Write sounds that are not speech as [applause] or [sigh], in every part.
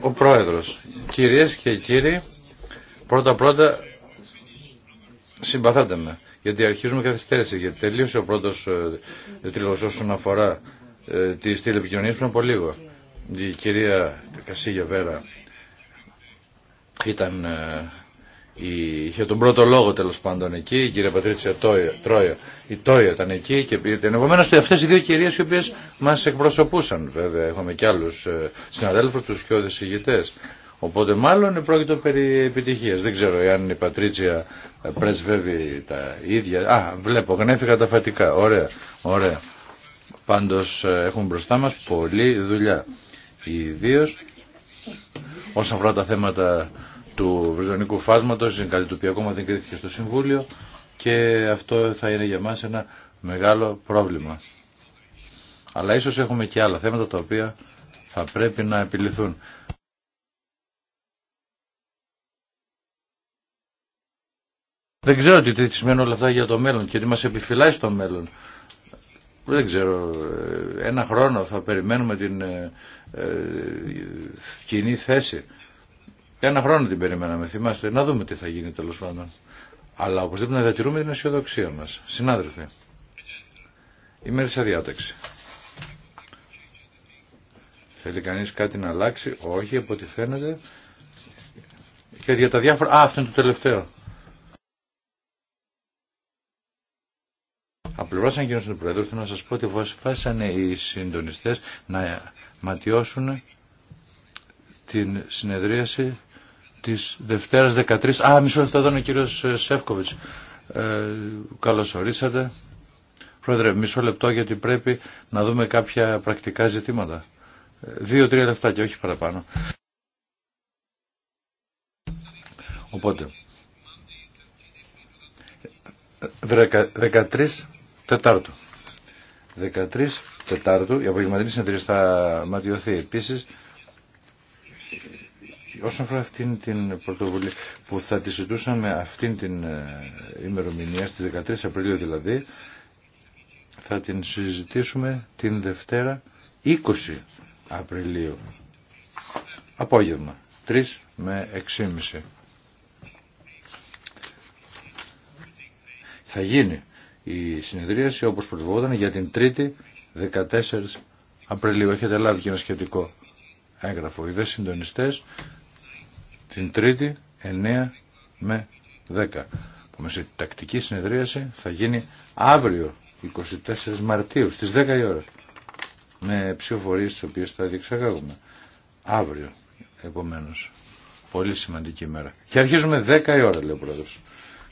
Ο Πρόεδρος, κυρίες και κύριοι, πρώτα-πρώτα συμπαθάτε με, γιατί αρχίζουμε καθυστέρηση, γιατί τελείωσε ο πρώτος ε, όσον αφορά ε, τις τηλεπικοινωνίες πριν από λίγο. Η κυρία Κασίγια Βέρα ήταν ε, είχε τον πρώτο λόγο τέλο πάντων εκεί, η κυρία Πατρίτσια Τρόια, η Τόια ήταν εκεί και πήρε Επομένω, αυτέ οι δύο κυρίες οι οποίε μα εκπροσωπούσαν βέβαια, έχουμε και άλλους ε, συναδέλφους, του και ηγητέ. Οπότε μάλλον πρόκειται περί επιτυχίας. Δεν ξέρω αν η Πατρίτσια ε, πρεσβεύει τα ίδια. Α, βλέπω, γνέφηκα τα φατικά. Ωραία, ωραία. Πάντως ε, έχουν μπροστά μας πολλή δουλειά. Ιδίω όσον αφορά τα θέματα του βρυζονικού φάσματος, είναι κάτι το οποίο ακόμα δεν κρίθηκε στο Συμβούλιο και αυτό θα είναι για μας ένα μεγάλο πρόβλημα. Αλλά ίσως έχουμε και άλλα θέματα τα οποία θα πρέπει να επιληθούν. Δεν ξέρω τι σημαίνουν όλα αυτά για το μέλλον και τι μας επιφυλάει στο μέλλον. Δεν ξέρω, ε, ένα χρόνο θα περιμένουμε την ε, ε, κοινή θέση ένα χρόνο την περιμέναμε, θυμάστε, να δούμε τι θα γίνει τέλο πάντων. Αλλά οπωσδήποτε να διατηρούμε την αισιοδοξία μα. Συνάδελφοι, η μέρη σε διάταξη. Θέλει κανεί κάτι να αλλάξει, όχι από ό,τι φαίνεται. Και για τα διάφορα. Α, αυτό είναι το τελευταίο. Απλώ γίνω του Πρόεδρου θέλω να σα πω ότι βάσανε οι συντονιστέ να ματιώσουν την συνεδρίαση της Δευτέρας 13. Α, μισό λεπτό ήταν ο κύριος ε, Σεύκοβιτς. Ε, καλώς ορίσατε. Πρόεδρε, μισό λεπτό γιατί πρέπει να δούμε κάποια πρακτικά ζητήματα. Ε, Δύο-τρία λεπτά και όχι παραπάνω. Οπότε, 13 Τετάρτου. 13 Τετάρτου, η απογευματινή συνεδρία θα ματιωθεί επίσης όσον αφορά αυτήν την πρωτοβουλία που θα τη συζητούσαμε αυτήν την ε, ημερομηνία, στις 13 Απριλίου δηλαδή, θα την συζητήσουμε την Δευτέρα 20 Απριλίου. Απόγευμα, 3 με 6.30. Θα γίνει η συνεδρίαση όπως προβόταν για την 3η 14 Απριλίου. Έχετε λάβει και ένα σχετικό έγγραφο. Οι δε την Τρίτη 9 με 10 που με σε τακτική συνεδρίαση θα γίνει αύριο 24 Μαρτίου στις 10 η ώρα με ψηφοφορίες τι οποίε θα διεξαγάγουμε αύριο επομένως πολύ σημαντική ημέρα και αρχίζουμε 10 η ώρα λέει ο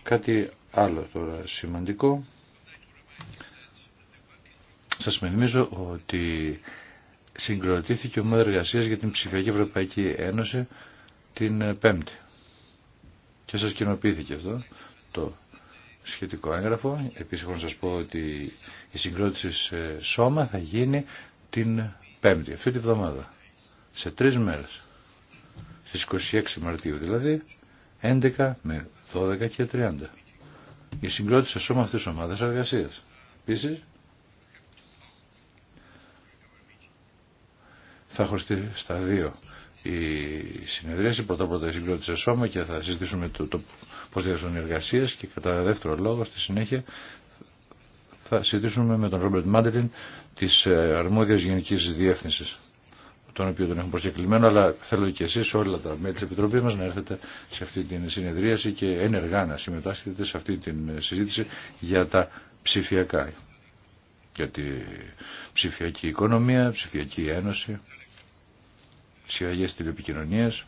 κάτι άλλο τώρα σημαντικό σας μενημίζω ότι συγκροτήθηκε ομάδα εργασία για την ψηφιακή Ευρωπαϊκή Ένωση την ε, Πέμπτη. Και σας κοινοποιήθηκε αυτό το σχετικό έγγραφο. Επίσης έχω να σας πω ότι η συγκρότηση σε σώμα θα γίνει την Πέμπτη, αυτή τη βδομάδα. Σε τρεις μέρες. Στις 26 Μαρτίου δηλαδή, 11 με 12 και 30. Η συγκρότηση σε σώμα αυτής της ομάδας εργασίας. Επίσης, θα χωριστεί στα δύο η συνεδρίαση. Πρώτα πρώτα η συγκρότησε σώμα και θα συζητήσουμε το, το πώς οι εργασίες και κατά δεύτερο λόγο στη συνέχεια θα συζητήσουμε με τον Ρόμπερτ Μάντελιν της ε, αρμόδιας γενικής διεύθυνσης τον οποίο τον έχουμε προσκεκλημένο, αλλά θέλω και εσείς όλα τα μέλη της Επιτροπής μας να έρθετε σε αυτή την συνεδρίαση και ενεργά να συμμετάσχετε σε αυτή την συζήτηση για τα ψηφιακά. Για τη ψηφιακή οικονομία, ψηφιακή ένωση συναλλαγές τηλεπικοινωνίας,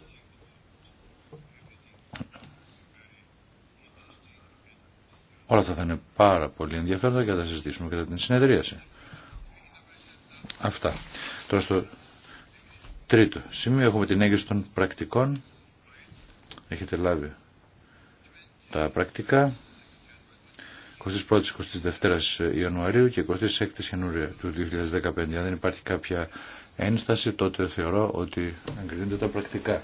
Όλα αυτά θα είναι πάρα πολύ ενδιαφέροντα και θα τα συζητήσουμε κατά την συνεδρίαση. Αυτά. Τώρα στο τρίτο σημείο έχουμε την έγκριση των πρακτικών. Έχετε λάβει τα πρακτικά. 21η-22η Ιανουαρίου και 26η Ιανουαρίου του 2015. Αν δεν υπάρχει κάποια ένσταση, τότε θεωρώ ότι εγκρίνονται τα πρακτικά.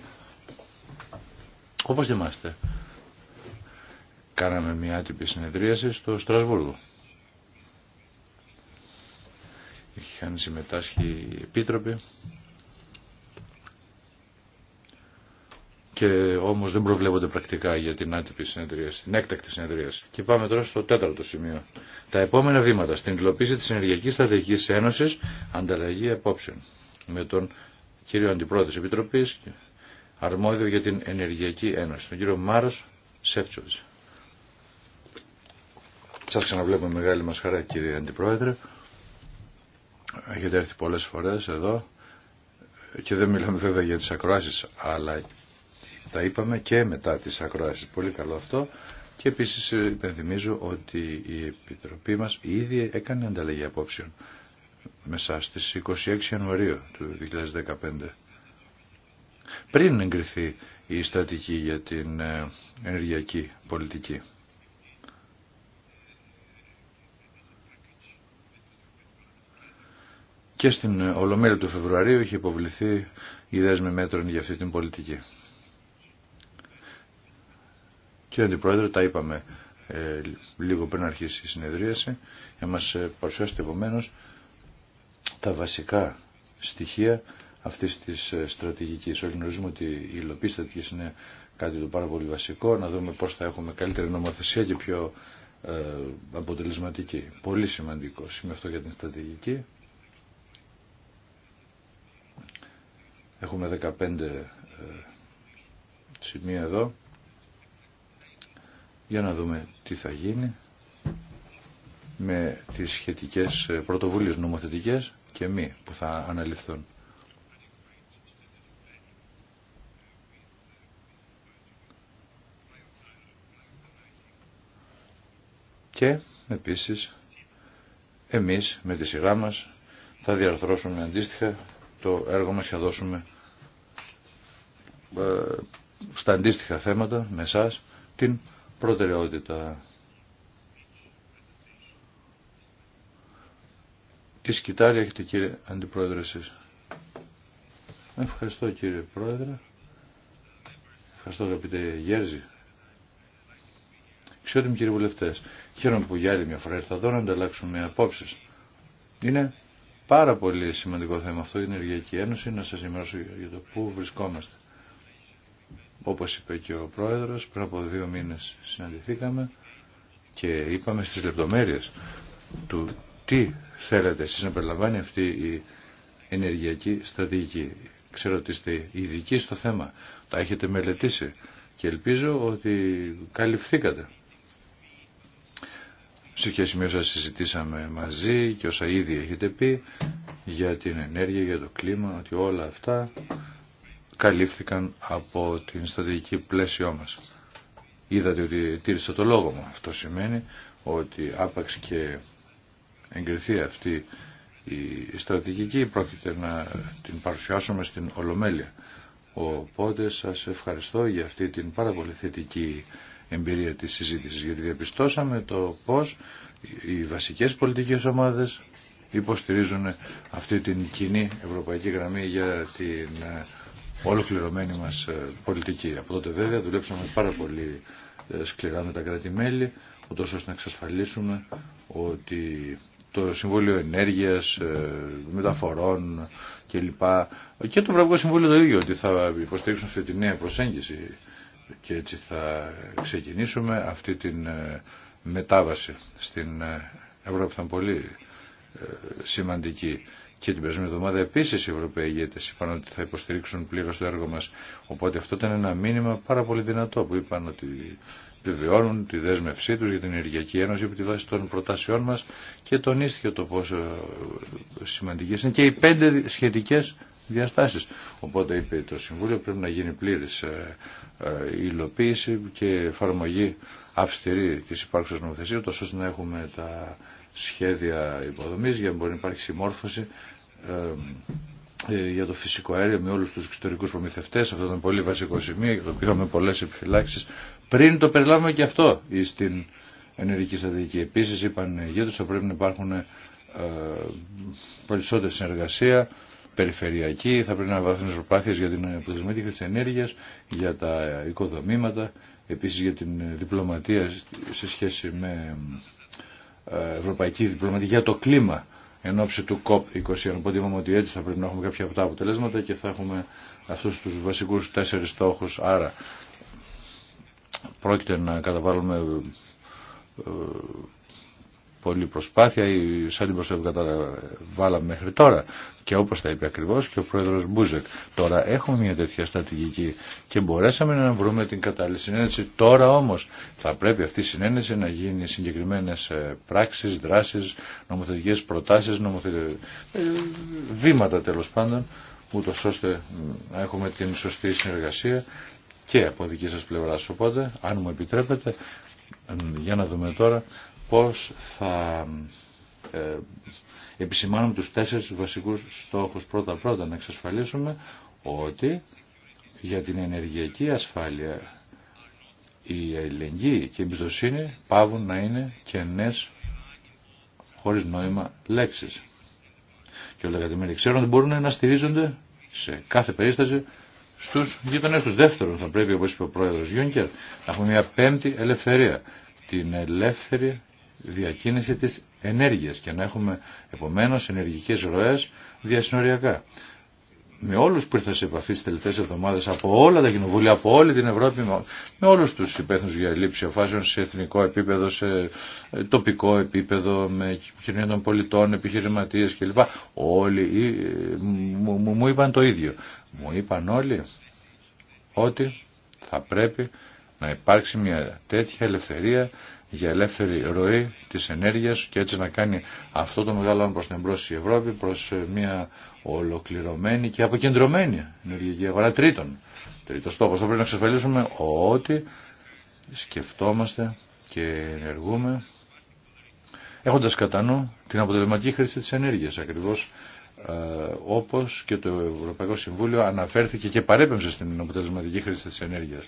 Όπως θυμάστε, κάναμε μια άτυπη συνεδρίαση στο Στρασβούργο. Είχαν συμμετάσχει οι επίτροποι και όμως δεν προβλέπονται πρακτικά για την άτυπη συνεδρίαση, την έκτακτη συνεδρίαση. Και πάμε τώρα στο τέταρτο σημείο. Τα επόμενα βήματα στην υλοποίηση της ενεργειακής στρατηγικής ένωσης, ανταλλαγή απόψεων με τον κύριο Αντιπρόεδρο της Επιτροπής, αρμόδιο για την Ενεργειακή Ένωση, τον κύριο Μάρος Σεύτσοβης. Σας ξαναβλέπουμε μεγάλη μας χαρά κύριε Αντιπρόεδρε. Έχετε έρθει πολλές φορές εδώ και δεν μιλάμε βέβαια για τις ακροάσεις, αλλά τα είπαμε και μετά τις ακροάσεις. Πολύ καλό αυτό. Και επίσης υπενθυμίζω ότι η Επιτροπή μας ήδη έκανε ανταλλαγή απόψεων μεσά στις 26 Ιανουαρίου του 2015 πριν εγκριθεί η στατική για την ε, ενεργειακή πολιτική. Και στην ε, Ολομέλεια του Φεβρουαρίου είχε υποβληθεί η δέσμη μέτρων για αυτή την πολιτική. Κύριε Αντιπρόεδρε, τα είπαμε ε, λίγο πριν αρχίσει η συνεδρίαση. Για μας παρουσιάσετε επομένως τα βασικά στοιχεία αυτής της ε, στρατηγικής. Όλοι γνωρίζουμε ότι η υλοποίηση είναι κάτι το πάρα πολύ βασικό, να δούμε πώς θα έχουμε καλύτερη νομοθεσία και πιο ε, αποτελεσματική. Πολύ σημαντικό σημείο αυτό για την στρατηγική. Έχουμε 15 ε, σημεία εδώ. Για να δούμε τι θα γίνει με τις σχετικές πρωτοβουλίες νομοθετικές και μη που θα αναλυθούν. Και επίσης εμείς με τη σειρά μας θα διαρθρώσουμε αντίστοιχα το έργο μας και θα δώσουμε ε, στα αντίστοιχα θέματα με εσά την προτεραιότητα. Τι σκητάρι έχετε κύριε Αντιπρόεδρε εσείς. Ευχαριστώ κύριε Πρόεδρε. Ευχαριστώ αγαπητέ Γέρζη. Ξιότιμοι κύριε βουλευτέ, χαίρομαι που για άλλη μια φορά ήρθα εδώ να ανταλλάξουμε απόψει. Είναι πάρα πολύ σημαντικό θέμα αυτό η Ενεργειακή Ένωση, να σα ενημερώσω για το πού βρισκόμαστε. Όπω είπε και ο Πρόεδρο, πριν από δύο μήνε συναντηθήκαμε και είπαμε στι λεπτομέρειε του τι θέλετε εσείς να περιλαμβάνει αυτή η ενεργειακή στρατηγική. Ξέρω ότι είστε ειδικοί στο θέμα, τα έχετε μελετήσει και ελπίζω ότι καλυφθήκατε. Σε ποια σημεία σας συζητήσαμε μαζί και όσα ήδη έχετε πει για την ενέργεια, για το κλίμα, ότι όλα αυτά καλύφθηκαν από την στρατηγική πλαίσιό μας. Είδατε ότι τήρησα το λόγο μου. Αυτό σημαίνει ότι άπαξ και εγκριθεί αυτή η στρατηγική πρόκειται να την παρουσιάσουμε στην Ολομέλεια. Οπότε σας ευχαριστώ για αυτή την πάρα πολύ θετική εμπειρία της συζήτησης γιατί διαπιστώσαμε το πώς οι βασικές πολιτικές ομάδες υποστηρίζουν αυτή την κοινή ευρωπαϊκή γραμμή για την ολοκληρωμένη μας πολιτική. Από τότε βέβαια δουλέψαμε πάρα πολύ ε, σκληρά με τα κράτη-μέλη, ούτως ώστε να εξασφαλίσουμε ότι το Συμβούλιο Ενέργειας, ε, Μεταφορών κλπ. Και το Ευρωπαϊκό Συμβούλιο το ίδιο, ότι θα υποστηρίξουν αυτή τη νέα προσέγγιση και έτσι θα ξεκινήσουμε αυτή την ε, μετάβαση στην ε, Ευρώπη ήταν πολύ σημαντική. Και την περσμένη εβδομάδα επίση οι Ευρωπαίοι ηγέτε είπαν ότι θα υποστηρίξουν πλήρω το έργο μα. Οπότε αυτό ήταν ένα μήνυμα πάρα πολύ δυνατό που είπαν ότι επιβεβαιώνουν τη δέσμευσή τους για την Ενεργειακή Ένωση επί τη βάση των προτάσεών μας και τονίστηκε το πόσο σημαντικέ είναι και οι πέντε σχετικές διαστάσεις. Οπότε είπε το Συμβούλιο πρέπει να γίνει πλήρης ε, ε, υλοποίηση και εφαρμογή αυστηρή της υπάρξης νομοθεσίας ώστε να έχουμε τα σχέδια υποδομής για να μπορεί να υπάρχει συμμόρφωση ε, για το φυσικό αέριο με όλους τους εξωτερικούς προμηθευτές. Αυτό ήταν πολύ βασικό σημείο και το είχαμε πολλές επιφυλάξεις πριν το περιλάβουμε και αυτό στην ενεργική στρατηγική. Επίσης είπαν οι ηγέτες ότι πρέπει να υπάρχουν ε, περισσότερη συνεργασία, περιφερειακή, θα πρέπει να βάθουν προσπάθειες για την αποτελεσματική της ενέργειας, για τα οικοδομήματα, επίσης για την διπλωματία σε σχέση με ε, ευρωπαϊκή διπλωματία για το κλίμα εν ώψη του COP21. Οπότε είπαμε ότι έτσι θα πρέπει να έχουμε κάποια από τα αποτελέσματα και θα έχουμε αυτούς τους βασικούς τέσσερις στόχους. Άρα πρόκειται να καταβάλουμε ε, ε, πολλή προσπάθεια ή σαν την προσπάθεια που καταβάλαμε μέχρι τώρα και όπως τα είπε ακριβώς και ο πρόεδρος Μπούζεκ. Τώρα έχουμε μια τέτοια στρατηγική και μπορέσαμε να βρούμε την κατάλληλη συνένεση. Τώρα όμως θα πρέπει αυτή η συνένεση να γίνει συγκεκριμένες ε, πράξεις, δράσεις, νομοθετικές προτάσεις, βήματα τέλος πάντων ούτω ώστε να έχουμε την σωστή συνεργασία και από δική σας πλευράς. Οπότε, αν μου επιτρέπετε, για να δούμε τώρα πώς θα ε, επισημάνουμε τους τέσσερις βασικούς στόχους. Πρώτα-πρώτα να εξασφαλίσουμε ότι για την ενεργειακή ασφάλεια η ελληνική και η εμπιστοσύνη πάβουν να είναι κενές χωρίς νόημα λέξεις. Και όλα τα ξέρουν ότι μπορούν να στηρίζονται σε κάθε περίσταση Στου γείτονέ του. Δεύτερον, θα πρέπει, όπω είπε ο πρόεδρος Γιούνκερ, να έχουμε μια πέμπτη ελευθερία. Την ελεύθερη διακίνηση της ενέργειας και να έχουμε επομένως ενεργικέ ροέ διασυνοριακά με όλους που ήρθα σε επαφή στις τελευταίες εβδομάδες από όλα τα κοινοβούλια, από όλη την Ευρώπη, με όλους τους υπεύθυνους για λήψη αφάσεων σε εθνικό επίπεδο, σε ε, τοπικό επίπεδο, με κοινωνία των πολιτών, επιχειρηματίες κλπ. Όλοι ε, μου, μου είπαν το ίδιο. Μου είπαν όλοι ότι θα πρέπει να υπάρξει μια τέτοια ελευθερία για ελεύθερη ροή της ενέργειας και έτσι να κάνει αυτό το μεγάλο προς την εμπρός η Ευρώπη προς ε, μια ολοκληρωμένη και αποκεντρωμένη ενεργειακή αγορά τρίτον. Τρίτος στόχο. θα πρέπει να εξασφαλίσουμε ότι σκεφτόμαστε και ενεργούμε έχοντας κατά νου την αποτελεσματική χρήση της ενέργειας ακριβώς ε, όπως και το Ευρωπαϊκό Συμβούλιο αναφέρθηκε και παρέπεμψε στην αποτελεσματική χρήση της ενέργειας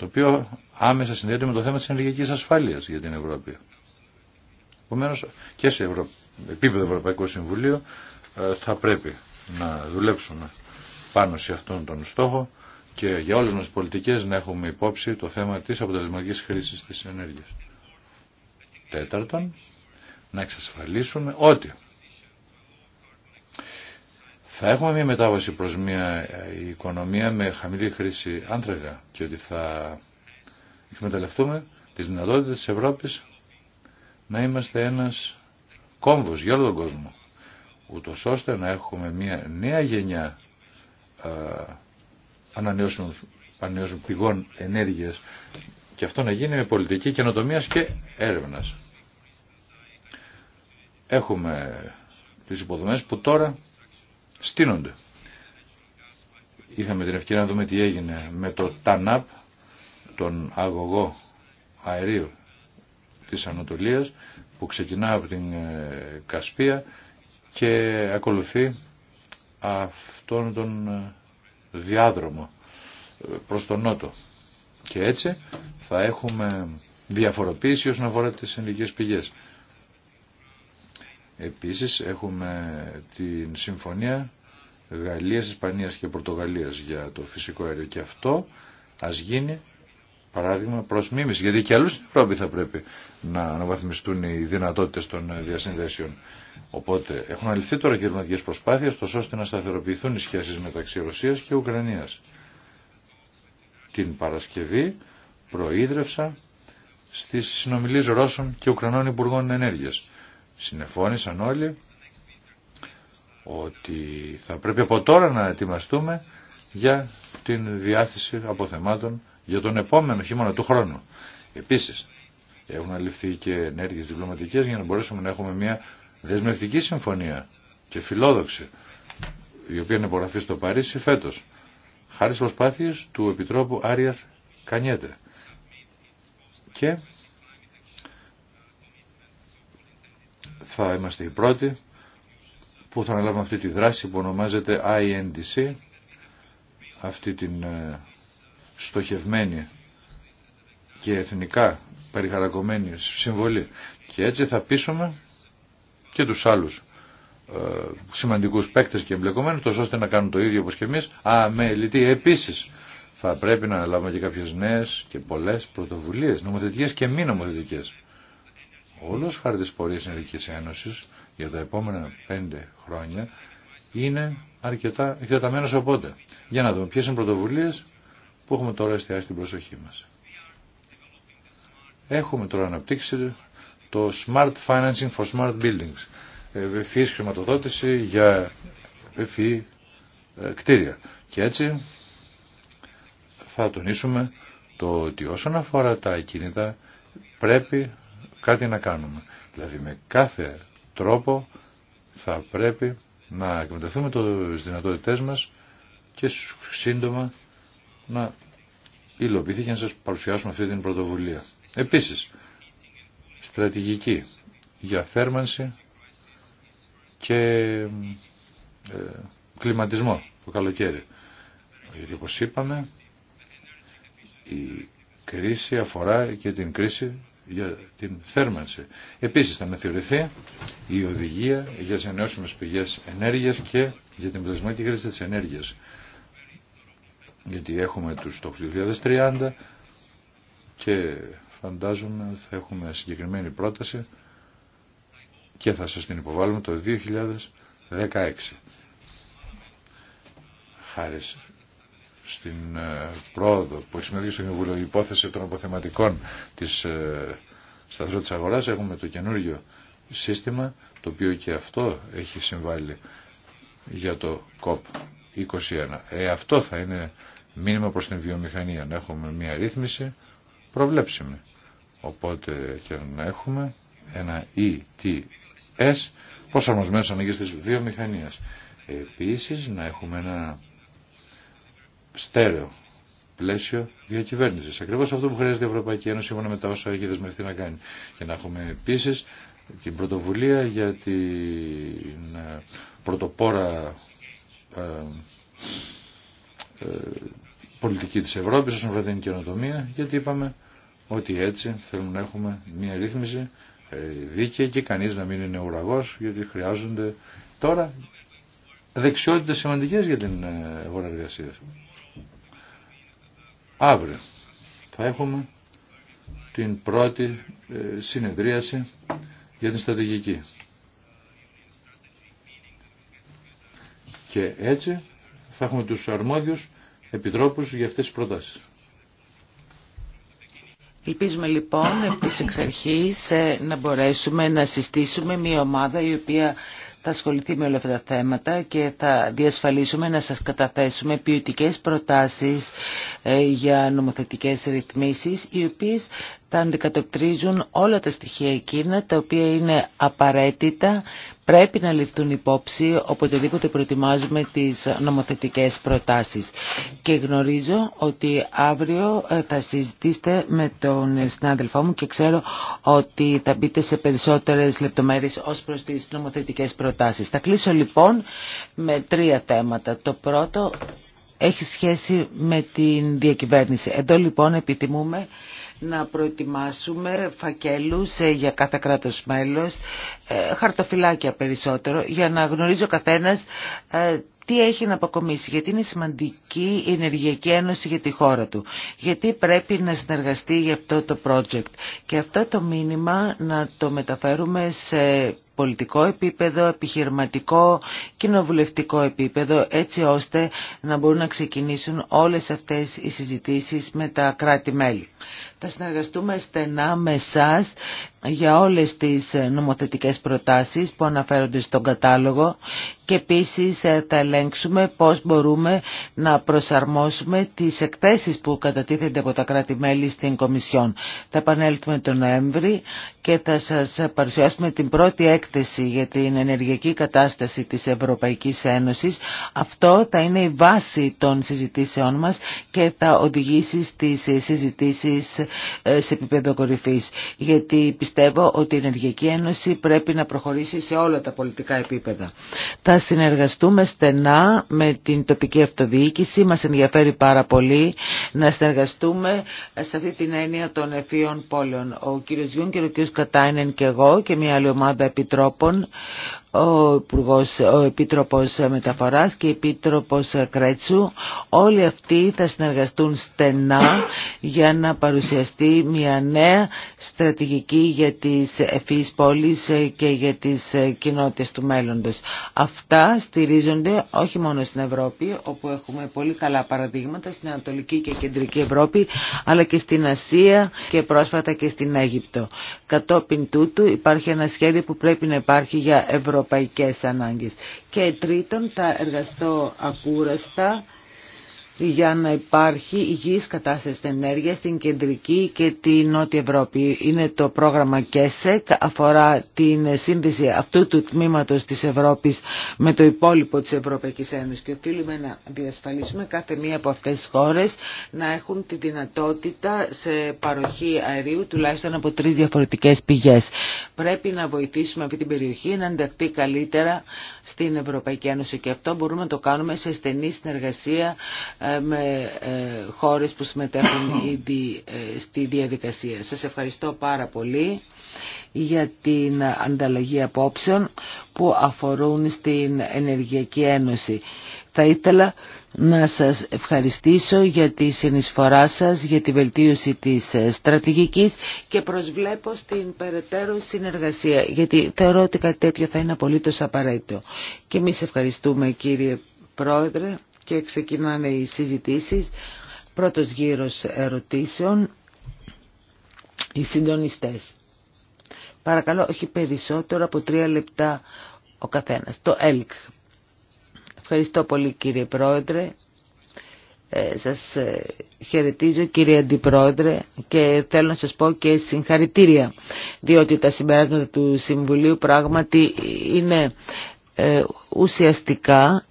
το οποίο άμεσα συνδέεται με το θέμα της ενεργειακής ασφάλειας για την Ευρώπη. Επομένω και σε Ευρω... επίπεδο Ευρωπαϊκού Συμβουλίου ε, θα πρέπει να δουλέψουμε πάνω σε αυτόν τον στόχο και για όλες μας τις πολιτικές να έχουμε υπόψη το θέμα της αποτελεσματικής χρήσης της ενέργειας. Τέταρτον, να εξασφαλίσουμε ότι θα έχουμε μια μετάβαση προς μια οικονομία με χαμηλή χρήση άνθρακα και ότι θα εκμεταλλευτούμε τις δυνατότητες της Ευρώπης να είμαστε ένας κόμβος για όλο τον κόσμο ούτω ώστε να έχουμε μια νέα γενιά ανανεώσιμων πηγών ενέργειας και αυτό να γίνει με πολιτική καινοτομία και έρευνας. Έχουμε τις υποδομές που τώρα στείνονται. Είχαμε την ευκαιρία να δούμε τι έγινε με το ΤΑΝΑΠ, τον αγωγό αερίου της Ανατολίας, που ξεκινά από την ε, Κασπία και ακολουθεί αυτόν τον ε, διάδρομο ε, προς τον νότο. Και έτσι θα έχουμε διαφοροποίηση όσον αφορά τις ενεργές πηγές. Επίσης έχουμε την συμφωνία Γαλλίας, Ισπανίας και Πορτογαλίας για το φυσικό αέριο και αυτό ας γίνει παράδειγμα προς μίμηση γιατί και αλλού στην Ευρώπη θα πρέπει να αναβαθμιστούν οι δυνατότητες των διασυνδέσεων. Οπότε έχουν αληθεί τώρα και δυνατικές προσπάθειες τόσο ώστε να σταθεροποιηθούν οι σχέσεις μεταξύ Ρωσίας και Ουκρανίας. Την Παρασκευή προείδρευσα στις συνομιλίες Ρώσων και Ουκρανών Υπουργών Ενέργειας Συνεφώνησαν όλοι ότι θα πρέπει από τώρα να ετοιμαστούμε για την διάθεση αποθεμάτων για τον επόμενο χειμώνα του χρόνου. Επίσης, έχουν αληφθεί και ενέργειες διπλωματικές για να μπορέσουμε να έχουμε μια δεσμευτική συμφωνία και φιλόδοξη, η οποία είναι στο Παρίσι φέτος, χάρη στις προσπάθειες του Επιτρόπου Άριας Κανιέτε. Και θα είμαστε οι πρώτοι που θα αναλάβουμε αυτή τη δράση που ονομάζεται INDC, αυτή την ε, στοχευμένη και εθνικά περιχαρακωμένη συμβολή. Και έτσι θα πείσουμε και τους άλλους ε, σημαντικούς παίκτες και εμπλεκομένους, τόσο ώστε να κάνουν το ίδιο όπως και εμείς, αμελητή. Επίσης, θα πρέπει να αναλάβουμε και κάποιες νέες και πολλές πρωτοβουλίες, νομοθετικές και μη νομοθετικές. Όλος χάρη της πορείας Ένωσης για τα επόμενα πέντε χρόνια είναι αρκετά εκτεταμένος οπότε. Για να δούμε ποιες είναι πρωτοβουλίες που έχουμε τώρα εστιάσει την προσοχή μας. Έχουμε τώρα αναπτύξει το Smart Financing for Smart Buildings. Ε, ευφυής χρηματοδότηση για ευφυή ε, κτίρια. Και έτσι θα τονίσουμε το ότι όσον αφορά τα ακίνητα πρέπει κάτι να κάνουμε. Δηλαδή με κάθε τρόπο θα πρέπει να εκμεταλλευτούμε τις δυνατότητές μας και σύντομα να υλοποιηθεί και να σας παρουσιάσουμε αυτή την πρωτοβουλία. Επίσης, στρατηγική για θέρμανση και ε, κλιματισμό το καλοκαίρι. Γιατί όπως είπαμε, η κρίση αφορά και την κρίση για την θέρμανση. Επίσης θα αναθεωρηθεί η οδηγία για τις ενεώσιμες πηγές ενέργειας και για την πλασματική χρήση της ενέργειας. Γιατί έχουμε τους το 2030 και φαντάζομαι θα έχουμε συγκεκριμένη πρόταση και θα σας την υποβάλουμε το 2016. Χάρη στην ε, πρόοδο που έχει στο Κοινοβούλιο η υπόθεση των αποθεματικών της ε, σταθερότητας αγοράς. Έχουμε το καινούργιο σύστημα το οποίο και αυτό έχει συμβάλει για το COP21. Ε, αυτό θα είναι μήνυμα προς την βιομηχανία να έχουμε μια ρύθμιση προβλέψιμη. Οπότε και να έχουμε ένα ETS προσαρμοσμένο αναγκές της βιομηχανίας. Επίσης να έχουμε ένα στέρεο πλαίσιο διακυβέρνησης. Ακριβώς αυτό που χρειάζεται η Ευρωπαϊκή Ένωση σύμφωνα με τα όσα έχει δεσμευτεί να κάνει. Και να έχουμε επίση την πρωτοβουλία για την ε, πρωτοπόρα ε, ε, πολιτική της Ευρώπης όσον αφορά την καινοτομία γιατί είπαμε ότι έτσι θέλουμε να έχουμε μια ρύθμιση ε, δίκαιη και κανείς να μην είναι ουραγός γιατί χρειάζονται τώρα δεξιότητες σημαντικές για την ε, αγορά Αύριο θα έχουμε την πρώτη ε, συνεδρίαση για την στρατηγική. Και έτσι θα έχουμε τους αρμόδιους επιτρόπους για αυτές τις προτάσεις. Ελπίζουμε λοιπόν επίσης εξ αρχής ε, να μπορέσουμε να συστήσουμε μια ομάδα η οποία θα ασχοληθεί με όλα αυτά τα θέματα και θα διασφαλίσουμε να σας καταθέσουμε ποιοτικέ προτάσεις ε, για νομοθετικές ρυθμίσεις οι οποίες τα αντικατοπτρίζουν όλα τα στοιχεία εκείνα τα οποία είναι απαραίτητα, πρέπει να ληφθούν υπόψη οποτεδήποτε προετοιμάζουμε τις νομοθετικές προτάσεις. Και γνωρίζω ότι αύριο ε, θα συζητήσετε με τον συνάδελφό μου και ξέρω ότι θα μπείτε σε περισσότερες λεπτομέρειες ως προς τις νομοθετικές προτάσεις. Θα κλείσω λοιπόν με τρία θέματα. Το πρώτο έχει σχέση με την διακυβέρνηση. Εδώ λοιπόν επιτιμούμε να προετοιμάσουμε φακέλους ε, για κάθε κράτος μέλος, ε, χαρτοφυλάκια περισσότερο, για να γνωρίζει ο καθένας ε, τι έχει να αποκομίσει, γιατί είναι σημαντική η Ενεργειακή Ένωση για τη χώρα του, γιατί πρέπει να συνεργαστεί για αυτό το project. Και αυτό το μήνυμα να το μεταφέρουμε σε πολιτικό επίπεδο, επιχειρηματικό, κοινοβουλευτικό επίπεδο, έτσι ώστε να μπορούν να ξεκινήσουν όλες αυτές οι συζητήσεις με τα κράτη-μέλη. Θα συνεργαστούμε στενά με εσά για όλες τις ε, νομοθετικές προτάσεις που αναφέρονται στον κατάλογο και επίσης ε, θα ελέγξουμε πώς μπορούμε να προσαρμόσουμε τις εκθέσεις που κατατίθενται από τα κράτη-μέλη στην Κομισιόν. Θα επανέλθουμε τον Νοέμβρη και θα σας παρουσιάσουμε την πρώτη έκθεση για την ενεργειακή κατάσταση της Ευρωπαϊκής Ένωσης. Αυτό θα είναι η βάση των συζητήσεών μας και θα οδηγήσει στις συζητήσεις ε, σε επίπεδο κορυφής. Γιατί πιστεύω ότι η Ενεργειακή Ένωση πρέπει να προχωρήσει σε όλα τα πολιτικά επίπεδα. Θα συνεργαστούμε στενά με την τοπική αυτοδιοίκηση. Μας ενδιαφέρει πάρα πολύ να συνεργαστούμε σε αυτή την έννοια των ευφύων πόλεων. Ο κύριος Γιούν και ο κύριος Κατάινεν και εγώ και μια άλλη ομάδα επιτρόπων ο, Υπουργός, ο Επίτροπος Μεταφοράς και η Επίτροπος Κρέτσου όλοι αυτοί θα συνεργαστούν στενά για να παρουσιαστεί μια νέα στρατηγική για τις ευφύης πόλεις και για τις κοινότητες του μέλλοντος. Αυτά στηρίζονται όχι μόνο στην Ευρώπη όπου έχουμε πολύ καλά παραδείγματα στην Ανατολική και Κεντρική Ευρώπη αλλά και στην Ασία και πρόσφατα και στην Αίγυπτο. Κατόπιν τούτου υπάρχει ένα σχέδιο που πρέπει να υπάρχει για Ευρώπη ευρωπαϊκές ανάγκες. Και τρίτον θα εργαστώ ακούραστα για να υπάρχει υγιής κατάσταση ενέργειας... στην κεντρική και τη νότια Ευρώπη. Είναι το πρόγραμμα ΚΕΣΕΚ, αφορά την σύνδεση αυτού του τμήματος της Ευρώπης με το υπόλοιπο της Ευρωπαϊκής Ένωσης και οφείλουμε να διασφαλίσουμε κάθε μία από αυτές τις χώρες να έχουν τη δυνατότητα σε παροχή αερίου τουλάχιστον από τρεις διαφορετικές πηγές. Πρέπει να βοηθήσουμε αυτή την περιοχή να ενταχθεί καλύτερα στην Ευρωπαϊκή Ένωση και αυτό μπορούμε να το κάνουμε σε στενή συνεργασία ε, ε, με ε, χώρες που συμμετέχουν [coughs] ήδη ε, στη διαδικασία. Σας ευχαριστώ πάρα πολύ για την ανταλλαγή απόψεων που αφορούν στην Ενεργειακή Ένωση. Θα ήθελα να σας ευχαριστήσω για τη συνεισφορά σας, για τη βελτίωση της στρατηγικής και προσβλέπω στην περαιτέρω συνεργασία, γιατί θεωρώ ότι κάτι τέτοιο θα είναι απολύτως απαραίτητο. Και εμείς ευχαριστούμε κύριε Πρόεδρε και ξεκινάνε οι συζητήσεις. Πρώτος γύρος ερωτήσεων, οι συντονιστές. Παρακαλώ, όχι περισσότερο από τρία λεπτά ο καθένας. Το ΕΛΚ. Ευχαριστώ πολύ κύριε Πρόεδρε. Ε, σας ε, χαιρετίζω κύριε Αντιπρόεδρε και θέλω να σας πω και συγχαρητήρια διότι τα συμπεράσματα του Συμβουλίου πράγματι είναι ε, ουσιαστικά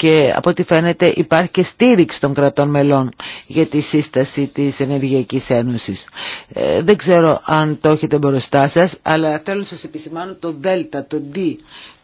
και από ό,τι φαίνεται υπάρχει και στήριξη των κρατών μελών για τη σύσταση της Ενεργειακής Ένωσης. Ε, δεν ξέρω αν το έχετε μπροστά σας, αλλά θέλω να σας επισημάνω το ΔΕΛΤΑ, το D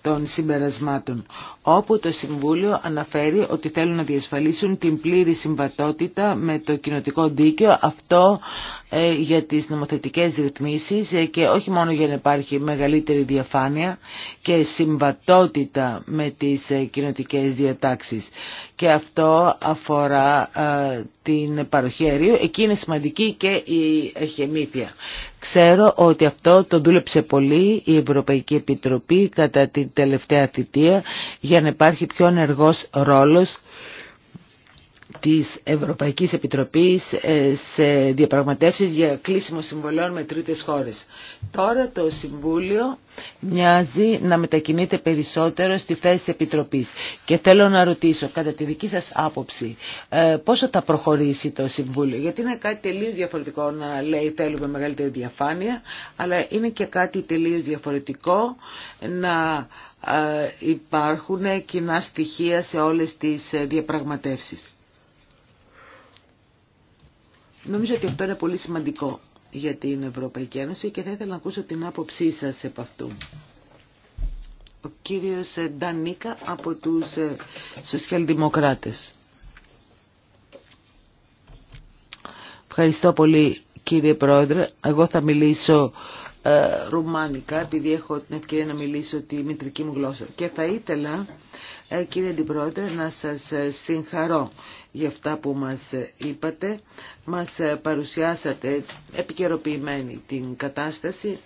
των συμπερασμάτων, όπου το Συμβούλιο αναφέρει ότι θέλουν να διασφαλίσουν την πλήρη συμβατότητα με το κοινοτικό δίκαιο, αυτό ε, για τις νομοθετικές ρυθμίσεις ε, και όχι μόνο για να υπάρχει μεγαλύτερη διαφάνεια και συμβατότητα με τις ε, κοινοτικέ διατάξεις. Και αυτό αφορά την παροχή αερίου. Εκεί είναι σημαντική και η εχεμήθεια. Ξέρω ότι αυτό το δούλεψε πολύ η Ευρωπαϊκή Επιτροπή κατά την τελευταία θητεία για να υπάρχει πιο ενεργός ρόλος της Ευρωπαϊκής Επιτροπής ε, σε διαπραγματεύσεις για κλείσιμο συμβολών με τρίτες χώρες. Τώρα το Συμβούλιο μοιάζει να μετακινείται περισσότερο στη θέση της Επιτροπής. Και θέλω να ρωτήσω, κατά τη δική σας άποψη, ε, πόσο θα προχωρήσει το Συμβούλιο. Γιατί είναι κάτι τελείως διαφορετικό να λέει θέλουμε μεγαλύτερη διαφάνεια, αλλά είναι και κάτι τελείως διαφορετικό να ε, υπάρχουν κοινά στοιχεία σε όλες τις διαπραγματεύσεις. Νομίζω ότι αυτό είναι πολύ σημαντικό για την Ευρωπαϊκή Ένωση και θα ήθελα να ακούσω την άποψή σας επ' αυτού. Ο κύριος ε, Ντανίκα από τους ε, Σοσιαλδημοκράτες. Ευχαριστώ πολύ κύριε Πρόεδρε. Εγώ θα μιλήσω ε, ρουμάνικα επειδή έχω την ευκαιρία να μιλήσω τη μητρική μου γλώσσα. Και θα ήθελα ε, κύριε Αντιπρόεδρε να σας ε, συγχαρώ για αυτά που μας είπατε. Μας παρουσιάσατε επικαιροποιημένη την κατάσταση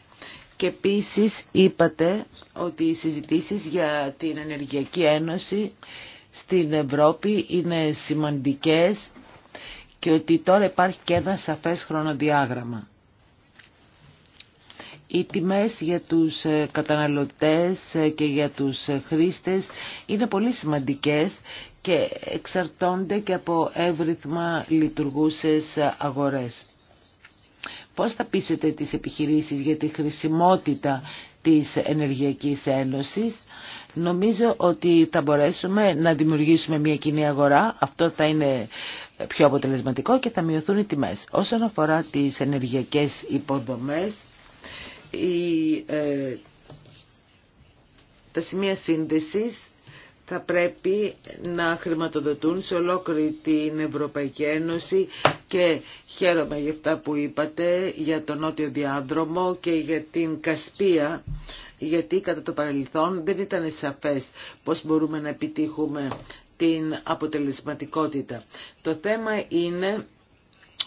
και επίσης είπατε ότι οι συζητήσεις για την Ενεργειακή Ένωση στην Ευρώπη είναι σημαντικές και ότι τώρα υπάρχει και ένα σαφές χρονοδιάγραμμα. Οι τιμές για τους καταναλωτές και για τους χρήστες είναι πολύ σημαντικές και εξαρτώνται και από εύρυθμα λειτουργούσες αγορές. Πώς θα πείσετε τις επιχειρήσεις για τη χρησιμότητα της Ενεργειακής Ένωσης. Νομίζω ότι θα μπορέσουμε να δημιουργήσουμε μια κοινή αγορά. Αυτό θα είναι πιο αποτελεσματικό και θα μειωθούν οι τιμές. Όσον αφορά τις ενεργειακές υποδομές, η, ε, τα σημεία σύνδεσης θα πρέπει να χρηματοδοτούν σε ολόκληρη την Ευρωπαϊκή Ένωση και χαίρομαι για αυτά που είπατε για τον Νότιο Διάδρομο και για την Κασπία γιατί κατά το παρελθόν δεν ήταν σαφές πώς μπορούμε να επιτύχουμε την αποτελεσματικότητα. Το θέμα είναι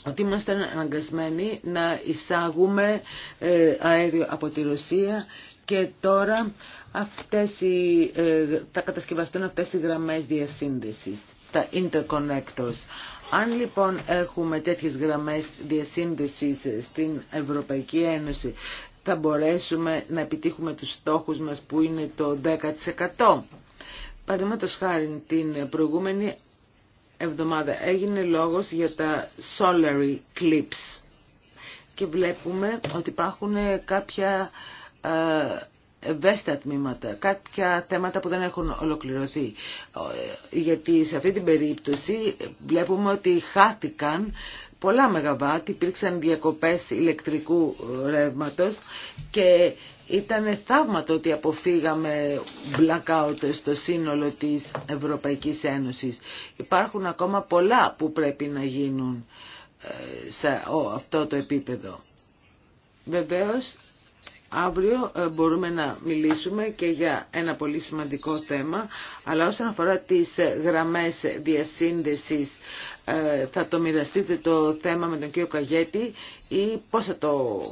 ότι είμαστε αναγκασμένοι να εισάγουμε ε, αέριο από τη Ρωσία και τώρα αυτές οι, ε, θα κατασκευαστούν αυτές οι γραμμές διασύνδεσης, τα interconnectors. Αν λοιπόν έχουμε τέτοιες γραμμές διασύνδεσης στην Ευρωπαϊκή Ένωση, θα μπορέσουμε να επιτύχουμε τους στόχους μας που είναι το 10%. Παραδείγματο χάρη την προηγούμενη εβδομάδα έγινε λόγος για τα solar clips και βλέπουμε ότι υπάρχουν κάποια ε, ευαίσθητα τμήματα, κάποια θέματα που δεν έχουν ολοκληρωθεί. Ε, γιατί σε αυτή την περίπτωση βλέπουμε ότι χάθηκαν πολλά μεγαβάτ, υπήρξαν διακοπές ηλεκτρικού ρεύματος και ήταν θαύματο ότι αποφύγαμε blackout στο σύνολο της Ευρωπαϊκής Ένωσης. Υπάρχουν ακόμα πολλά που πρέπει να γίνουν ε, σε αυτό το επίπεδο. Βεβαίως Αύριο ε, μπορούμε να μιλήσουμε και για ένα πολύ σημαντικό θέμα, αλλά όσον αφορά τις ε, γραμμές διασύνδεσης, ε, θα το μοιραστείτε το θέμα με τον κύριο Καγέτη ή πώς θα το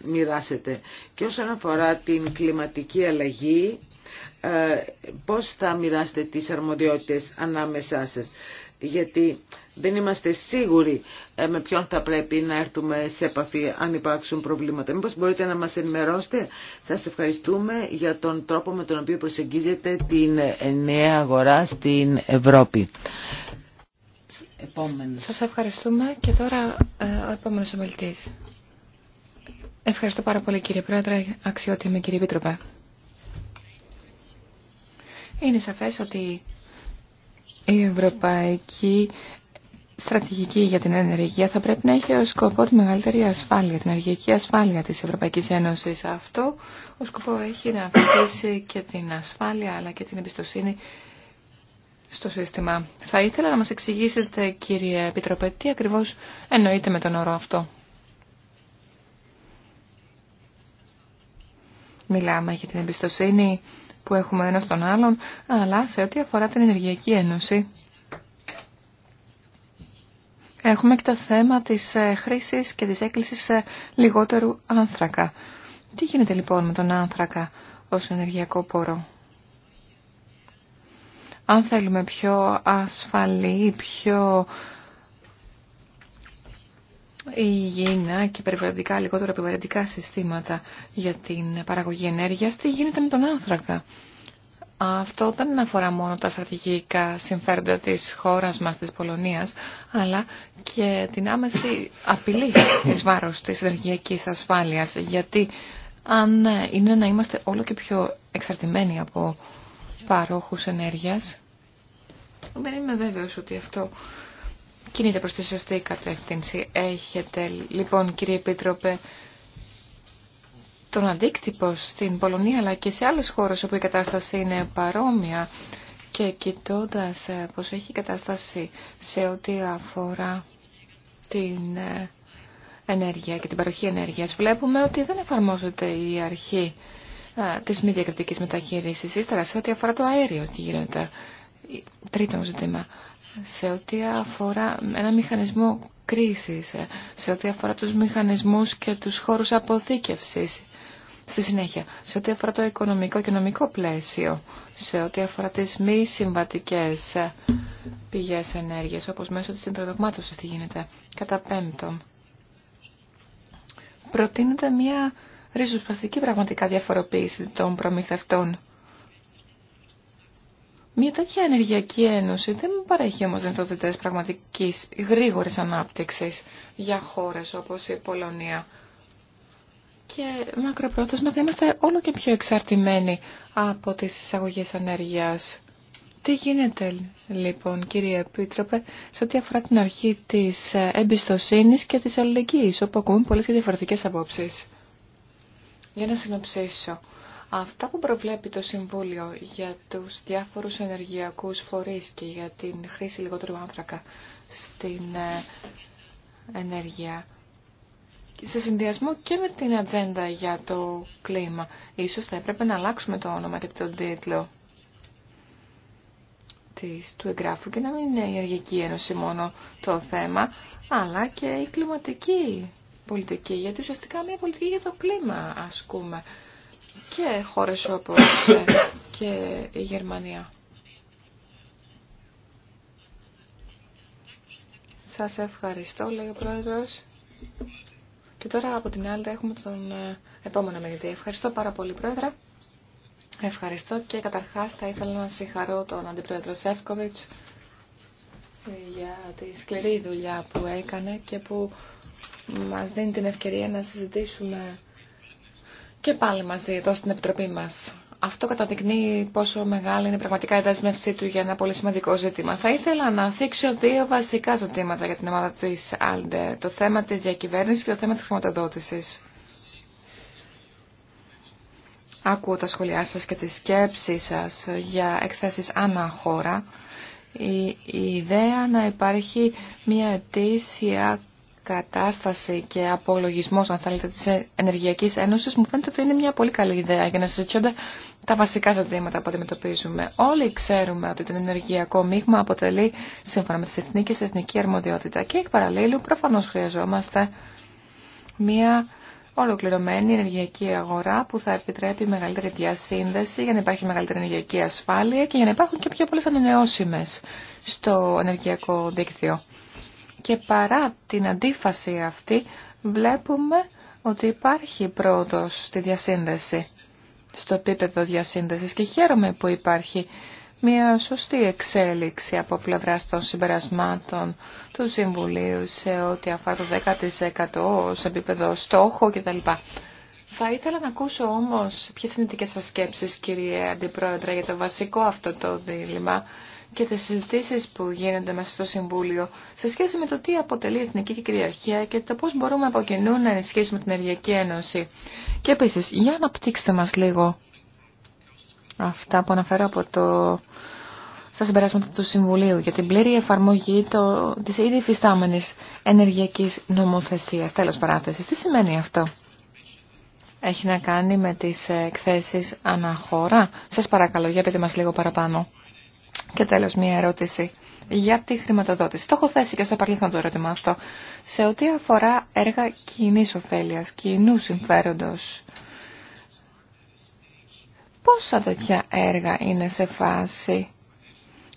μοιράσετε. Και όσον αφορά την κλιματική αλλαγή, πώς θα μοιράσετε τις αρμοδιότητες ανάμεσά σας γιατί δεν είμαστε σίγουροι ε, με ποιον θα πρέπει να έρθουμε σε επαφή αν υπάρξουν προβλήματα. Μήπως μπορείτε να μας ενημερώσετε. Σας ευχαριστούμε για τον τρόπο με τον οποίο προσεγγίζετε την νέα αγορά στην Ευρώπη. Επόμενος. Σας ευχαριστούμε και τώρα ε, ο επόμενος ομιλητής. Ευχαριστώ πάρα πολύ κύριε Πρόεδρε, αξιότιμη κύριε Επίτροπε. Είναι σαφές ότι η Ευρωπαϊκή στρατηγική για την ενεργεία θα πρέπει να έχει ως σκοπό τη μεγαλύτερη ασφάλεια, την ενεργειακή ασφάλεια της Ευρωπαϊκής Ένωσης. Αυτό ο σκοπό έχει να αυξήσει και την ασφάλεια αλλά και την εμπιστοσύνη στο σύστημα. Θα ήθελα να μας εξηγήσετε κύριε Επιτροπέ τι ακριβώς εννοείται με τον όρο αυτό. Μιλάμε για την εμπιστοσύνη που έχουμε ένα τον άλλον, αλλά σε ό,τι αφορά την Ενεργειακή Ένωση. Έχουμε και το θέμα της ε, χρήσης και της έκκλησης λιγότερου άνθρακα. Τι γίνεται λοιπόν με τον άνθρακα ως ενεργειακό πόρο. Αν θέλουμε πιο ασφαλή, πιο υγιεινά και περιβαλλοντικά λιγότερο επιβαρυντικά συστήματα για την παραγωγή ενέργειας, τι γίνεται με τον άνθρακα. Αυτό δεν αφορά μόνο τα στρατηγικά συμφέροντα της χώρας μας, της Πολωνίας, αλλά και την άμεση απειλή της βάρος της ενεργειακής ασφάλειας, γιατί αν ε, είναι να είμαστε όλο και πιο εξαρτημένοι από παρόχους ενέργειας, δεν είμαι βέβαιος ότι αυτό κινείται προς τη σωστή κατεύθυνση. Έχετε, λοιπόν, κύριε Επίτροπε, τον αντίκτυπο στην Πολωνία αλλά και σε άλλες χώρες όπου η κατάσταση είναι παρόμοια και κοιτώντας ε, πως έχει η κατάσταση σε ό,τι αφορά την ε, ενέργεια και την παροχή ενέργειας, βλέπουμε ότι δεν εφαρμόζεται η αρχή ε, της μη διακριτικής μεταχείρισης ύστερα σε ό,τι αφορά το αέριο, τι γίνεται. Τρίτο ζήτημα σε ό,τι αφορά ένα μηχανισμό κρίσης, ε, σε ό,τι αφορά τους μηχανισμούς και τους χώρους αποθήκευσης. Στη συνέχεια, σε ό,τι αφορά το οικονομικό και νομικό πλαίσιο, σε ό,τι αφορά τις μη συμβατικές ε, πηγές ενέργειας, όπως μέσω της συντροδογμάτωσης τι γίνεται, κατά πέμπτον. Προτείνεται μια ριζοσπαστική πραγματικά διαφοροποίηση των προμηθευτών μια τέτοια ενεργειακή ένωση δεν παρέχει όμως δυνατότητες πραγματικής γρήγορης ανάπτυξης για χώρες όπως η Πολωνία. Και μακροπρόθεσμα θα είμαστε όλο και πιο εξαρτημένοι από τις εισαγωγές ανέργειας. Τι γίνεται λοιπόν κύριε Επίτροπε σε ό,τι αφορά την αρχή της εμπιστοσύνης και της αλληλεγγύης όπου ακούμε πολλές και διαφορετικές απόψεις. Για να συνοψίσω, Αυτά που προβλέπει το Συμβούλιο για τους διάφορους ενεργειακούς φορείς και για την χρήση λιγότερου άνθρακα στην ε, ενέργεια σε συνδυασμό και με την ατζέντα για το κλίμα. Ίσως θα έπρεπε να αλλάξουμε το όνομα και τον τίτλο της, του εγγράφου και να μην είναι η Ενεργειακή Ένωση μόνο το θέμα, αλλά και η κλιματική πολιτική, γιατί ουσιαστικά μια πολιτική για το κλίμα ασκούμε και χώρες όπως ε, και η Γερμανία. Σας ευχαριστώ, λέει ο Πρόεδρος. Και τώρα από την άλλη έχουμε τον ε, επόμενο μελητή. Ευχαριστώ πάρα πολύ, Πρόεδρε. Ευχαριστώ και καταρχάς θα ήθελα να συγχαρώ τον Αντιπρόεδρο Σεύκοβιτς ε, για τη σκληρή δουλειά που έκανε και που μας δίνει την ευκαιρία να συζητήσουμε και πάλι μαζί εδώ στην Επιτροπή μας. Αυτό καταδεικνύει πόσο μεγάλη είναι πραγματικά η δέσμευσή του για ένα πολύ σημαντικό ζήτημα. Θα ήθελα να θίξω δύο βασικά ζητήματα για την ομάδα της ΑΛΔΕ. Το θέμα της διακυβέρνησης και το θέμα της χρηματοδότησης. Ακούω τα σχόλιά σας και τις σκέψεις σας για εκθέσεις ανά χώρα. Η, ιδέα να υπάρχει μια αιτήσια κατάσταση και απολογισμός, αν θέλετε, της Ενεργειακής Ένωσης, μου φαίνεται ότι είναι μια πολύ καλή ιδέα για να συζητιόνται τα βασικά ζητήματα που αντιμετωπίζουμε. Όλοι ξέρουμε ότι το ενεργειακό μείγμα αποτελεί, σύμφωνα με τις εθνικές, εθνική αρμοδιότητα και εκ παραλλήλου προφανώς χρειαζόμαστε μια ολοκληρωμένη ενεργειακή αγορά που θα επιτρέπει μεγαλύτερη διασύνδεση για να υπάρχει μεγαλύτερη ενεργειακή ασφάλεια και για να υπάρχουν και πιο πολλέ ανανεώσιμες στο ενεργειακό δίκτυο. Και παρά την αντίφαση αυτή βλέπουμε ότι υπάρχει πρόοδος στη διασύνδεση, στο επίπεδο διασύνδεσης και χαίρομαι που υπάρχει μια σωστή εξέλιξη από πλευρά των συμπερασμάτων του Συμβουλίου σε ό,τι αφορά το 10% σε επίπεδο στόχο κτλ. Θα ήθελα να ακούσω όμως ποιες είναι οι δικές σας σκέψεις κύριε Αντιπρόεδρε για το βασικό αυτό το δίλημα και τις συζητήσεις που γίνονται μέσα στο Συμβούλιο σε σχέση με το τι αποτελεί η εθνική κυριαρχία και το πώς μπορούμε από κοινού να ενισχύσουμε την Ενεργειακή Ένωση. Και επίσης, για να αναπτύξτε μας λίγο αυτά που αναφέρω από το... στα συμπεράσματα του Συμβουλίου για την πλήρη εφαρμογή το... της ήδη φυστάμενης ενεργειακής νομοθεσίας. Τέλος παράθεση. Τι σημαίνει αυτό. Έχει να κάνει με τις εκθέσεις αναχώρα. Σας παρακαλώ, για πείτε μας λίγο παραπάνω. Και τέλος μία ερώτηση για τη χρηματοδότηση. Το έχω θέσει και στο παρελθόν το ερώτημα αυτό. Σε ό,τι αφορά έργα κοινή ωφέλεια, κοινού συμφέροντο, πόσα τέτοια έργα είναι σε φάση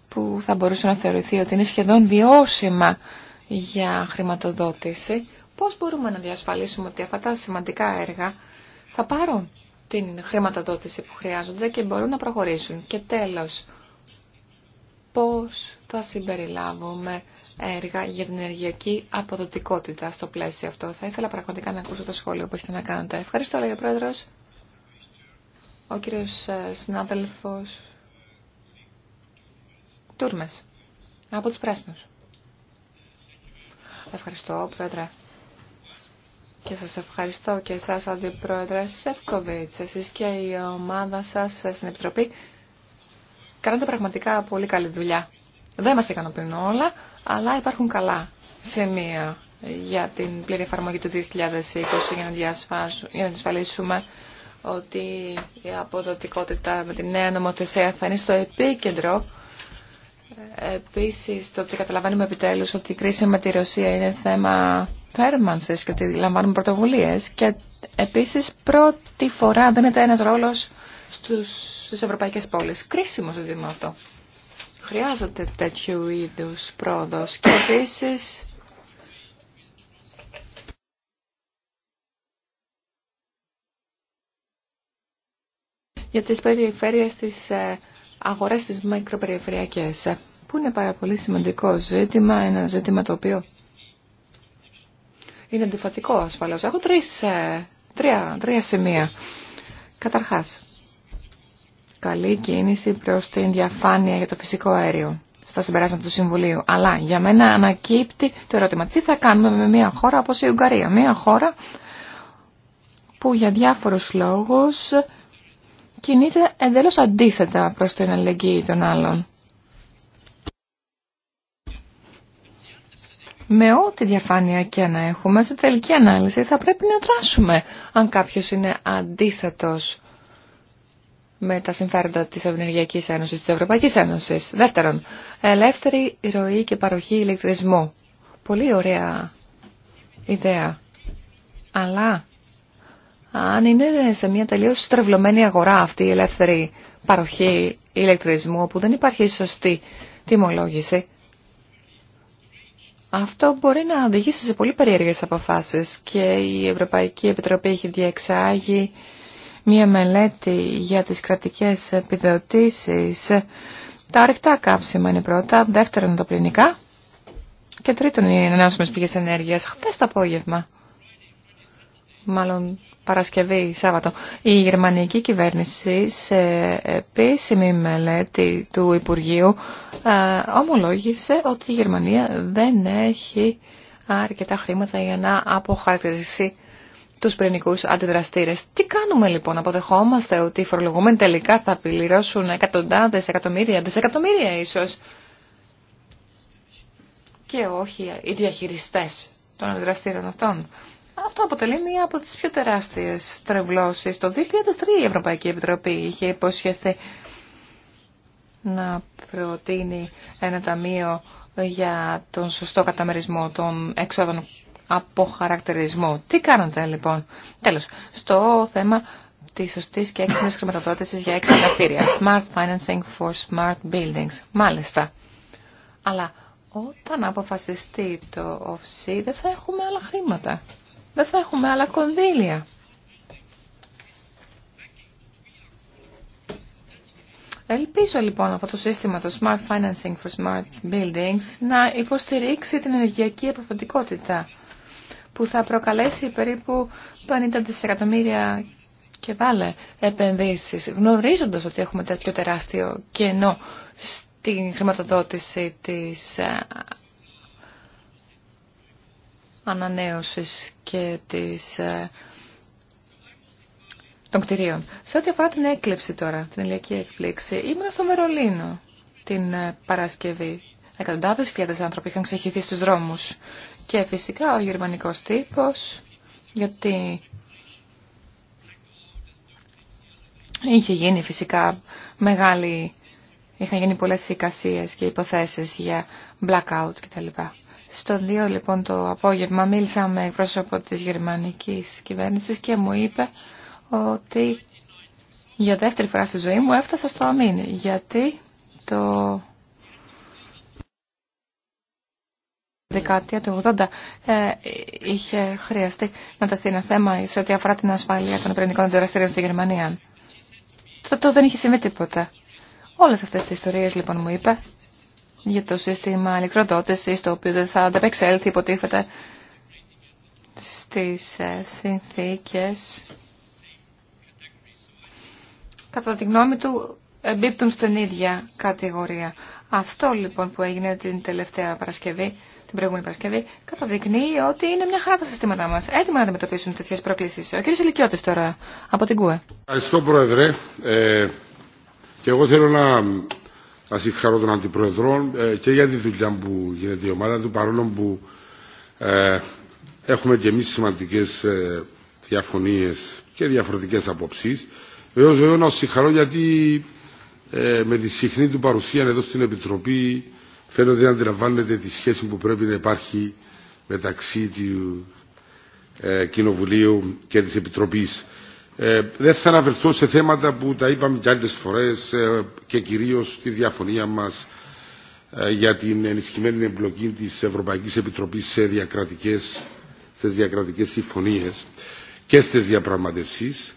που θα μπορούσε να θεωρηθεί ότι είναι σχεδόν βιώσιμα για χρηματοδότηση, πώς μπορούμε να διασφαλίσουμε ότι αυτά τα σημαντικά έργα θα πάρουν την χρηματοδότηση που χρειάζονται και μπορούν να προχωρήσουν. Και τέλος, πώς θα συμπεριλάβουμε έργα για την ενεργειακή αποδοτικότητα στο πλαίσιο αυτό. Θα ήθελα πραγματικά να ακούσω το σχόλιο που έχετε να κάνετε. Ευχαριστώ, λέει ο Πρόεδρος. Ο κύριος ε, συνάδελφος Τούρμες, από τους Πράσινους. Ευχαριστώ, Πρόεδρε. Και σας ευχαριστώ και εσάς, Αντιπρόεδρε Σεφκοβίτς, εσείς και η ομάδα σας ε, στην Επιτροπή Κάνετε πραγματικά πολύ καλή δουλειά. Δεν μας ικανοποιούν όλα, αλλά υπάρχουν καλά σημεία για την πλήρη εφαρμογή του 2020 για να, για διασφαλίσουμε ότι η αποδοτικότητα με τη νέα νομοθεσία θα είναι στο επίκεντρο. Επίσης, το ότι καταλαβαίνουμε επιτέλους ότι η κρίση με τη Ρωσία είναι θέμα θέρμανσης και ότι λαμβάνουμε πρωτοβουλίες και επίσης πρώτη φορά δίνεται ένας ρόλος στους, στις ευρωπαϊκές πόλεις. Κρίσιμο ζήτημα αυτό. Χρειάζεται τέτοιου είδους πρόοδος και επίση. για τις περιφέρειες τι ε, αγορές τις μικροπεριφερειακές που είναι πάρα πολύ σημαντικό ζήτημα, ένα ζήτημα το οποίο είναι αντιφατικό ασφαλώς. Έχω τρεις, ε, τρία, τρία σημεία. Καταρχάς, καλή κίνηση προς την διαφάνεια για το φυσικό αέριο στα συμπεράσματα του Συμβουλίου. Αλλά για μένα ανακύπτει το ερώτημα τι θα κάνουμε με μια χώρα όπως η Ουγγαρία. Μια χώρα που για διάφορους λόγους κινείται εντελώς αντίθετα προς την αλληλεγγύη των άλλων. Με ό,τι διαφάνεια και να έχουμε, σε τελική ανάλυση θα πρέπει να δράσουμε αν κάποιος είναι αντίθετος με τα συμφέροντα της Ευνεργειακής Ένωσης, της Ευρωπαϊκής Ένωσης. Δεύτερον, ελεύθερη ροή και παροχή ηλεκτρισμού. Πολύ ωραία ιδέα. Αλλά αν είναι σε μια τελείως στρεβλωμένη αγορά αυτή η ελεύθερη παροχή ηλεκτρισμού, όπου δεν υπάρχει σωστή τιμολόγηση, αυτό μπορεί να οδηγήσει σε πολύ περίεργες αποφάσεις και η Ευρωπαϊκή Επιτροπή έχει διεξάγει μία μελέτη για τις κρατικές επιδοτήσεις. Τα αρκετά καύσιμα είναι πρώτα, δεύτερον τα πληνικά και τρίτον οι ανανεώσιμες πηγές ενέργειας. Χθες το απόγευμα, μάλλον Παρασκευή, Σάββατο, η γερμανική κυβέρνηση σε επίσημη μελέτη του Υπουργείου ε, ομολόγησε ότι η Γερμανία δεν έχει αρκετά χρήματα για να αποχαρακτηρίσει τους πυρηνικούς αντιδραστήρες. Τι κάνουμε λοιπόν, αποδεχόμαστε ότι οι φορολογούμενοι τελικά θα πληρώσουν εκατοντάδες, εκατομμύρια, δισεκατομμύρια ίσως και όχι οι διαχειριστές των αντιδραστήρων αυτών. Αυτό αποτελεί μία από τις πιο τεράστιες στρεβλώσεις. Το 2003 η Ευρωπαϊκή Επιτροπή είχε υποσχεθεί να προτείνει ένα ταμείο για τον σωστό καταμερισμό των έξοδων από χαρακτηρισμό. Τι κάνατε λοιπόν, τέλος, στο θέμα τη σωστή και έξυπνη χρηματοδότηση για έξυπνα κτίρια. Smart financing for smart buildings. Μάλιστα. Αλλά όταν αποφασιστεί το OFC δεν θα έχουμε άλλα χρήματα. Δεν θα έχουμε άλλα κονδύλια. Ελπίζω λοιπόν από το σύστημα το Smart Financing for Smart Buildings να υποστηρίξει την ενεργειακή αποφαντικότητα που θα προκαλέσει περίπου 50 δισεκατομμύρια και βάλε επενδύσεις, γνωρίζοντας ότι έχουμε τέτοιο τεράστιο κενό στην χρηματοδότηση της ε, ανανέωσης και της, ε, των κτηρίων. Σε ό,τι αφορά την έκλειψη τώρα, την ηλιακή έκπληξη, ήμουν στο Βερολίνο την ε, Παρασκευή Εκατοντάδε χιλιάδε άνθρωποι είχαν ξεχυθεί στου δρόμου. Και φυσικά ο γερμανικό τύπο, γιατί είχε γίνει φυσικά μεγάλη... Είχαν γίνει πολλές εικασίες και υποθέσεις για blackout κτλ. Στον 2 λοιπόν το απόγευμα μίλησα με πρόσωπο της γερμανικής κυβέρνησης και μου είπε ότι για δεύτερη φορά στη ζωή μου έφτασα στο αμήν. Γιατί το δεκαετία του 80 ε, είχε χρειαστεί να τεθεί ένα θέμα σε ό,τι αφορά την ασφάλεια των πυρηνικών αντιδραστηρίων στη Γερμανία. Τότε δεν είχε συμβεί τίποτα. Όλες αυτές τις ιστορίες λοιπόν μου είπε για το σύστημα ηλεκτροδότησης το οποίο δεν θα ανταπεξέλθει υποτίθεται στις ε, συνθήκε, Κατά τη γνώμη του εμπίπτουν στην ίδια κατηγορία. Αυτό λοιπόν που έγινε την τελευταία Παρασκευή την προηγούμενη Παρασκευή καταδεικνύει ότι είναι μια χαρά τα συστήματά μα, Έτοιμα να αντιμετωπίσουν τέτοιε προκλήσεις. Ο κ. Ελικιώτη τώρα από την ΚΟΕ. Ευχαριστώ Πρόεδρε. Ε, και εγώ θέλω να, να συγχαρώ τον Αντιπρόεδρο ε, και για τη δουλειά που γίνεται η ομάδα του παρόλο που ε, έχουμε και εμεί σημαντικέ ε, διαφωνίες και διαφορετικέ απόψει. Βεβαίω, βέβαια να συγχαρώ γιατί ε, με τη συχνή του παρουσία εδώ στην Επιτροπή Φαίνεται να αντιλαμβάνετε τη σχέση που πρέπει να υπάρχει μεταξύ του ε, Κοινοβουλίου και της Επιτροπής. Ε, δεν θα αναφερθώ σε θέματα που τα είπαμε και άλλες φορές ε, και κυρίως τη διαφωνία μας για την ενισχυμένη εμπλοκή της Ευρωπαϊκής Επιτροπής σε διακρατικές, σε διακρατικές συμφωνίες και στις διαπραγματεύσεις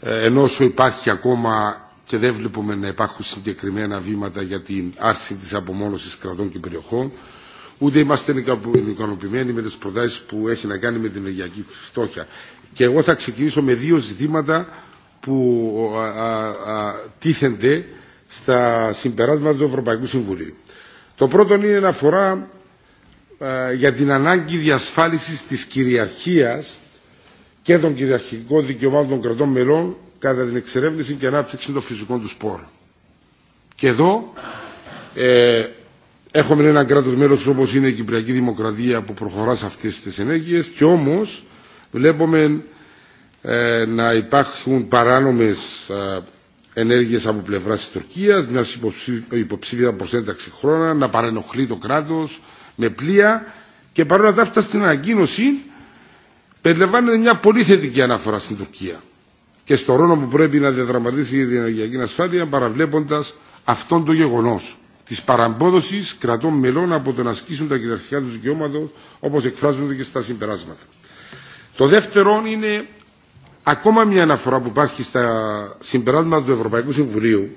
ενώ όσο υπάρχει ακόμα και δεν βλέπουμε να υπάρχουν συγκεκριμένα βήματα για την άρση της απομόνωσης κρατών και περιοχών. Ούτε είμαστε ικανοποιημένοι με τις προτάσεις που έχει να κάνει με την ενεργειακή φτώχεια. Και εγώ θα ξεκινήσω με δύο ζητήματα που α, α, τίθενται στα συμπεράσματα του Ευρωπαϊκού Συμβουλίου. Το πρώτο είναι να αφορά για την ανάγκη διασφάλισης της κυριαρχίας και των κυριαρχικών δικαιωμάτων των κρατών μελών κατά την εξερεύνηση και ανάπτυξη των φυσικών του σπόρων. Και εδώ ε, έχουμε ένα κράτος μέλος όπως είναι η Κυπριακή Δημοκρατία που προχωρά σε αυτές τις ενέργειες και όμως βλέπουμε ε, να υπάρχουν παράνομες ε, ενέργειες από πλευρά της Τουρκίας, μια υποψήφια προσένταξη χρόνα, να παρενοχλεί το κράτος με πλοία και παρόλα αυτά στην ανακοίνωση περιλαμβάνεται μια πολύ θετική αναφορά στην Τουρκία και στο ρόλο που πρέπει να διαδραματίσει η την ενεργειακή ασφάλεια παραβλέποντα αυτόν το γεγονό τη παραμπόδοση κρατών μελών από το να ασκήσουν τα κυριαρχικά του δικαιώματα όπω εκφράζονται και στα συμπεράσματα. Το δεύτερο είναι ακόμα μια αναφορά που υπάρχει στα συμπεράσματα του Ευρωπαϊκού Συμβουλίου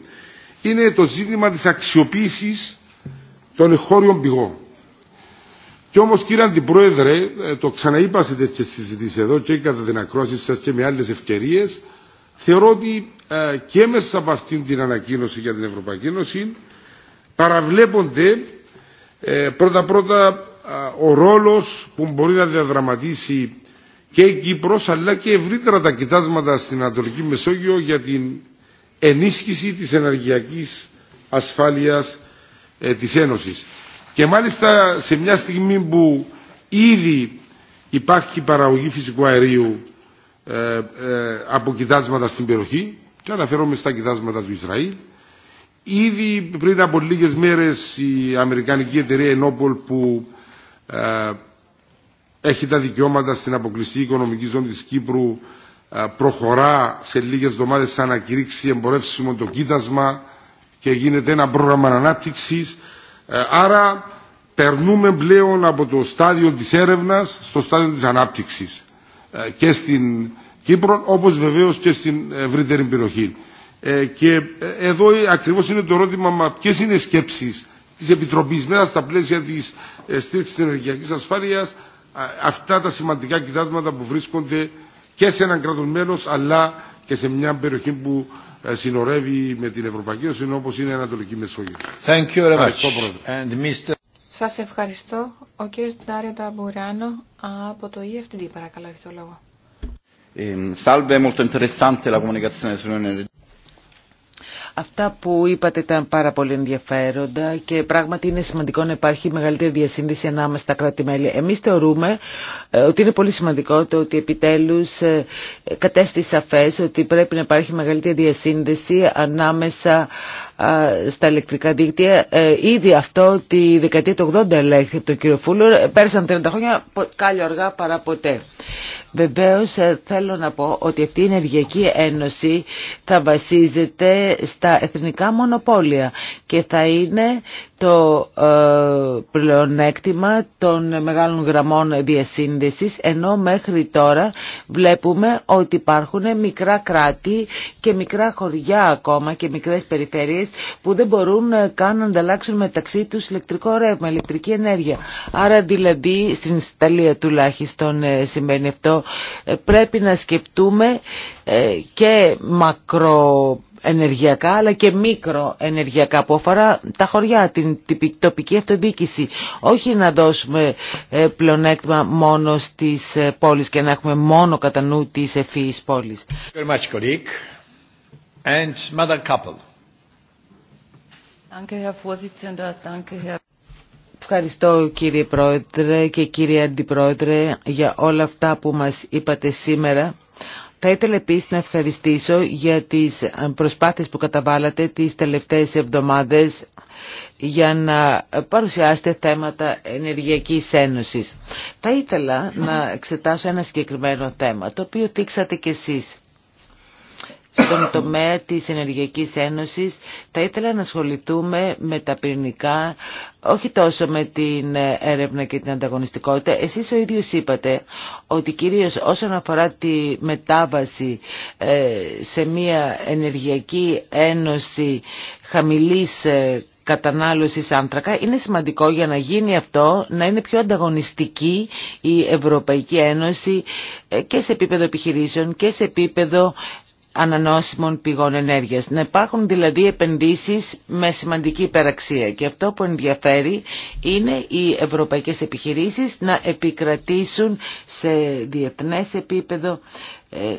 είναι το ζήτημα της αξιοποίησης των εγχώριων πηγών. Και όμως κύριε Αντιπρόεδρε, ε, το ξαναείπα σε τέτοιες εδώ και κατά την ακρόαση σα και με άλλες ευκαιρίες, θεωρώ ότι ε, και μέσα από αυτήν την ανακοίνωση για την Ευρωπαϊκή Ένωση παραβλέπονται πρώτα-πρώτα ε, ε, ο ρόλος που μπορεί να διαδραματίσει και η Κύπρος αλλά και ευρύτερα τα κοιτάσματα στην Ανατολική Μεσόγειο για την ενίσχυση της ενεργειακής ασφάλειας της Ένωσης. Και μάλιστα σε μια στιγμή που ήδη υπάρχει παραγωγή φυσικού αερίου ε, ε, από κοιτάσματα στην περιοχή και αναφέρομαι στα κοιτάσματα του Ισραήλ. Ήδη πριν από λίγες μέρες η Αμερικανική εταιρεία Ενόπολ που ε, έχει τα δικαιώματα στην αποκλειστική οικονομική ζώνη της Κύπρου προχωρά σε λίγες εβδομάδες να κηρύξει εμπορεύσιμο το κοίτασμα και γίνεται ένα πρόγραμμα ανάπτυξης. Άρα περνούμε πλέον από το στάδιο της έρευνας στο στάδιο της ανάπτυξης. Ε, και στην Κύπρο όπως βεβαίως και στην ευρύτερη περιοχή. Ε, και ε, εδώ ακριβώς είναι το ερώτημα μα ποιες είναι οι σκέψεις της Επιτροπής μέσα στα πλαίσια της στήριξης της ενεργειακής ασφάλειας αυτά τα σημαντικά κοιτάσματα που βρίσκονται και σε έναν κράτο αλλά και σε μια περιοχή που συνορεύει με την Ευρωπαϊκή Ένωση όπως είναι η Ανατολική Μεσόγειο. Σας ευχαριστώ. Ο κύριος Ντάριο Ταμπουράνο από το EFTD, παρακαλώ, έχει το λόγο. Αυτά που είπατε ήταν πάρα πολύ ενδιαφέροντα και πράγματι είναι σημαντικό να υπάρχει μεγαλύτερη διασύνδεση ανάμεσα στα κράτη-μέλη. Εμείς θεωρούμε ε, ότι είναι πολύ σημαντικό το ότι επιτέλους ε, κατέστη σαφές ότι πρέπει να υπάρχει μεγαλύτερη διασύνδεση ανάμεσα στα ηλεκτρικά δίκτυα. Ε, ήδη αυτό τη δεκαετία του 80 ελέγχθη από τον κύριο Φούλουρ. Ε, πέρασαν 30 χρόνια, κάλλιο αργά παρά ποτέ. Βεβαίως ε, θέλω να πω ότι αυτή η Ενεργειακή Ένωση θα βασίζεται στα εθνικά μονοπόλια και θα είναι το πλεονέκτημα των μεγάλων γραμμών διασύνδεσης ενώ μέχρι τώρα βλέπουμε ότι υπάρχουν μικρά κράτη και μικρά χωριά ακόμα και μικρές περιφέρειες που δεν μπορούν ε, καν να ανταλλάξουν μεταξύ τους ηλεκτρικό ρεύμα, ηλεκτρική ενέργεια. Άρα δηλαδή στην Ιταλία τουλάχιστον ε, σημαίνει αυτό. Ε, πρέπει να σκεπτούμε και μακρο ενεργειακά αλλά και μικροενεργειακά που αφορά τα χωριά, την τοπική αυτοδιοίκηση. Όχι να δώσουμε πλεονέκτημα μόνο στις πόλεις και να έχουμε μόνο κατά νου τις ευφύης πόλεις. Ευχαριστώ κύριε Πρόεδρε και κύριε Αντιπρόεδρε για όλα αυτά που μας είπατε σήμερα. Θα ήθελα επίσης να ευχαριστήσω για τις ε, προσπάθειες που καταβάλατε τις τελευταίες εβδομάδες για να παρουσιάσετε θέματα ενεργειακής ένωσης. Θα ήθελα να εξετάσω ένα συγκεκριμένο θέμα, το οποίο δείξατε κι εσείς στον τομέα της Ενεργειακής Ένωσης θα ήθελα να ασχοληθούμε με τα πυρηνικά, όχι τόσο με την έρευνα και την ανταγωνιστικότητα. Εσείς ο ίδιος είπατε ότι κυρίως όσον αφορά τη μετάβαση ε, σε μια Ενεργειακή Ένωση χαμηλής ε, κατανάλωσης άνθρακα είναι σημαντικό για να γίνει αυτό να είναι πιο ανταγωνιστική η Ευρωπαϊκή Ένωση ε, και σε επίπεδο επιχειρήσεων και σε επίπεδο ανανόσιμων πηγών ενέργειας. Να υπάρχουν δηλαδή επενδύσεις με σημαντική υπεραξία και αυτό που ενδιαφέρει είναι οι ευρωπαϊκές επιχειρήσεις να επικρατήσουν σε διεθνές επίπεδο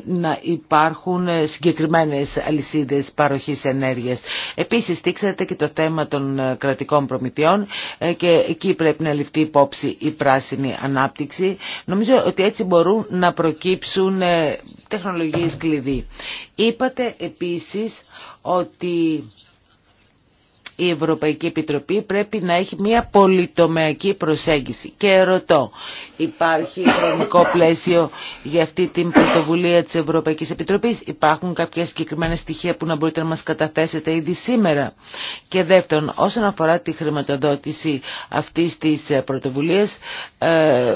να υπάρχουν συγκεκριμένες αλυσίδες παροχής ενέργειας. Επίσης, στήξατε και το θέμα των κρατικών προμηθειών ε, και εκεί πρέπει να ληφθεί υπόψη η πράσινη ανάπτυξη. Νομίζω ότι έτσι μπορούν να προκύψουν ε, τεχνολογίες κλειδί. Είπατε επίσης ότι η Ευρωπαϊκή Επιτροπή πρέπει να έχει μια πολυτομεακή προσέγγιση. Και ρωτώ, υπάρχει χρονικό πλαίσιο για αυτή την πρωτοβουλία της Ευρωπαϊκής Επιτροπής. Υπάρχουν κάποια συγκεκριμένα στοιχεία που να μπορείτε να μας καταθέσετε ήδη σήμερα. Και δεύτερον, όσον αφορά τη χρηματοδότηση αυτής της ε, πρωτοβουλίας, ε,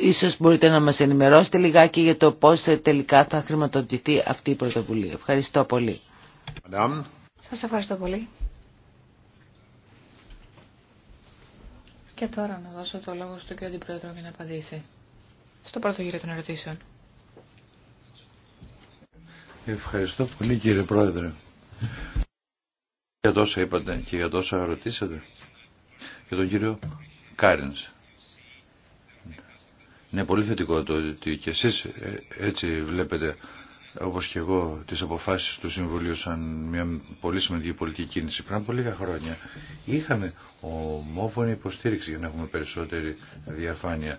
Ίσως μπορείτε να μας ενημερώσετε λιγάκι για το πώς ε, τελικά θα χρηματοδοτηθεί αυτή η πρωτοβουλία. Ευχαριστώ πολύ. Σας ευχαριστώ πολύ. Και τώρα να δώσω το λόγο στον κύριο Αντιπρόεδρο για να απαντήσει. Στο πρώτο γύρο των ερωτήσεων. Ευχαριστώ πολύ κύριε Πρόεδρε. Για τόσα είπατε και για τόσα ρωτήσατε. Και τον κύριο Κάρινς. Είναι πολύ θετικό το ότι και εσείς ε, έτσι βλέπετε όπως και εγώ, τις αποφάσεις του Συμβουλίου σαν μια πολύ σημαντική πολιτική κίνηση. Πριν από λίγα χρόνια είχαμε ομόφωνη υποστήριξη για να έχουμε περισσότερη διαφάνεια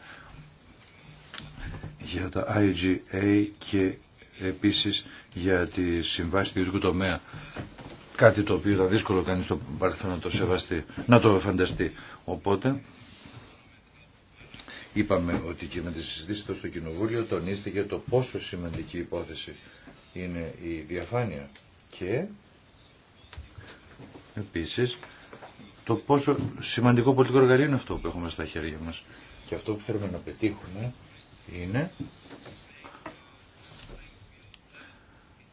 για τα IGA και επίσης για τη συμβάση του ιδιωτικού τομέα. Κάτι το οποίο ήταν δύσκολο κανείς το παρελθόν να το σεβαστεί, να το φανταστεί. Οπότε Είπαμε ότι και με τη συζήτηση στο Κοινοβούλιο τονίστηκε το πόσο σημαντική υπόθεση είναι η διαφάνεια και επίσης το πόσο σημαντικό πολιτικό εργαλείο είναι αυτό που έχουμε στα χέρια μας. Και αυτό που θέλουμε να πετύχουμε είναι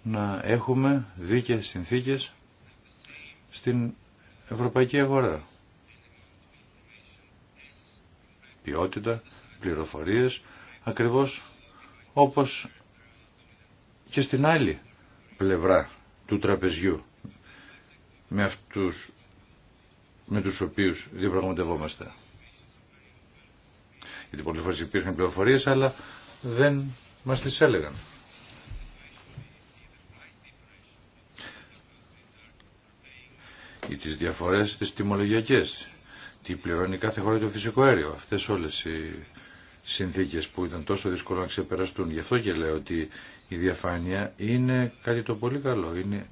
να έχουμε δίκαιες συνθήκες στην ευρωπαϊκή αγορά. ποιότητα, πληροφορίες, ακριβώς όπως και στην άλλη πλευρά του τραπεζιού με αυτούς με τους οποίους διαπραγματευόμαστε. Γιατί πολλές φορές υπήρχαν πληροφορίες αλλά δεν μας τις έλεγαν. Ή τις διαφορές τις τιμολογιακές τι πληρώνει κάθε χώρα το φυσικό αέριο. Αυτές όλες οι συνθήκες που ήταν τόσο δύσκολο να ξεπεραστούν. Γι' αυτό και λέω ότι η διαφάνεια είναι κάτι το πολύ καλό. Είναι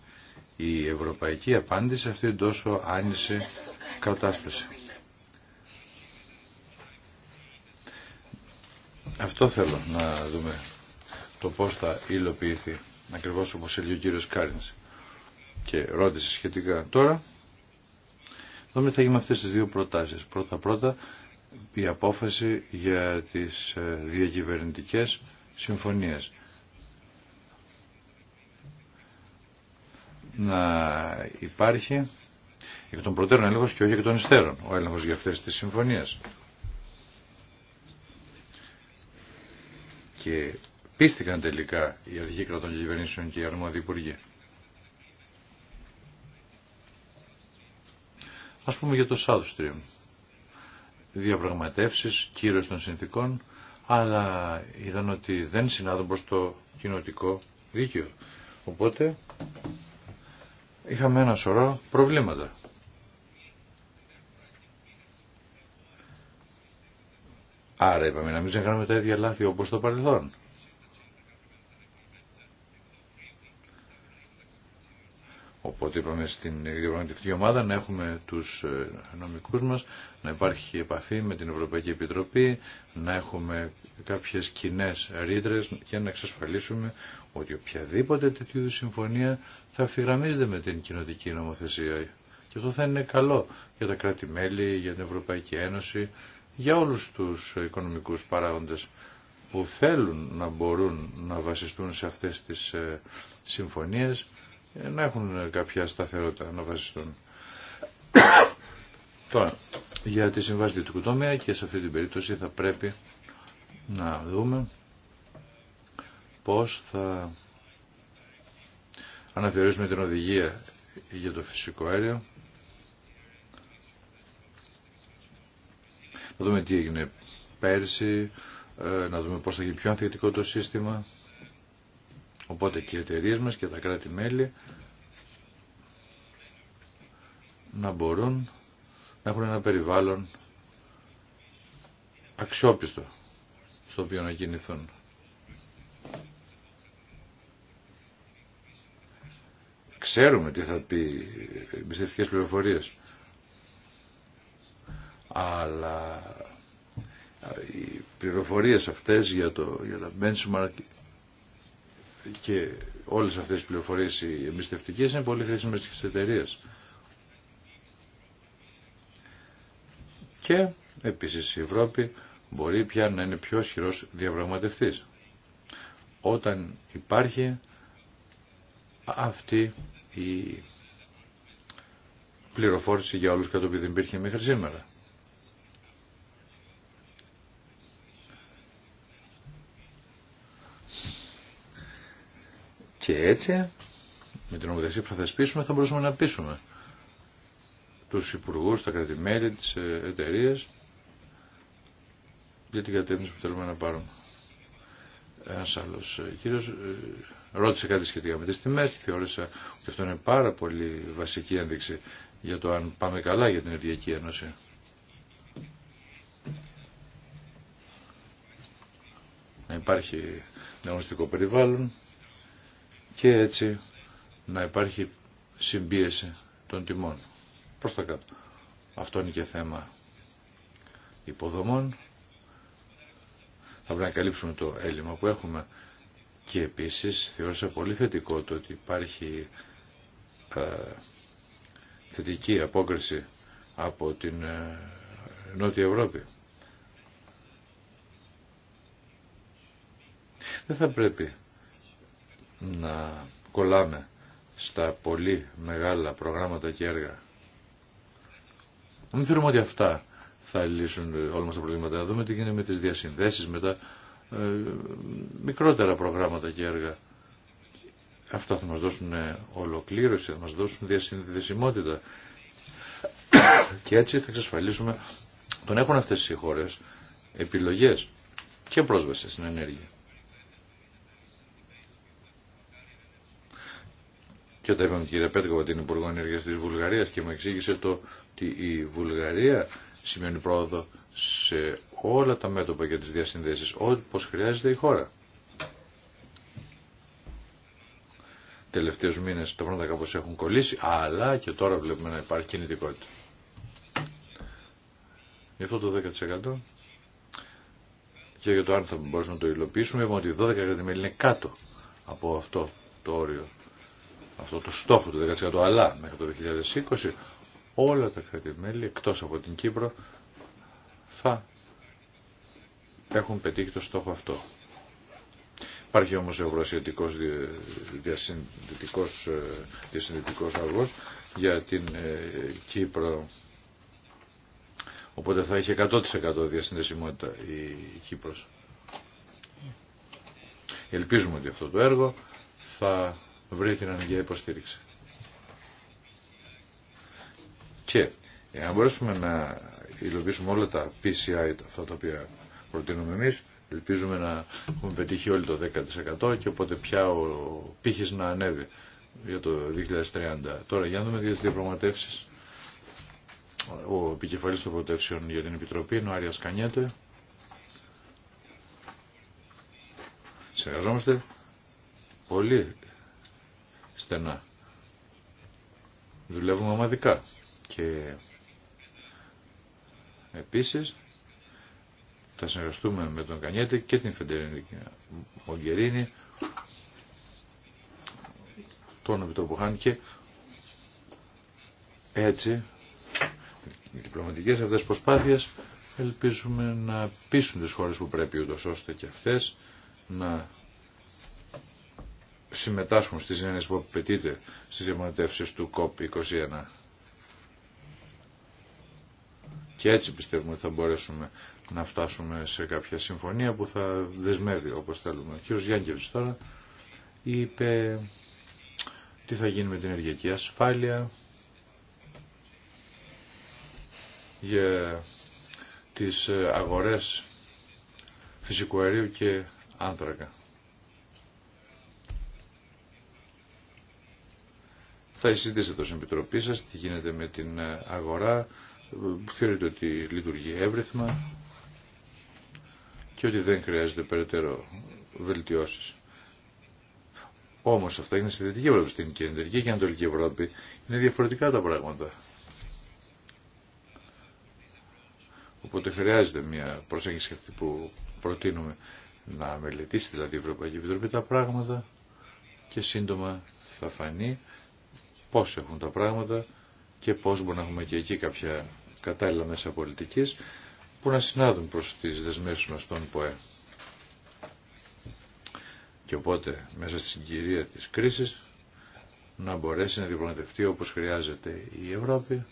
η ευρωπαϊκή απάντηση σε αυτήν τόσο άνηση κατάσταση. Αυτό θέλω να δούμε το πώς θα υλοποιηθεί. Ακριβώς όπως έλεγε ο κύριος Κάρινς και ρώτησε σχετικά τώρα δούμε θα γίνουμε αυτές τις δύο προτάσεις. Πρώτα-πρώτα η απόφαση για τις ε, διακυβερνητικές συμφωνίες. Να υπάρχει εκ των προτέρων έλεγχος και όχι εκ των υστέρων ο έλεγχος για αυτές τις συμφωνίες. Και πίστηκαν τελικά οι αρχικοί κρατών και κυβερνήσεων και οι αρμόδιοι υπουργοί. Ας πούμε για το South Stream. Διαπραγματεύσεις, κύρος των συνθήκων, αλλά είδαν ότι δεν συνάδουν προς το κοινοτικό δίκαιο. Οπότε είχαμε ένα σωρό προβλήματα. Άρα είπαμε να μην ξεχνάμε τα ίδια λάθη όπως το παρελθόν. Οπότε είπαμε στην διαπραγματευτική ομάδα να έχουμε τους ε, νομικούς μας, να υπάρχει επαφή με την Ευρωπαϊκή Επιτροπή, να έχουμε κάποιες κοινέ ρήτρε και να εξασφαλίσουμε ότι οποιαδήποτε τέτοιου συμφωνία θα αφιγραμμίζεται με την κοινοτική νομοθεσία. Και αυτό θα είναι καλό για τα κράτη-μέλη, για την Ευρωπαϊκή Ένωση, για όλους τους οικονομικούς παράγοντες που θέλουν να μπορούν να βασιστούν σε αυτές τις ε, συμφωνίες ε, να έχουν κάποια σταθερότητα να βασιστούν. Τώρα, για τη συμβάση του τομέα και σε αυτή την περίπτωση θα πρέπει να δούμε πώς θα αναθεωρήσουμε την οδηγία για το φυσικό αέριο. Να δούμε τι έγινε πέρσι, ε, να δούμε πώς θα γίνει πιο ανθεκτικό το σύστημα. Οπότε και οι εταιρείε μας και τα κράτη-μέλη να μπορούν να έχουν ένα περιβάλλον αξιόπιστο στο οποίο να κινηθούν. Ξέρουμε τι θα πει εμπιστευτικές πληροφορίες. Αλλά οι πληροφορίες αυτές για, το, για τα benchmark και όλες αυτές οι πληροφορίες οι εμπιστευτικές είναι πολύ χρήσιμες στις εταιρείε. Και επίσης η Ευρώπη μπορεί πια να είναι πιο ισχυρό διαπραγματευτής όταν υπάρχει αυτή η πληροφόρηση για όλους κατόπιν δεν υπήρχε μέχρι σήμερα. Και έτσι, με την νομοθεσία που θα θεσπίσουμε, θα μπορούσαμε να πείσουμε τους υπουργούς, τα κρατημέλη, τις ε, εταιρείε για την κατεύθυνση που θέλουμε να πάρουμε. Ένας άλλος ε, κύριος ε, ρώτησε κάτι σχετικά με τις τιμές και θεώρησα ότι αυτό είναι πάρα πολύ βασική ένδειξη για το αν πάμε καλά για την Ενεργειακή Ένωση. Να υπάρχει νεωνιστικό περιβάλλον, και έτσι να υπάρχει συμπίεση των τιμών προς τα κάτω. Αυτό είναι και θέμα υποδομών. Θα πρέπει να καλύψουμε το έλλειμμα που έχουμε και επίσης θεωρήσα πολύ θετικό το ότι υπάρχει ε, θετική απόκριση από την ε, Νότια Ευρώπη. Δεν θα πρέπει να κολλάμε στα πολύ μεγάλα προγράμματα και έργα. Μην θεωρούμε ότι αυτά θα λύσουν όλα μας τα προβλήματα. Να δούμε τι γίνεται με τις διασυνδέσεις, με τα ε, μικρότερα προγράμματα και έργα. Αυτά θα μας δώσουν ολοκλήρωση, θα μας δώσουν διασυνδεσιμότητα. [coughs] και έτσι θα εξασφαλίσουμε τον έχουν αυτές οι χώρες επιλογές και πρόσβαση στην ενέργεια. Και όταν είπαμε κυρία Πέτκοβα την Υπουργό Ενέργεια τη Βουλγαρία και μου εξήγησε το ότι η Βουλγαρία σημαίνει πρόοδο σε όλα τα μέτωπα για τι διασυνδέσει, όπω χρειάζεται η χώρα. Τελευταίου μήνε τα πράγματα κάπω έχουν κολλήσει, αλλά και τώρα βλέπουμε να υπάρχει κινητικότητα. Γι' αυτό το 10% και για το αν θα μπορούσαμε να το υλοποιήσουμε, είπαμε ότι 12 κρατημέλη είναι κάτω από αυτό το όριο αυτό το στόχο του 10% αλλά μέχρι το 2020 όλα τα μέλη εκτός από την Κύπρο θα έχουν πετύχει το στόχο αυτό. Υπάρχει όμως ο ευρωασιατικός διασυνδετικός, ε, διασυνδετικός για την ε, Κύπρο. Οπότε θα έχει 100% διασυνδεσιμότητα η Κύπρος. Ελπίζουμε ότι αυτό το έργο θα βρει την αναγκαία υποστήριξη. Και εάν μπορέσουμε να υλοποιήσουμε όλα τα PCI, αυτά τα οποία προτείνουμε εμείς, ελπίζουμε να έχουμε πετύχει όλοι το 10% και οπότε πια ο πύχης να ανέβει για το 2030. Τώρα για να δούμε δύο διαπραγματεύσει. Ο επικεφαλής των προτεύσεων για την Επιτροπή είναι ο Άρια Κανιέτε. Συνεργαζόμαστε πολύ στενά. Δουλεύουμε ομαδικά και επίσης θα συνεργαστούμε με τον Κανιέτη και την Φεντερίνη Μογκερίνη, τον Επιτροποχάν και έτσι οι διπλωματικές αυτές προσπάθειες ελπίζουμε να πείσουν τις χώρες που πρέπει ούτως ώστε και αυτές να συμμετάσχουν στις έννοιες που απαιτείται στις διαμονητεύσεις του COP21. Και έτσι πιστεύουμε ότι θα μπορέσουμε να φτάσουμε σε κάποια συμφωνία που θα δεσμεύει όπως θέλουμε. Ο κ. Γιάνκεβης τώρα είπε τι θα γίνει με την ενεργειακή ασφάλεια για τις αγορές φυσικού αερίου και άνθρακα. Θα συζητήσετε εδώ Επιτροπή σας τι γίνεται με την ε, αγορά, που θεωρείτε ότι λειτουργεί εύρυθμα και ότι δεν χρειάζεται περαιτέρω βελτιώσεις. Όμως αυτά είναι στη Δυτική Ευρώπη, στην Κεντρική και Ανατολική Ευρώπη. Είναι διαφορετικά τα πράγματα. Οπότε χρειάζεται μια προσέγγιση αυτή που προτείνουμε να μελετήσει δηλαδή η Ευρωπαϊκή Επιτροπή τα πράγματα και σύντομα θα φανεί πώς έχουν τα πράγματα και πώς μπορούμε να έχουμε και εκεί κάποια κατάλληλα μέσα πολιτικής που να συνάδουν προς τις δεσμεύσεις μας των ΠΟΕ. Και οπότε μέσα στη συγκυρία της κρίσης να μπορέσει να διπλωματευτεί όπως χρειάζεται η Ευρώπη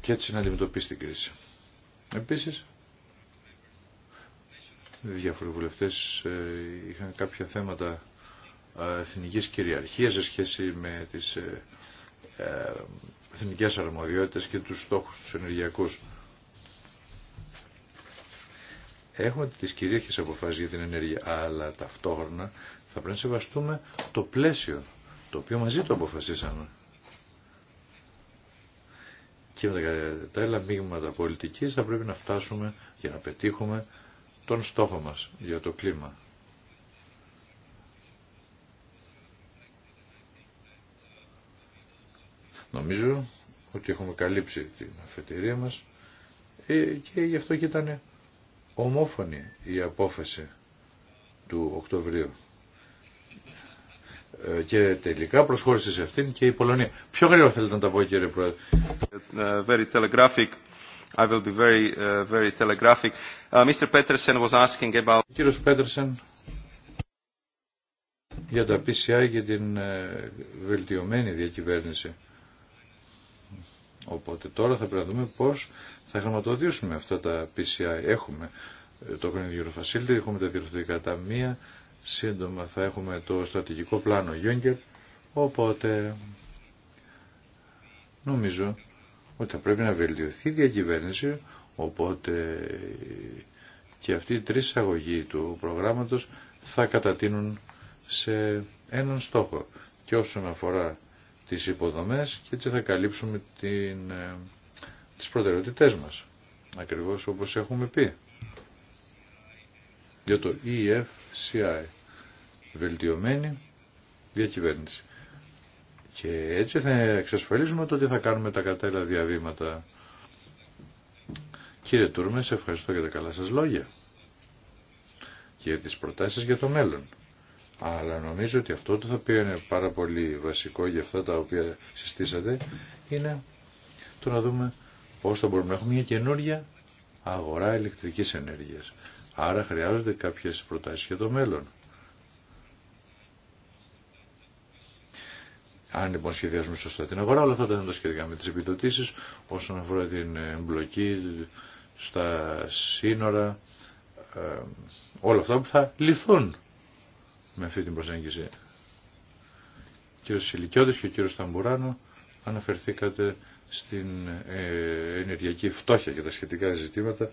και έτσι να αντιμετωπίσει την κρίση. Επίσης, διάφοροι βουλευτές ε, είχαν κάποια θέματα εθνικής κυριαρχίας σε σχέση με τις ε, ε, εθνικές αρμοδιότητες και τους στόχους τους ενεργειακούς. Έχουμε τις κυρίαρχες αποφάσεις για την ενέργεια, αλλά ταυτόχρονα θα πρέπει να σεβαστούμε το πλαίσιο το οποίο μαζί το αποφασίσαμε. Και με τα άλλα μείγματα πολιτικής θα πρέπει να φτάσουμε και να πετύχουμε τον στόχο μας για το κλίμα. Νομίζω ότι έχουμε καλύψει την αφετηρία μας ε, και γι' αυτό και ήταν ομόφωνη η απόφαση του Οκτωβρίου. Ε, και τελικά προσχώρησε σε αυτήν και η Πολωνία. Πιο γρήγορα θέλετε να τα πω κύριε Πρόεδρε. Ε, very telegraphic. I will be very, very telegraphic. Uh, Mr. Peterson was asking about... κύριος Πέτερσεν για τα PCI και την βελτιωμένη διακυβέρνηση. Οπότε τώρα θα πρέπει να δούμε πώς θα χρηματοδοτήσουμε αυτά τα PCI. Έχουμε ε, το Green Euro έχουμε τα διευθυντικά ταμεία, σύντομα θα έχουμε το στρατηγικό πλάνο Juncker, οπότε νομίζω ότι θα πρέπει να βελτιωθεί η διακυβέρνηση, οπότε και αυτή η τρεις αγωγοί του προγράμματος θα κατατείνουν σε έναν στόχο. Και όσον αφορά τις υποδομές και έτσι θα καλύψουμε την, ε, τις προτεραιότητές μας. Ακριβώς όπως έχουμε πει. Για το EFCI. Βελτιωμένη διακυβέρνηση. Και έτσι θα εξασφαλίσουμε το ότι θα κάνουμε τα κατάλληλα διαβήματα. Κύριε Τούρμες, ευχαριστώ για τα καλά σας λόγια και τις προτάσεις για το μέλλον. Αλλά νομίζω ότι αυτό το οποίο είναι πάρα πολύ βασικό για αυτά τα οποία συστήσατε είναι το να δούμε πώς θα μπορούμε να έχουμε μια καινούργια αγορά ηλεκτρικής ενέργειας. Άρα χρειάζονται κάποιες προτάσεις για το μέλλον. Αν λοιπόν σχεδιάζουμε σωστά την αγορά, όλα αυτά δεν τα σχετικά με τις επιδοτήσεις όσον αφορά την εμπλοκή στα σύνορα, ε, όλα αυτά που θα λυθούν με αυτή την προσέγγιση. Ο κύριος Σιλικιώτης και ο κύριος Ταμπουράνο αναφερθήκατε στην ε, ενεργειακή φτώχεια και τα σχετικά ζητήματα.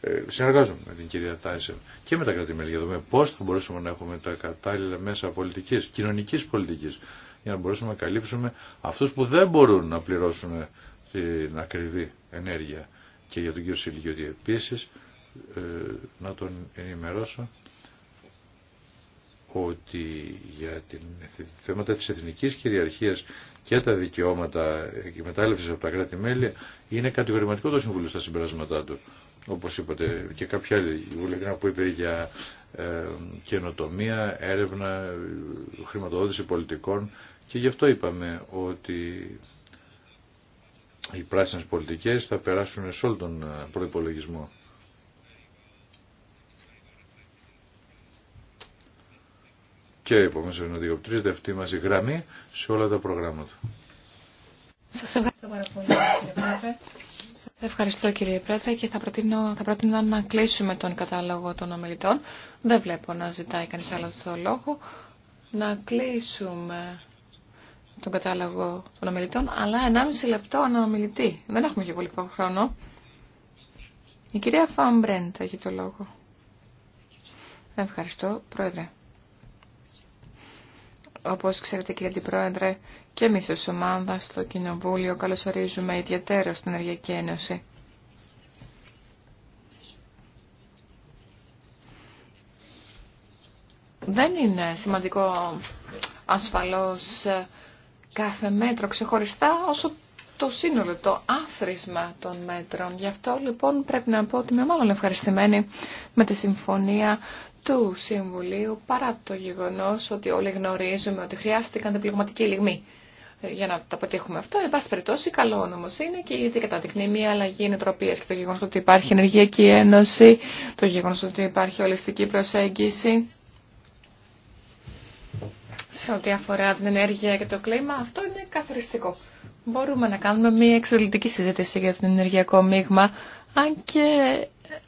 Ε, συνεργάζομαι με την κυρία Τάισεν και με τα κρατημέρια για να πώ θα μπορούσαμε να έχουμε τα κατάλληλα μέσα πολιτική, κοινωνική πολιτική, για να μπορέσουμε να καλύψουμε αυτού που δεν μπορούν να πληρώσουν την ακριβή ενέργεια. Και για τον κύριο Σιλικιώτη επίση, ε, να τον ενημερώσω ότι για την θέματα της εθνικής κυριαρχίας και τα δικαιώματα εκμετάλλευσης από τα κράτη-μέλη είναι κατηγορηματικό το Συμβούλιο στα συμπεράσματά του. Όπως είπατε και κάποια άλλη βουλευτή που είπε για ε, καινοτομία, έρευνα, χρηματοδότηση πολιτικών και γι' αυτό είπαμε ότι οι πράσινες πολιτικές θα περάσουν σε όλο τον ε, προϋπολογισμό. και επομένως να διοπτρίζεται αυτή μας η γραμμή σε όλα τα προγράμματα. Σα ευχαριστώ πάρα πολύ κύριε Πρόεδρε. Σας ευχαριστώ κύριε Πρόεδρε και θα προτείνω, θα προτείνω να κλείσουμε τον κατάλογο των ομιλητών. Δεν βλέπω να ζητάει κανείς άλλο το λόγο. Να κλείσουμε τον κατάλογο των ομιλητών, αλλά 1,5 λεπτό αναμιλητή. Δεν έχουμε και πολύ χρόνο. Η κυρία Φαμπρέντ έχει το λόγο. Ευχαριστώ, Πρόεδρε. Όπως ξέρετε κύριε Αντιπρόεδρε, και εμείς ως ομάδα στο Κοινοβούλιο καλωσορίζουμε ιδιαίτερα στην Ενεργειακή Ένωση. Δεν είναι σημαντικό ασφαλώς κάθε μέτρο ξεχωριστά όσο το σύνολο, το άθροισμα των μέτρων. Γι' αυτό λοιπόν πρέπει να πω ότι είμαι μάλλον ευχαριστημένη με τη συμφωνία του Συμβουλίου παρά το γεγονός ότι όλοι γνωρίζουμε ότι χρειάστηκαν διπλωματική λιγμή ε, για να τα αποτύχουμε αυτό. Εν πάση περιπτώσει, καλό όμω είναι και ήδη καταδεικνύει μια αλλαγή νοοτροπία και το γεγονό ότι υπάρχει Ενεργειακή Ένωση, το γεγονό ότι υπάρχει ολιστική προσέγγιση σε ό,τι αφορά την ενέργεια και το κλίμα, αυτό είναι καθοριστικό. Μπορούμε να κάνουμε μια εξελιτική συζήτηση για την ενεργειακό μείγμα, αν και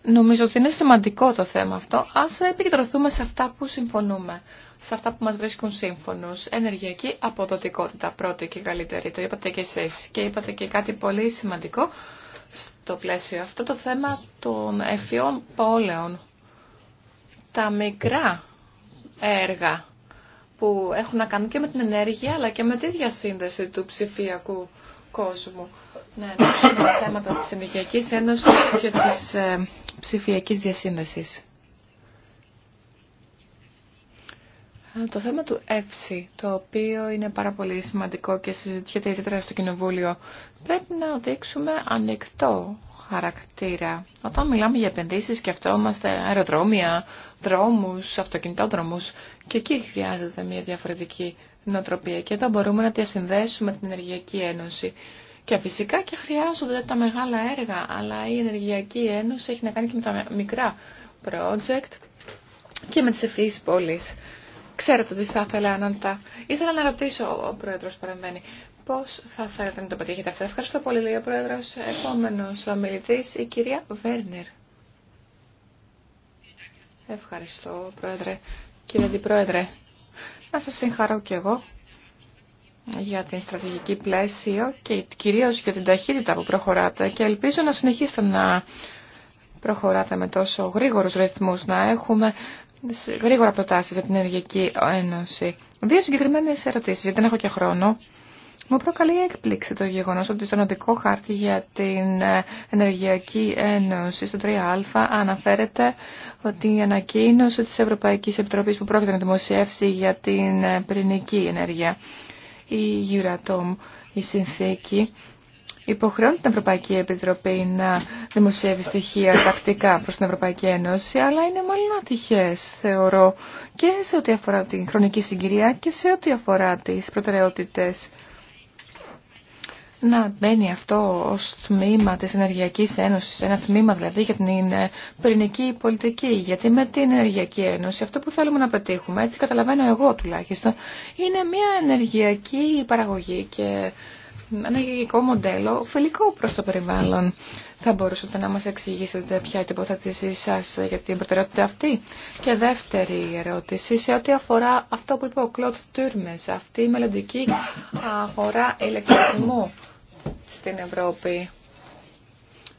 νομίζω ότι είναι σημαντικό το θέμα αυτό, ας επικεντρωθούμε σε αυτά που συμφωνούμε, σε αυτά που μας βρίσκουν σύμφωνος. Ενεργειακή αποδοτικότητα πρώτη και καλύτερη, το είπατε και εσείς. Και είπατε και κάτι πολύ σημαντικό στο πλαίσιο αυτό, το θέμα των εφιών πόλεων. Τα μικρά έργα που έχουν να κάνουν και με την ενέργεια αλλά και με τη διασύνδεση του ψηφιακού κόσμου. Να ενώσουμε τα θέματα της Ενεργειακής Ένωσης και της ε, ψηφιακής διασύνδεσης. Το θέμα του ΕΦΣΙ, το οποίο είναι πάρα πολύ σημαντικό και συζητιέται ιδιαίτερα στο Κοινοβούλιο, πρέπει να δείξουμε ανοιχτό χαρακτήρα. Όταν μιλάμε για επενδύσεις σκεφτόμαστε αεροδρόμια, δρόμους, αυτοκινητόδρομους και εκεί χρειάζεται μια διαφορετική νοοτροπία και εδώ μπορούμε να διασυνδέσουμε την Ενεργειακή Ένωση. Και φυσικά και χρειάζονται τα μεγάλα έργα, αλλά η Ενεργειακή Ένωση έχει να κάνει και με τα μικρά project και με τις ευθύνες πόλεις. Ξέρετε ότι θα ήθελα να τα... Ήθελα να ρωτήσω, ο Πρόεδρος παραμένει, Πώ θα θέλετε να το πετύχετε αυτό. Ευχαριστώ πολύ, λέει ο Πρόεδρος. Επόμενος ομιλητή, η κυρία Βέρνερ. Ευχαριστώ, Πρόεδρε. Κύριε Αντιπρόεδρε, να σα συγχαρώ κι εγώ για την στρατηγική πλαίσιο και κυρίω για την ταχύτητα που προχωράτε και ελπίζω να συνεχίσετε να προχωράτε με τόσο γρήγορους ρυθμούς, να έχουμε γρήγορα προτάσεις από την Ενεργική Ένωση. Δύο συγκεκριμένες ερωτήσεις, γιατί δεν έχω και χρόνο. Μου προκαλεί έκπληξη το γεγονός ότι στον οδικό χάρτη για την ε, Ενεργειακή Ένωση, στο 3α, αναφέρεται ότι η ανακοίνωση της Ευρωπαϊκής Επιτροπής που πρόκειται να δημοσιεύσει για την ε, πυρηνική ενέργεια, η Euratom, η συνθήκη, υποχρεώνει την Ευρωπαϊκή Επιτροπή να δημοσιεύει στοιχεία τακτικά προς την Ευρωπαϊκή Ένωση, αλλά είναι μάλλον ατυχές, θεωρώ, και σε ό,τι αφορά την χρονική συγκυρία και σε ό,τι αφορά τις προτεραιότητες να μπαίνει αυτό ως τμήμα της Ενεργειακής Ένωσης, ένα τμήμα δηλαδή για την πυρηνική πολιτική, γιατί με την Ενεργειακή Ένωση αυτό που θέλουμε να πετύχουμε, έτσι καταλαβαίνω εγώ τουλάχιστον, είναι μια ενεργειακή παραγωγή και ένα γεγικό μοντέλο φιλικό προς το περιβάλλον. Θα μπορούσατε να μας εξηγήσετε ποια είναι η τοποθέτησή σας για την προτεραιότητα αυτή. Και δεύτερη ερώτηση σε ό,τι αφορά αυτό που είπε ο Κλοντ Τούρμες, αυτή η μελλοντική αγορά ηλεκτρισμού στην Ευρώπη.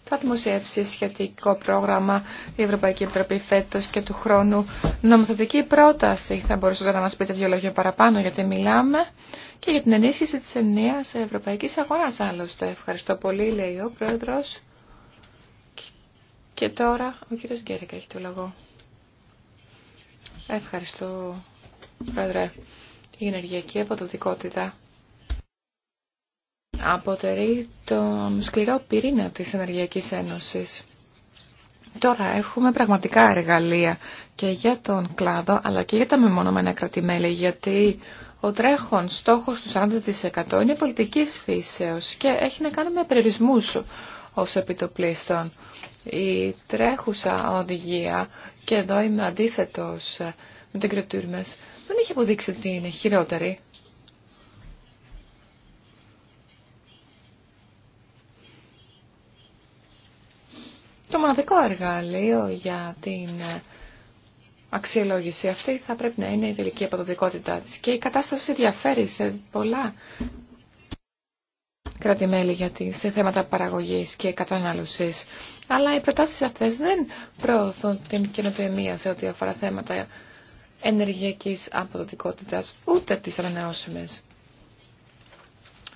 Θα δημοσιεύσει σχετικό πρόγραμμα η Ευρωπαϊκή Επιτροπή φέτο και του χρόνου νομοθετική πρόταση. Θα μπορούσατε να μας πείτε δύο λόγια παραπάνω γιατί μιλάμε και για την ενίσχυση της ενία Ευρωπαϊκή αγοράς άλλωστε. Ευχαριστώ πολύ, λέει ο Πρόεδρος. Και τώρα ο κύριος Γκέρικα έχει το λόγο. Ευχαριστώ, Πρόεδρε. Η ενεργειακή αποδοτικότητα Αποτερεί το σκληρό πυρήνα της Ενεργειακής Ένωσης. Τώρα έχουμε πραγματικά εργαλεία και για τον κλάδο αλλά και για τα μεμονωμένα κρατημέλη γιατί ο τρέχον στόχος του 40% είναι πολιτικής φύσεως και έχει να κάνει με περιορισμούς ως επιτοπλίστων. Η τρέχουσα οδηγία, και εδώ είμαι αντίθετος με την κύριο δεν έχει αποδείξει ότι είναι χειρότερη. Το μοναδικό εργαλείο για την αξιολόγηση αυτή θα πρέπει να είναι η τελική αποδοτικότητά της. Και η κατάσταση διαφέρει σε πολλά γιατί σε θέματα παραγωγής και κατανάλωσης. Αλλά οι προτάσεις αυτές δεν προωθούν την καινοτομία σε ό,τι αφορά θέματα ενεργειακής αποδοτικότητας, ούτε τις ανανεώσιμες.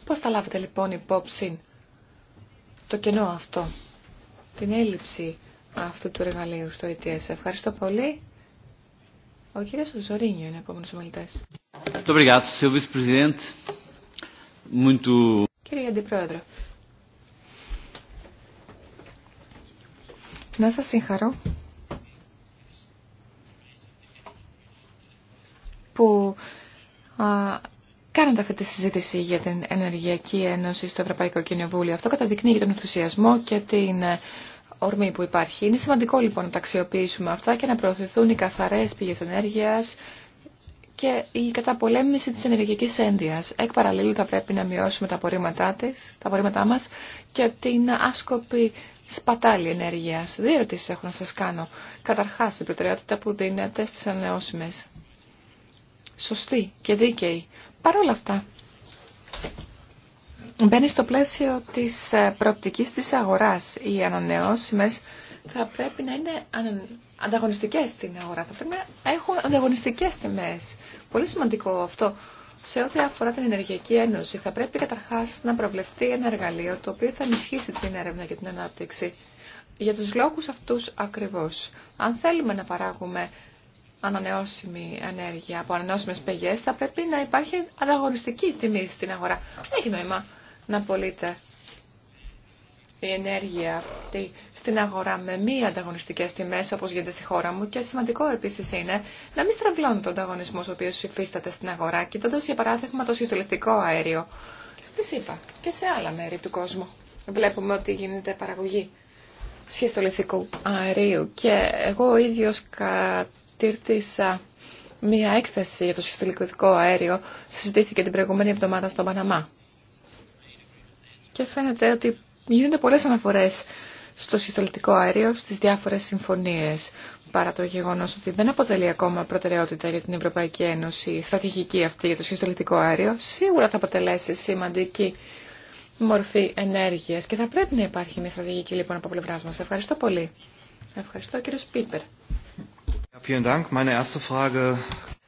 Πώς θα λάβετε λοιπόν υπόψη το κενό αυτό την έλλειψη αυτού του εργαλείου στο ETS. Ευχαριστώ πολύ. Ο κύριο Ζωρίνιο είναι επόμενος ευχαριστώ, Κύριε Αντιπρόεδρο, να σας συγχαρώ που κάνετε αυτή τη συζήτηση για την Ενεργειακή Ένωση στο Ευρωπαϊκό Κοινοβούλιο. Αυτό καταδεικνύει τον ενθουσιασμό και την ε, ορμή που υπάρχει. Είναι σημαντικό λοιπόν να τα αξιοποιήσουμε αυτά και να προωθηθούν οι καθαρέ πηγέ ενέργεια και η καταπολέμηση τη ενεργειακής ένδυας. Εκ παραλλήλου θα πρέπει να μειώσουμε τα απορρίμματά, μα τα και την άσκοπη σπατάλη ενέργεια. Δύο ερωτήσεις έχω να σα κάνω. Καταρχά την προτεραιότητα που δίνεται στις ανανεώσιμες. Σωστή και δίκαιη. Παρ' όλα αυτά, μπαίνει στο πλαίσιο της ε, προοπτικής της αγοράς. Οι ανανεώσιμες θα πρέπει να είναι ανταγωνιστικές στην αγορά, θα πρέπει να έχουν ανταγωνιστικές τιμές. Πολύ σημαντικό αυτό. Σε ό,τι αφορά την Ενεργειακή Ένωση, θα πρέπει καταρχάς να προβλεφθεί ένα εργαλείο το οποίο θα ενισχύσει την έρευνα και την ανάπτυξη. Για τους λόγους αυτούς ακριβώς. Αν θέλουμε να παράγουμε ανανεώσιμη ενέργεια από ανανεώσιμε πηγέ θα πρέπει να υπάρχει ανταγωνιστική τιμή στην αγορά. Δεν έχει νόημα να πωλείται η ενέργεια αυτή στην αγορά με μη ανταγωνιστικέ τιμέ όπω γίνεται στη χώρα μου και σημαντικό επίση είναι να μην στραβλώνει τον ανταγωνισμό ο οποίο υφίσταται στην αγορά, κοιτώντα για παράδειγμα το συστολεκτικό αέριο στη ΣΥΠΑ και σε άλλα μέρη του κόσμου. Βλέπουμε ότι γίνεται παραγωγή σχιστολιθικού αερίου και εγώ ο ίδιος τήρτησα μία έκθεση για το συστηλικωτικό αέριο συζητήθηκε την προηγούμενη εβδομάδα στο Παναμά. Και φαίνεται ότι γίνονται πολλές αναφορές στο συστολιτικό αέριο στις διάφορες συμφωνίες, παρά το γεγονός ότι δεν αποτελεί ακόμα προτεραιότητα για την Ευρωπαϊκή Ένωση η στρατηγική αυτή για το συστολιτικό αέριο, σίγουρα θα αποτελέσει σημαντική μορφή ενέργειας και θα πρέπει να υπάρχει μια στρατηγική λοιπόν από πλευρά μας. Ευχαριστώ πολύ. Ευχαριστώ κύριο Πίπερ.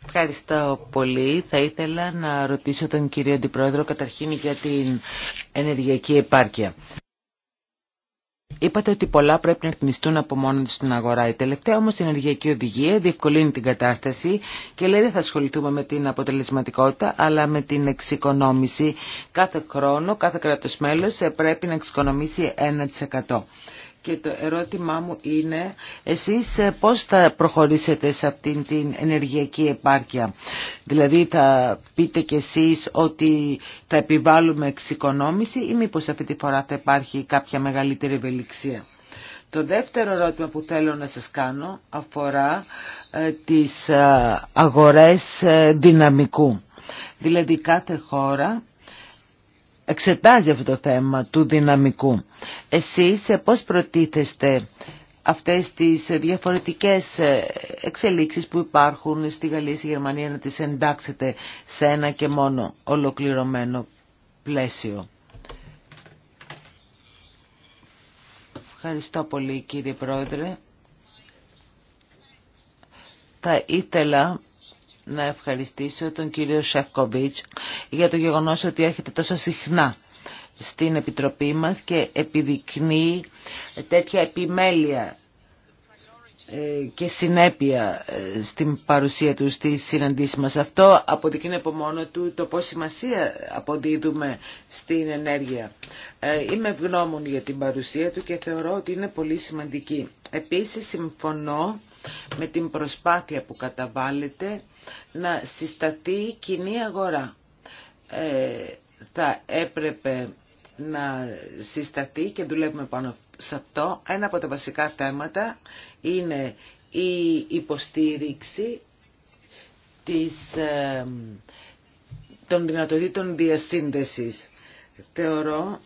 Ευχαριστώ πολύ. Θα ήθελα να ρωτήσω τον κύριο Αντιπρόεδρο καταρχήν για την ενεργειακή επάρκεια. Είπατε ότι πολλά πρέπει να εκτιμιστούν από μόνο του στην αγορά. Η τελευταία όμω ενεργειακή οδηγία διευκολύνει την κατάσταση και λέει δεν θα ασχοληθούμε με την αποτελεσματικότητα αλλά με την εξοικονόμηση. Κάθε χρόνο, κάθε κράτο μέλο ε, πρέπει να εξοικονομήσει 1%. Και το ερώτημά μου είναι, εσείς ε, πώς θα προχωρήσετε σε αυτήν την ενεργειακή επάρκεια. Δηλαδή θα πείτε κι εσείς ότι θα επιβάλλουμε εξοικονόμηση ή μήπως αυτή τη φορά θα υπάρχει κάποια μεγαλύτερη ευελιξία. Το δεύτερο ερώτημα που θέλω να σας κάνω αφορά ε, τις ε, αγορές δυναμικού. Δηλαδή κάθε χώρα εξετάζει αυτό το θέμα του δυναμικού. Εσείς ε, πώς προτίθεστε αυτές τις ε, διαφορετικές ε, εξελίξεις που υπάρχουν στη Γαλλία, στη Γερμανία να τις εντάξετε σε ένα και μόνο ολοκληρωμένο πλαίσιο. Ευχαριστώ πολύ κύριε Πρόεδρε. Θα ήθελα να ευχαριστήσω τον κύριο Σεφκοβίτς για το γεγονός ότι έρχεται τόσο συχνά στην Επιτροπή μας και επιδεικνύει τέτοια επιμέλεια ε, και συνέπεια ε, στην παρουσία του στη συναντήση μας. Αυτό αποδεικνύει από μόνο του το πόση σημασία αποδίδουμε στην ενέργεια. Ε, είμαι ευγνώμων για την παρουσία του και θεωρώ ότι είναι πολύ σημαντική. Επίσης συμφωνώ με την προσπάθεια που καταβάλλεται να συσταθεί κοινή αγορά. Ε, θα έπρεπε να συσταθεί και δουλεύουμε πάνω σε αυτό. Ένα από τα βασικά θέματα είναι η υποστήριξη της, ε, των δυνατοτήτων διασύνδεσης. Θεωρώ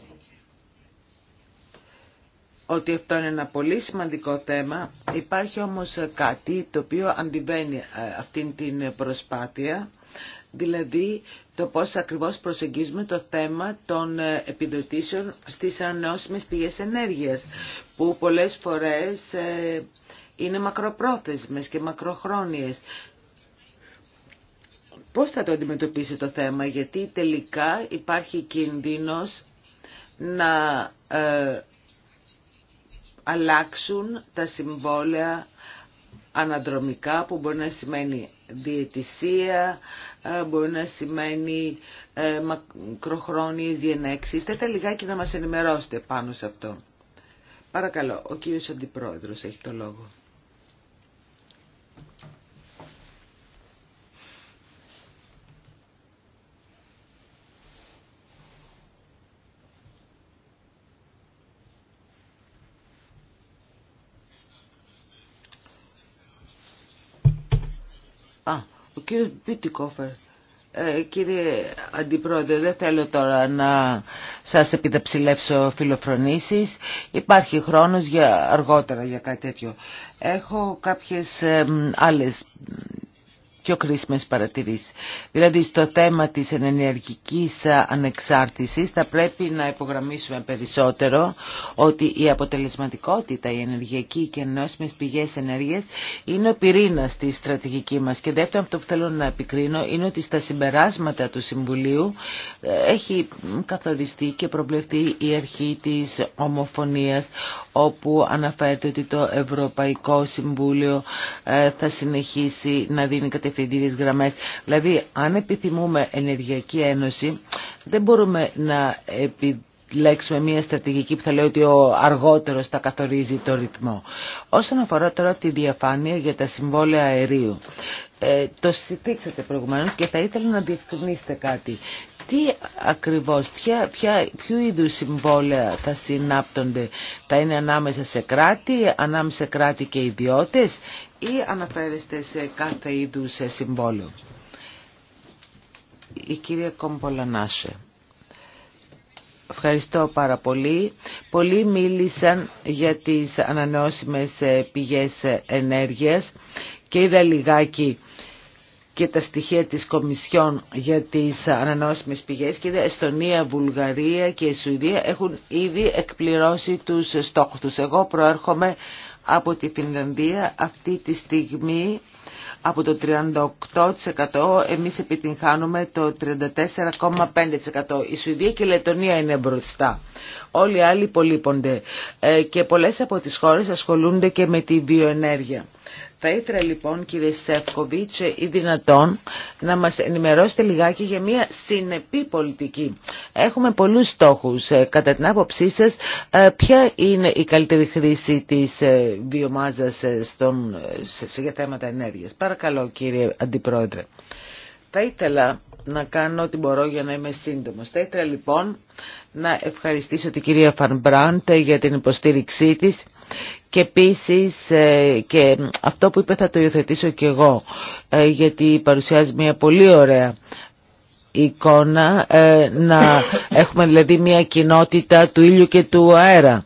ότι αυτό είναι ένα πολύ σημαντικό θέμα. Υπάρχει όμως κάτι το οποίο αντιβαίνει ε, αυτήν την προσπάθεια, δηλαδή το πώς ακριβώς προσεγγίζουμε το θέμα των ε, επιδοτήσεων στις ανανεώσιμες πηγές ενέργειας, που πολλές φορές ε, είναι μακροπρόθεσμες και μακροχρόνιες. Πώς θα το αντιμετωπίσει το θέμα, γιατί τελικά υπάρχει κίνδυνος να αλλάξουν τα συμβόλαια αναδρομικά που μπορεί να σημαίνει διαιτησία, ε, μπορεί να σημαίνει ε, μακροχρόνιες διενέξεις. Θέλετε λιγάκι να μας ενημερώσετε πάνω σε αυτό. Παρακαλώ, ο κύριος Αντιπρόεδρος έχει το λόγο. Α, ο κύριος Μπιτικόφερ. Ε, κύριε Αντιπρόεδρε, δεν θέλω τώρα να σας επιδεψιλεύσω φιλοφρονήσεις. Υπάρχει χρόνος για αργότερα για κάτι τέτοιο. Έχω κάποιες ε, άλλες πιο κρίσιμες παρατηρήσεις. Δηλαδή στο θέμα της ενεργικής ανεξάρτησης θα πρέπει να υπογραμμίσουμε περισσότερο ότι η αποτελεσματικότητα, η ενεργειακή και ενώσιμες πηγές ενέργειας είναι ο πυρήνας της στρατηγική μας. Και δεύτερον αυτό που θέλω να επικρίνω είναι ότι στα συμπεράσματα του Συμβουλίου ε, έχει καθοριστεί και προβλεφθεί η αρχή της ομοφωνίας όπου αναφέρεται ότι το Ευρωπαϊκό Συμβούλιο ε, θα συνεχίσει να δίνει Δηλαδή αν επιθυμούμε ενεργειακή ένωση δεν μπορούμε να επιλέξουμε μια στρατηγική που θα λέω ότι ο αργότερος θα καθορίζει το ρυθμό. Όσον αφορά τώρα τη διαφάνεια για τα συμβόλαια αερίου. Ε, το συζητήξατε προηγουμένως και θα ήθελα να διευκρινίσετε κάτι τι ακριβώς, ποια, ποια, ποιο είδου συμβόλαια θα συνάπτονται. Θα είναι ανάμεσα σε κράτη, ανάμεσα σε κράτη και ιδιώτες ή αναφέρεστε σε κάθε είδου συμβόλαιο. Η κυρία Κομπολανάσε. Ευχαριστώ πάρα πολύ. Πολλοί μίλησαν για τις ανανεώσιμες πηγές ενέργειας και είδα λιγάκι και τα στοιχεία της Κομισιόν για τις ανανεώσιμες πηγές και η Εστονία, Βουλγαρία και η Σουηδία έχουν ήδη εκπληρώσει τους στόχους τους. Εγώ προέρχομαι από τη Φινλανδία αυτή τη στιγμή από το 38% εμείς επιτυγχάνουμε το 34,5%. Η Σουηδία και η Λετωνία είναι μπροστά. Όλοι οι άλλοι υπολείπονται ε, και πολλές από τις χώρες ασχολούνται και με τη βιοενέργεια. Θα ήθελα λοιπόν κύριε Σεύκοβιτς ή δυνατόν να μας ενημερώσετε λιγάκι για μια συνεπή πολιτική. Έχουμε πολλούς στόχους. Ε, κατά την άποψή σας ε, ποια είναι η καλύτερη χρήση της ε, βιομάζας στον, σε, για θέματα ενέργειας. Παρακαλώ κύριε Αντιπρόεδρε. Θα ήθελα να κάνω ό,τι μπορώ για να είμαι σύντομος. Θα ήθελα λοιπόν να ευχαριστήσω την κυρία Φανμπραντ για την υποστήριξή της και επίσης ε, και αυτό που είπε θα το υιοθετήσω και εγώ ε, γιατί παρουσιάζει μια πολύ ωραία εικόνα ε, να [laughs] έχουμε δηλαδή μια κοινότητα του ήλιου και του αέρα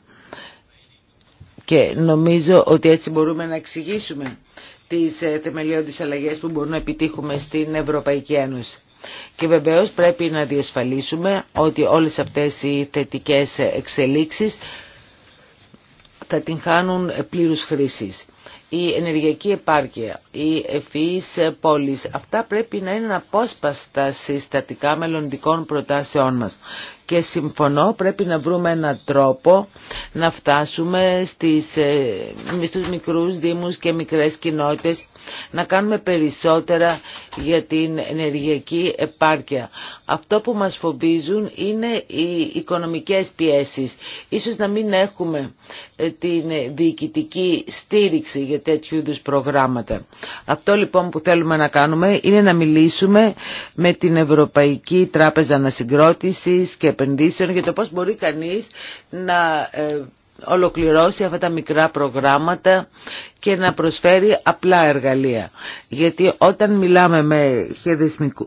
και νομίζω ότι έτσι μπορούμε να εξηγήσουμε τις θεμελιώδεις αλλαγές που μπορούμε να επιτύχουμε στην Ευρωπαϊκή Ένωση. Και βεβαίως πρέπει να διασφαλίσουμε ότι όλες αυτές οι θετικές εξελίξεις θα την χάνουν πλήρους χρήσης. Η ενεργειακή επάρκεια, η ευφυείς πόλεις, αυτά πρέπει να είναι απόσπαστα συστατικά μελλοντικών προτάσεών μας. Και συμφωνώ πρέπει να βρούμε έναν τρόπο να φτάσουμε στις, ε, στους μικρούς δήμους και μικρές κοινότητες να κάνουμε περισσότερα για την ενεργειακή επάρκεια. Αυτό που μας φοβίζουν είναι οι οικονομικές πιέσεις. Ίσως να μην έχουμε ε, την διοικητική στήριξη για τέτοιου είδους προγράμματα. Αυτό λοιπόν που θέλουμε να κάνουμε είναι να μιλήσουμε με την Ευρωπαϊκή Τράπεζα Ανασυγκρότησης και Επενδύσεων για το πώς μπορεί κανείς να ε, ολοκληρώσει αυτά τα μικρά προγράμματα και να προσφέρει απλά εργαλεία. Γιατί όταν μιλάμε με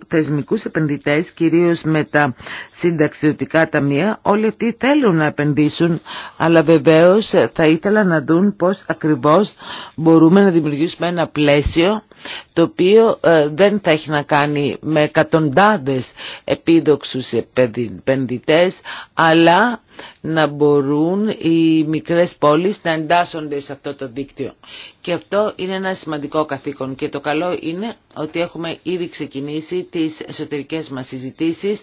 θεσμικούς επενδυτές, κυρίως με τα συνταξιωτικά ταμεία, όλοι αυτοί θέλουν να επενδύσουν, αλλά βεβαίως θα ήθελα να δουν πώς ακριβώς μπορούμε να δημιουργήσουμε ένα πλαίσιο το οποίο ε, δεν θα έχει να κάνει με εκατοντάδες επίδοξους επενδυτές, αλλά να μπορούν οι μικρές πόλεις να εντάσσονται σε αυτό το δίκτυο. Και αυτό είναι ένα σημαντικό καθήκον και το καλό είναι ότι έχουμε ήδη ξεκινήσει τις εσωτερικές μας συζητήσεις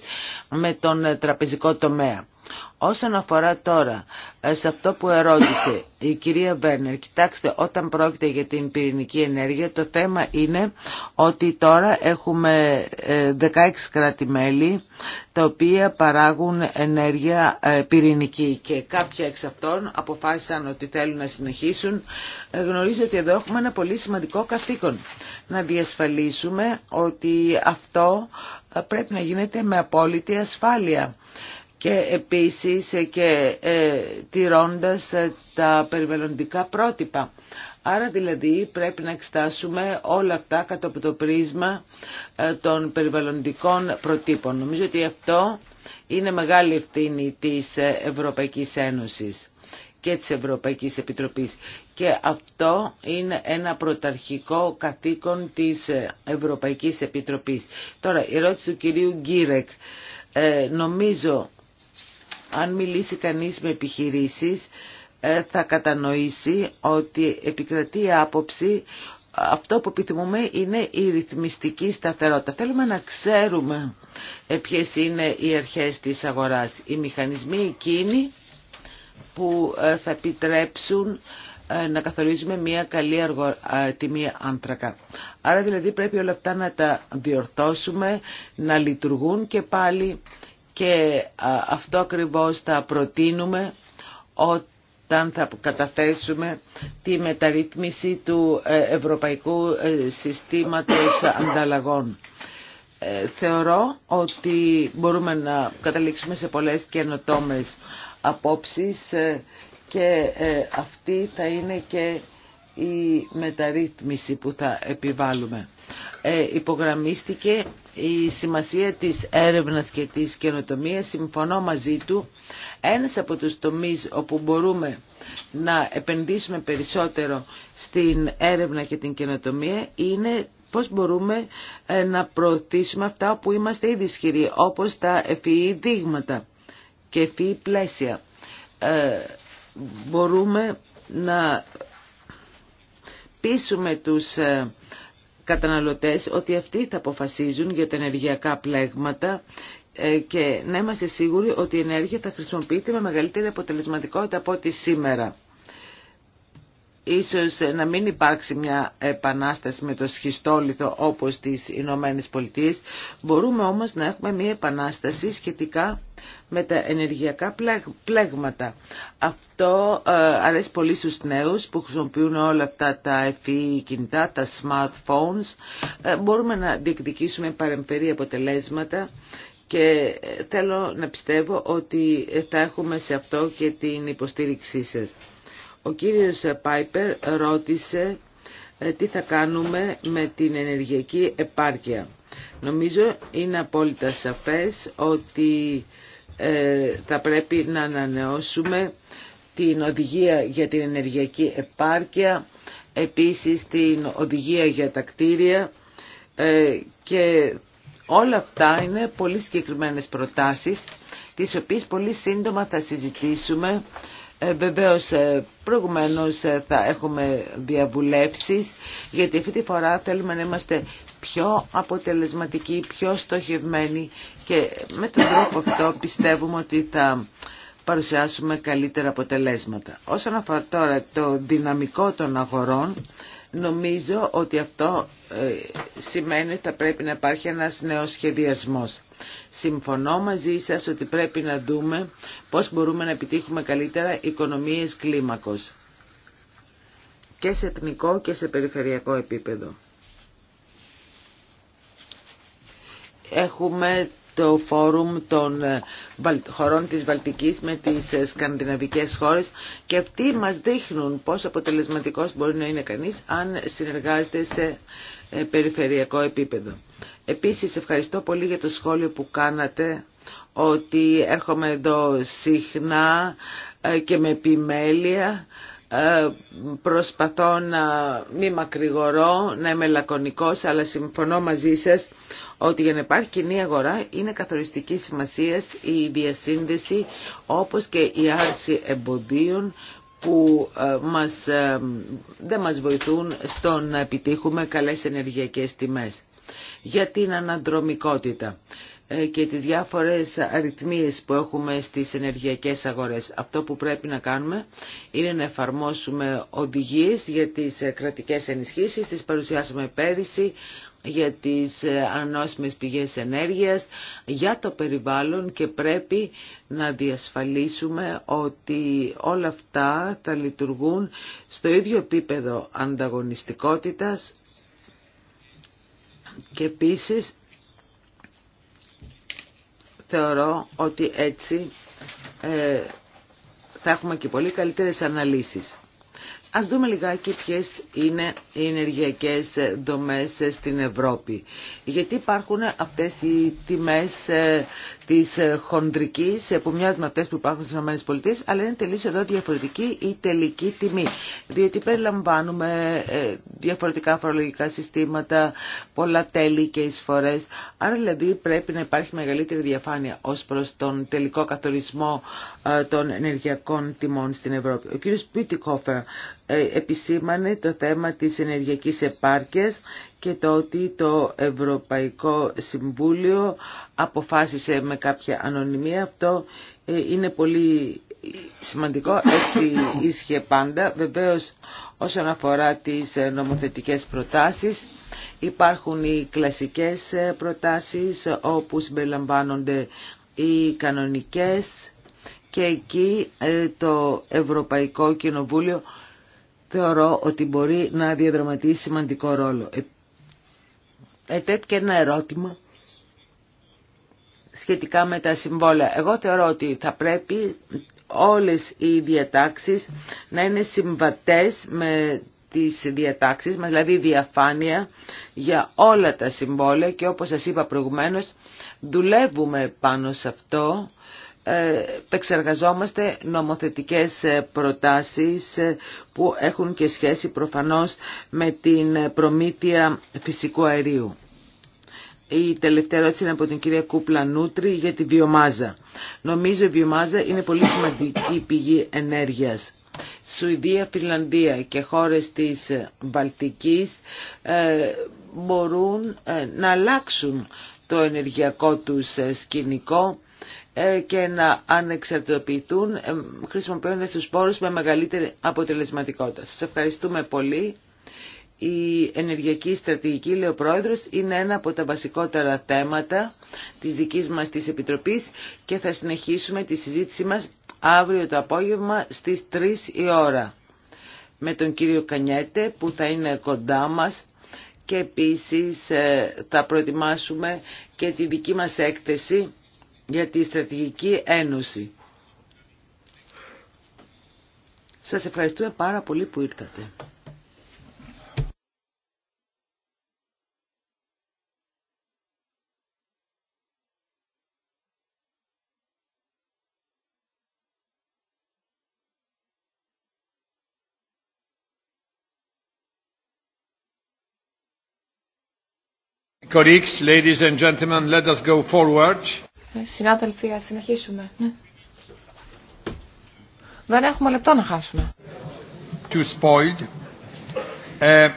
με τον τραπεζικό τομέα. Όσον αφορά τώρα ε, σε αυτό που ερώτησε η κυρία Βέρνερ, κοιτάξτε όταν πρόκειται για την πυρηνική ενέργεια το θέμα είναι ότι τώρα έχουμε 16 ε, κράτη-μέλη τα οποία παράγουν ενέργεια ε, πυρηνική και κάποια εξ αυτών αποφάσισαν ότι θέλουν να συνεχίσουν. Γνωρίζω ότι εδώ έχουμε ένα πολύ σημαντικό καθήκον να διασφαλίσουμε ότι αυτό πρέπει να γίνεται με απόλυτη ασφάλεια και επίσης και ε, τηρώντας ε, τα περιβαλλοντικά πρότυπα. Άρα δηλαδή πρέπει να εξτάσουμε όλα αυτά κατά από το πρίσμα ε, των περιβαλλοντικών προτύπων. Νομίζω ότι αυτό είναι μεγάλη ευθύνη της Ευρωπαϊκής Ένωσης και της Ευρωπαϊκής Επιτροπής. Και αυτό είναι ένα πρωταρχικό καθήκον της Ευρωπαϊκής Επιτροπής. Τώρα, η ερώτηση του κυρίου Γκίρεκ. νομίζω αν μιλήσει κανείς με επιχειρήσεις ε, θα κατανοήσει ότι επικρατεί η άποψη αυτό που επιθυμούμε είναι η ρυθμιστική σταθερότητα. Θέλουμε να ξέρουμε ε, ποιες είναι οι αρχές της αγοράς. Οι μηχανισμοί εκείνοι που ε, θα επιτρέψουν να καθορίζουμε μια καλή τιμή άνθρακα. Άρα δηλαδή πρέπει όλα αυτά να τα διορθώσουμε, να λειτουργούν και πάλι και αυτό ακριβώς θα προτείνουμε όταν θα καταθέσουμε τη μεταρρύθμιση του ε, Ευρωπαϊκού ε, Συστήματος Ανταλλαγών. Ε, θεωρώ ότι μπορούμε να καταλήξουμε σε πολλές καινοτόμες απόψεις και αυτή θα είναι και η μεταρρύθμιση που θα επιβάλλουμε. Ε, υπογραμμίστηκε η σημασία της έρευνας και της καινοτομίας. Συμφωνώ μαζί του. Ένας από τους τομείς όπου μπορούμε να επενδύσουμε περισσότερο στην έρευνα και την καινοτομία είναι πώς μπορούμε ε, να προωθήσουμε αυτά που είμαστε ήδη ισχυροί, όπως τα ευφυή e e δείγματα και ευφυή e πλαίσια. Ε, μπορούμε να πείσουμε τους ε, καταναλωτές ότι αυτοί θα αποφασίζουν για τα ενεργειακά πλέγματα ε, και να είμαστε σίγουροι ότι η ενέργεια θα χρησιμοποιείται με μεγαλύτερη αποτελεσματικότητα από ό,τι σήμερα ίσως να μην υπάρξει μια επανάσταση με το σχιστόλιθο όπως στις Ηνωμένε Πολιτείε. Μπορούμε όμως να έχουμε μια επανάσταση σχετικά με τα ενεργειακά πλέγματα. Αυτό ε, αρέσει πολύ στους νέους που χρησιμοποιούν όλα αυτά τα FEE κινητά, τα smartphones. Ε, μπορούμε να διεκδικήσουμε παρεμφερή αποτελέσματα και θέλω να πιστεύω ότι θα έχουμε σε αυτό και την υποστήριξή σας. Ο κύριος Πάιπερ ρώτησε ε, τι θα κάνουμε με την ενεργειακή επάρκεια. Νομίζω είναι απόλυτα σαφές ότι ε, θα πρέπει να ανανεώσουμε την οδηγία για την ενεργειακή επάρκεια, επίσης την οδηγία για τα κτίρια ε, και όλα αυτά είναι πολύ συγκεκριμένες προτάσεις τις οποίες πολύ σύντομα θα συζητήσουμε ε, βεβαίως ε, προηγουμένως ε, θα έχουμε διαβουλέψεις, γιατί αυτή τη φορά θέλουμε να είμαστε πιο αποτελεσματικοί, πιο στοχευμένοι και με τον τρόπο αυτό πιστεύουμε ότι θα παρουσιάσουμε καλύτερα αποτελέσματα. Όσον αφορά τώρα το δυναμικό των αγορών Νομίζω ότι αυτό ε, σημαίνει ότι θα πρέπει να υπάρχει ένας νέος σχεδιασμός. Συμφωνώ μαζί σας ότι πρέπει να δούμε πώς μπορούμε να επιτύχουμε καλύτερα οικονομίες κλίμακος και σε εθνικό και σε περιφερειακό επίπεδο. Έχουμε το φόρουμ των ε, χωρών της Βαλτικής με τις ε, σκανδιναβικές χώρες και αυτοί μας δείχνουν πόσο αποτελεσματικός μπορεί να είναι κανείς αν συνεργάζεται σε ε, περιφερειακό επίπεδο. Επίσης ευχαριστώ πολύ για το σχόλιο που κάνατε ότι έρχομαι εδώ συχνά και με επιμέλεια προσπαθώ να μη μακρηγορώ, να είμαι λακωνικός αλλά συμφωνώ μαζί σας ότι για να υπάρχει κοινή αγορά είναι καθοριστική σημασία η διασύνδεση όπως και η άρση εμποδίων που ε, μας, ε, δεν μας βοηθούν στο να επιτύχουμε καλές ενεργειακές τιμές. Για την αναδρομικότητα ε, και τις διάφορες αριθμίες που έχουμε στις ενεργειακές αγορές. Αυτό που πρέπει να κάνουμε είναι να εφαρμόσουμε οδηγίες για τις κρατικές ενισχύσεις, τις παρουσιάσαμε πέρυσι, για τις ε, ανώσιμες πηγές ενέργειας, για το περιβάλλον και πρέπει να διασφαλίσουμε ότι όλα αυτά θα λειτουργούν στο ίδιο επίπεδο ανταγωνιστικότητας και επίσης θεωρώ ότι έτσι ε, θα έχουμε και πολύ καλύτερες αναλύσεις. Ας δούμε λιγάκι ποιες είναι οι ενεργειακές δομές στην Ευρώπη. Γιατί υπάρχουν αυτές οι τιμές ε, της ε, χονδρικής ε, που μοιάζει με αυτές που υπάρχουν στις ΗΠΑ αλλά είναι τελείως εδώ διαφορετική η τελική τιμή διότι περιλαμβάνουμε ε, διαφορετικά φορολογικά συστήματα, πολλά τέλη και εισφορές άρα δηλαδή πρέπει να υπάρχει μεγαλύτερη διαφάνεια ως προς τον τελικό καθορισμό των ενεργειακών τιμών στην Ευρώπη. Ο κύριος Πίτικοφερ επισήμανε το θέμα της ενεργειακής επάρκειας και το ότι το Ευρωπαϊκό Συμβούλιο αποφάσισε με κάποια ανωνυμία. Αυτό ε, είναι πολύ σημαντικό, έτσι ίσχυε πάντα. Βεβαίως όσον αφορά τις ε, νομοθετικές προτάσεις υπάρχουν οι κλασικές ε, προτάσεις όπου συμπεριλαμβάνονται οι κανονικές και εκεί το Ευρωπαϊκό Κοινοβούλιο θεωρώ ότι μπορεί να διαδραματίσει σημαντικό ρόλο ετέθηκε ένα ερώτημα σχετικά με τα συμβόλαια. Εγώ θεωρώ ότι θα πρέπει όλες οι διατάξεις να είναι συμβατές με τις διατάξεις μας, δηλαδή διαφάνεια για όλα τα συμβόλαια και όπως σας είπα προηγουμένως δουλεύουμε πάνω σε αυτό επεξεργαζόμαστε νομοθετικές ε, προτάσεις ε, που έχουν και σχέση προφανώς με την προμήθεια φυσικού αερίου. Η τελευταία ερώτηση είναι από την κυρία Κούπλα Νούτρη για τη βιομάζα. Νομίζω η βιομάζα είναι πολύ σημαντική πηγή ενέργειας. Σουηδία, Φιλανδία και χώρες της Βαλτικής ε, μπορούν να αλλάξουν το ενεργειακό τους σκηνικό ε, και να ανεξαρτητοποιηθούν ε, χρησιμοποιώντας τους πόρους με μεγαλύτερη αποτελεσματικότητα. Σας ευχαριστούμε πολύ. Η ενεργειακή στρατηγική, λέει ο Πρόεδρος, είναι ένα από τα βασικότερα θέματα της δικής μας της Επιτροπής και θα συνεχίσουμε τη συζήτησή μας αύριο το απόγευμα στις 3 η ώρα με τον κύριο Κανιέτε που θα είναι κοντά μας και επίσης ε, θα προετοιμάσουμε και τη δική μας έκθεση για τη Στρατηγική Ένωση. Σας ευχαριστούμε πάρα πολύ που ήρθατε. Colleagues, ladies and gentlemen, let us go forward. Ε, συνάδελφοι, ας συνεχίσουμε. Ναι. Δεν έχουμε λεπτό να χάσουμε. Too spoiled. Uh,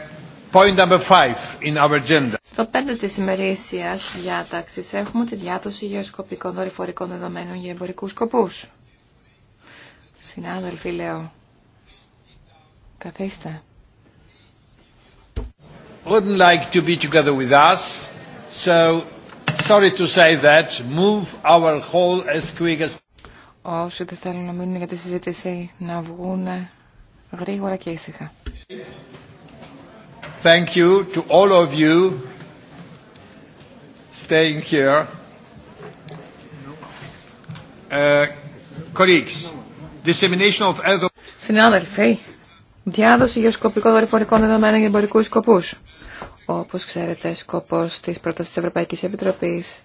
point number five in our agenda. Στο 5 της ημερήσιας διάταξης έχουμε τη διάδοση γεωσκοπικών δορυφορικών δεδομένων για εμπορικούς σκοπούς. Συνάδελφοι, λέω, καθίστε. Wouldn't like to be together with us, so sorry to move Όσοι δεν να μείνουν για τη συζήτηση, να βγουν γρήγορα και ήσυχα. Thank you to all of you uh, Συνάδελφοι, διάδοση γεωσκοπικών δορυφορικών δεδομένων για εμπορικού σκοπούς. Όπως ξέρετε, σκοπός της πρότασης της Ευρωπαϊκής Επιτροπής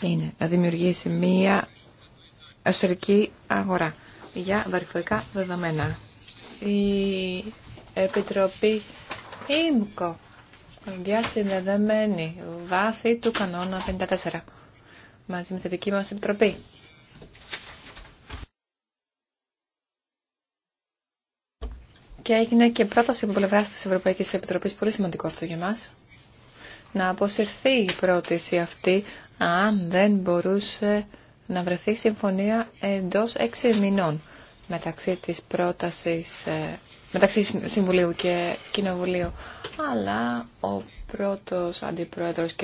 είναι να δημιουργήσει μία εσωτερική αγορά για δορυφορικά δεδομένα. Η Επιτροπή ΙΜΚΟ διασυνδεδεμένη βάση του κανόνα 54 μαζί με τη δική μας Επιτροπή. Και έγινε και πρόταση από πλευρά τη Ευρωπαϊκή Επιτροπή, πολύ σημαντικό αυτό για μα, να αποσυρθεί η πρόταση αυτή, αν δεν μπορούσε να βρεθεί συμφωνία εντό έξι μηνών μεταξύ της πρόταση, ε, μεταξύ Συμβουλίου και Κοινοβουλίου. Αλλά ο πρώτος αντιπρόεδρος κ.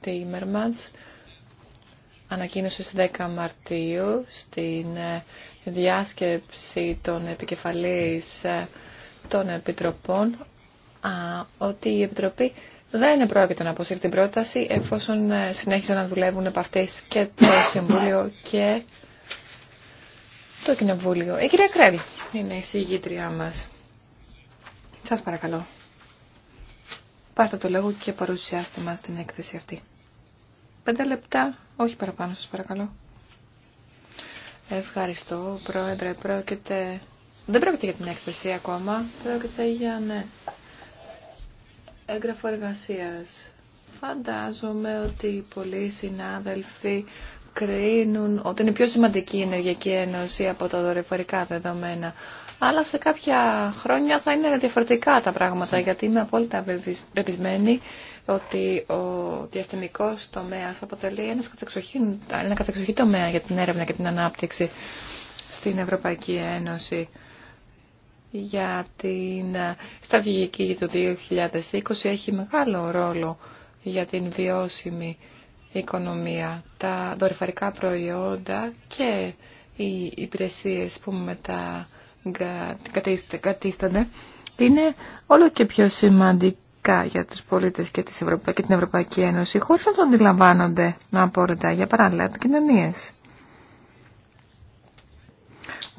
Τίμερμαντς ανακοίνωσε στις 10 Μαρτίου στην ε, διάσκεψη των επικεφαλής ε, των Επιτροπών α, ότι η Επιτροπή δεν πρόκειται να αποσύρει την πρόταση εφόσον ε, συνέχισαν να δουλεύουν επ' αυτής και το Συμβούλιο και το Κοινοβούλιο. Η κυρία Κρέλ είναι η συγγήτριά μας. Σας παρακαλώ. Πάρτε το λόγο και παρουσιάστε μας την έκθεση αυτή. Πέντε λεπτά, όχι παραπάνω σας παρακαλώ. Ευχαριστώ, Πρόεδρε. Πρόκειται δεν πρόκειται για την έκθεση ακόμα, πρόκειται για ναι, έγγραφο εργασία. Φαντάζομαι ότι πολλοί συνάδελφοι κρίνουν ότι είναι πιο σημαντική η Ενεργειακή Ένωση από τα δορυφορικά δεδομένα. Αλλά σε κάποια χρόνια θα είναι διαφορετικά τα πράγματα, ναι. γιατί είμαι απόλυτα πεπισμένη ότι ο διαστημικός τομέας αποτελεί ένα κατεξοχή τομέα για την έρευνα και την ανάπτυξη στην Ευρωπαϊκή Ένωση για την στρατηγική για το 2020 έχει μεγάλο ρόλο για την βιώσιμη οικονομία. Τα δορυφαρικά προϊόντα και οι υπηρεσίες που κατίστανται είναι όλο και πιο σημαντικά για τους πολίτες και, τις Ευρωπα... και την Ευρωπαϊκή Ένωση χωρίς να το αντιλαμβάνονται απόρριτα για παράλληλα επικοινωνίες.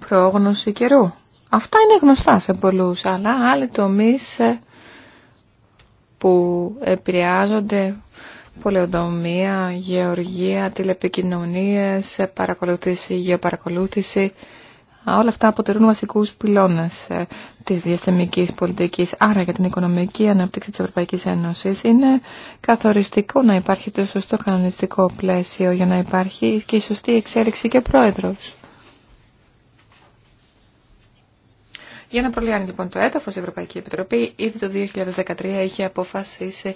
Πρόγνωση καιρού Αυτά είναι γνωστά σε πολλούς, αλλά άλλοι τομείς ε, που επηρεάζονται πολεοδομία, γεωργία, τηλεπικοινωνίες, ε, παρακολούθηση, γεωπαρακολούθηση. Όλα αυτά αποτελούν βασικούς πυλώνες ε, της διαστημικής πολιτικής. Άρα για την οικονομική ανάπτυξη της Ευρωπαϊκής Ένωσης είναι καθοριστικό να υπάρχει το σωστό κανονιστικό πλαίσιο για να υπάρχει και η σωστή εξέλιξη και πρόεδρος. Για να προλυάνει λοιπόν το έδαφος, η Ευρωπαϊκή Επιτροπή ήδη το 2013 είχε αποφασίσει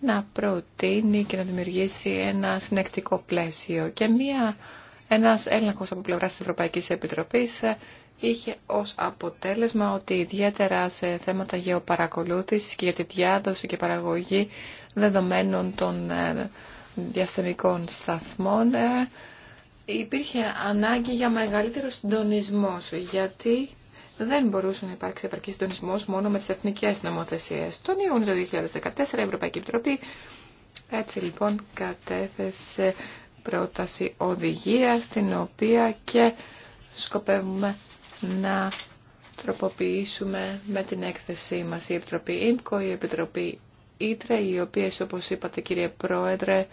να προτείνει και να δημιουργήσει ένα συνεκτικό πλαίσιο και μία, ένας έλεγχος από πλευράς της Ευρωπαϊκής Επιτροπής είχε ως αποτέλεσμα ότι ιδιαίτερα σε θέματα γεωπαρακολούθησης και για τη διάδοση και παραγωγή δεδομένων των ε, διαστημικών σταθμών ε, υπήρχε ανάγκη για μεγαλύτερο συντονισμό γιατί δεν μπορούσε να υπάρξει επαρκή συντονισμό μόνο με τι εθνικέ νομοθεσίε. Τον Ιούνιο του 2014 η Ευρωπαϊκή Επιτροπή έτσι λοιπόν κατέθεσε πρόταση οδηγία στην οποία και σκοπεύουμε να τροποποιήσουμε με την έκθεσή μας η Επιτροπή ΙΜΚΟ, η Επιτροπή ΙΤΡΕ, οι οποίες όπως είπατε κύριε Πρόεδρε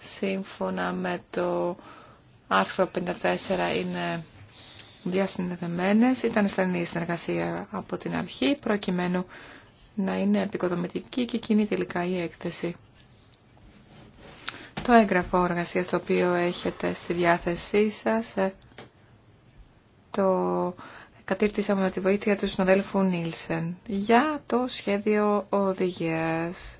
σύμφωνα με το άρθρο 54 είναι διασυνδεδεμένες, ήταν στενή συνεργασία από την αρχή, προκειμένου να είναι επικοδομητική και κοινή τελικά η έκθεση. Το έγγραφο εργασίας το οποίο έχετε στη διάθεσή σας ε, το κατήρτισα με τη βοήθεια του συναδέλφου Νίλσεν για το σχέδιο οδηγίας.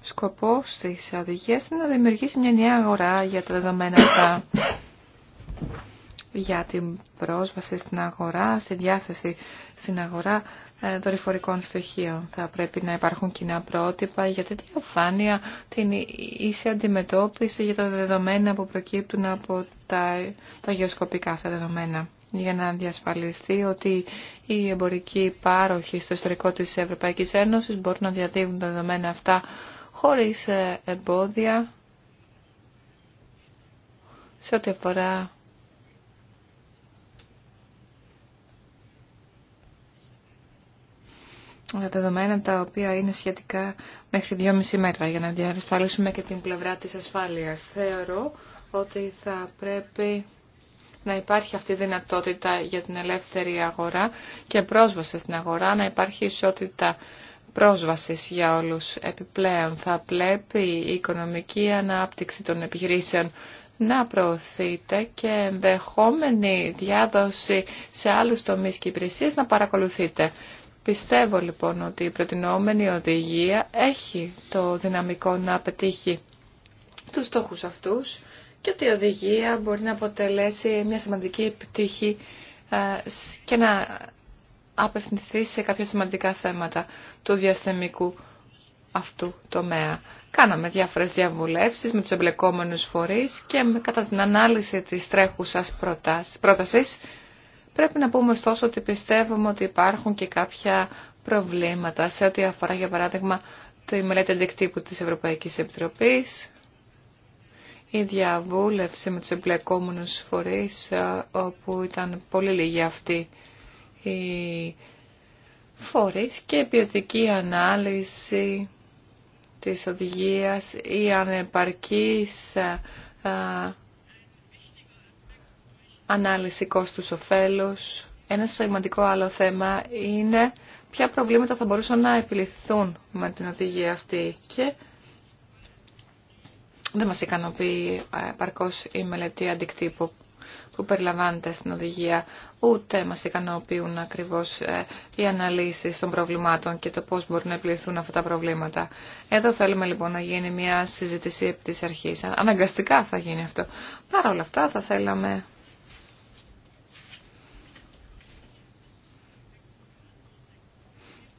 Σκοπός της οδηγίας είναι να δημιουργήσει μια νέα αγορά για τα δεδομένα αυτά για την πρόσβαση στην αγορά, στη διάθεση στην αγορά ε, δορυφορικών στοιχείων. Θα πρέπει να υπάρχουν κοινά πρότυπα για τη διαφάνεια, την ίση αντιμετώπιση για τα δεδομένα που προκύπτουν από τα, τα γεωσκοπικά αυτά δεδομένα για να διασφαλιστεί ότι οι εμπορικοί πάροχοι στο ιστορικό της Ευρωπαϊκής Ένωσης μπορούν να διαδίδουν τα δεδομένα αυτά χωρίς ε, εμπόδια σε ό,τι αφορά τα δεδομένα τα οποία είναι σχετικά μέχρι 2,5 μέτρα για να διασφαλίσουμε και την πλευρά της ασφάλειας. Θεωρώ ότι θα πρέπει να υπάρχει αυτή η δυνατότητα για την ελεύθερη αγορά και πρόσβαση στην αγορά, να υπάρχει ισότητα πρόσβασης για όλους. Επιπλέον θα πρέπει η οικονομική ανάπτυξη των επιχειρήσεων να προωθείται και ενδεχόμενη διάδοση σε άλλους τομείς και να παρακολουθείτε. Πιστεύω λοιπόν ότι η προτινόμενη οδηγία έχει το δυναμικό να πετύχει τους στόχους αυτούς και ότι η οδηγία μπορεί να αποτελέσει μια σημαντική επιτύχη ε, και να απευθυνθεί σε κάποια σημαντικά θέματα του διαστημικού αυτού τομέα. Κάναμε διάφορες διαβουλεύσεις με τους εμπλεκόμενους φορείς και κατά την ανάλυση της τρέχουσας πρότασης Πρέπει να πούμε ωστόσο ότι πιστεύουμε ότι υπάρχουν και κάποια προβλήματα σε ό,τι αφορά για παράδειγμα τη μελέτη αντικτύπου της Ευρωπαϊκής Επιτροπής, η διαβούλευση με τους εμπλεκόμενους φορείς, ε, όπου ήταν πολύ λίγοι αυτοί οι φορείς και ποιοτική ανάλυση της οδηγίας ή ανεπαρκής ε, ε, ανάλυση κόστους ωφέλους. Ένα σημαντικό άλλο θέμα είναι ποια προβλήματα θα μπορούσαν να επιληθούν με την οδηγία αυτή και δεν μας ικανοποιεί ε, παρκώς η μελετή αντικτύπου που περιλαμβάνεται στην οδηγία, ούτε μας ικανοποιούν ακριβώς ε, οι αναλύσεις των προβλημάτων και το πώς μπορούν να επιληθούν αυτά τα προβλήματα. Εδώ θέλουμε λοιπόν να γίνει μια συζήτηση επί της αρχής. Αναγκαστικά θα γίνει αυτό. Παρ' όλα αυτά θα θέλαμε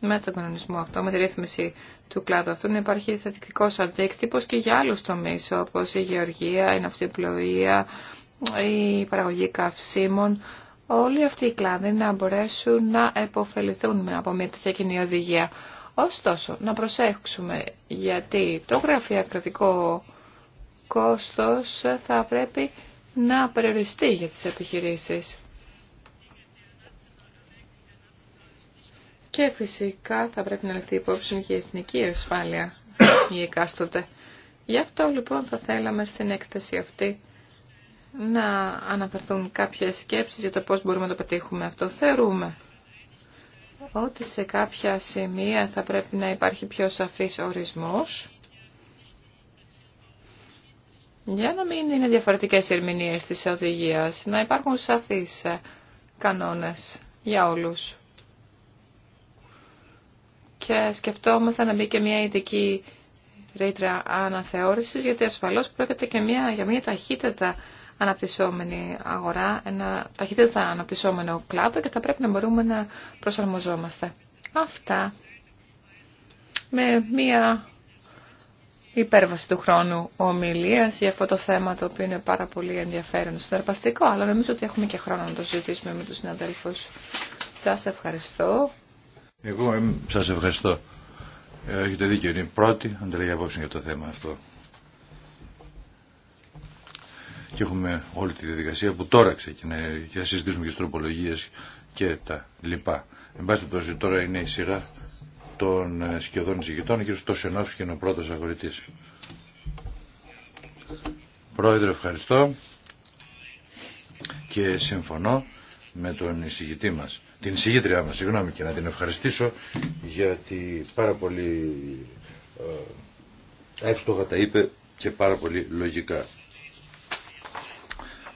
με τον κανονισμό αυτό, με τη ρύθμιση του κλάδου αυτού, να υπάρχει θετικό αντίκτυπο και για άλλου τομεί, όπω η γεωργία, η ναυτιπλοεία, η παραγωγή καυσίμων. Όλοι αυτοί οι κλάδοι να μπορέσουν να επωφεληθούν από μια τέτοια κοινή οδηγία. Ωστόσο, να προσέξουμε, γιατί το γραφειοκρατικό κόστος θα πρέπει να περιοριστεί για τις επιχειρήσεις. Και φυσικά θα πρέπει να λεφθεί υπόψη και η εθνική ασφάλεια η εκάστοτε. Γι' αυτό λοιπόν θα θέλαμε στην έκθεση αυτή να αναφερθούν κάποιες σκέψεις για το πώς μπορούμε να το πετύχουμε αυτό. Θεωρούμε ότι σε κάποια σημεία θα πρέπει να υπάρχει πιο σαφής ορισμός για να μην είναι διαφορετικές ερμηνείες της οδηγίας, να υπάρχουν σαφείς κανόνες για όλους και σκεφτόμαστε να μπει και μια ειδική ρήτρα αναθεώρησης, γιατί ασφαλώς πρόκειται και μια, για μια ταχύτητα αναπτυσσόμενη αγορά, ένα ταχύτητα αναπτυσσόμενο κλάδο και θα πρέπει να μπορούμε να προσαρμοζόμαστε. Αυτά με μια υπέρβαση του χρόνου ομιλίας για αυτό το θέμα το οποίο είναι πάρα πολύ ενδιαφέρον συναρπαστικό, αλλά νομίζω ότι έχουμε και χρόνο να το συζητήσουμε με τους συναδέλφους. Σας ευχαριστώ. Εγώ σας ευχαριστώ. Ε, έχετε δίκιο, είναι η πρώτη ανταλλαγή απόψη για το θέμα αυτό. Και έχουμε όλη τη διαδικασία που τώρα ξεκινάει και θα συζητήσουμε και και τα λοιπά. Εν πάση περιπτώσει τώρα είναι η σειρά των ε, σκιωδών εισηγητών. Ο κ. και είναι ο πρώτος αγωρητής. Πρόεδρε, ευχαριστώ και συμφωνώ με τον εισηγητή μας την συγγήτριά μας, συγγνώμη, και να την ευχαριστήσω γιατί πάρα πολύ ε, εύστοχα τα είπε και πάρα πολύ λογικά.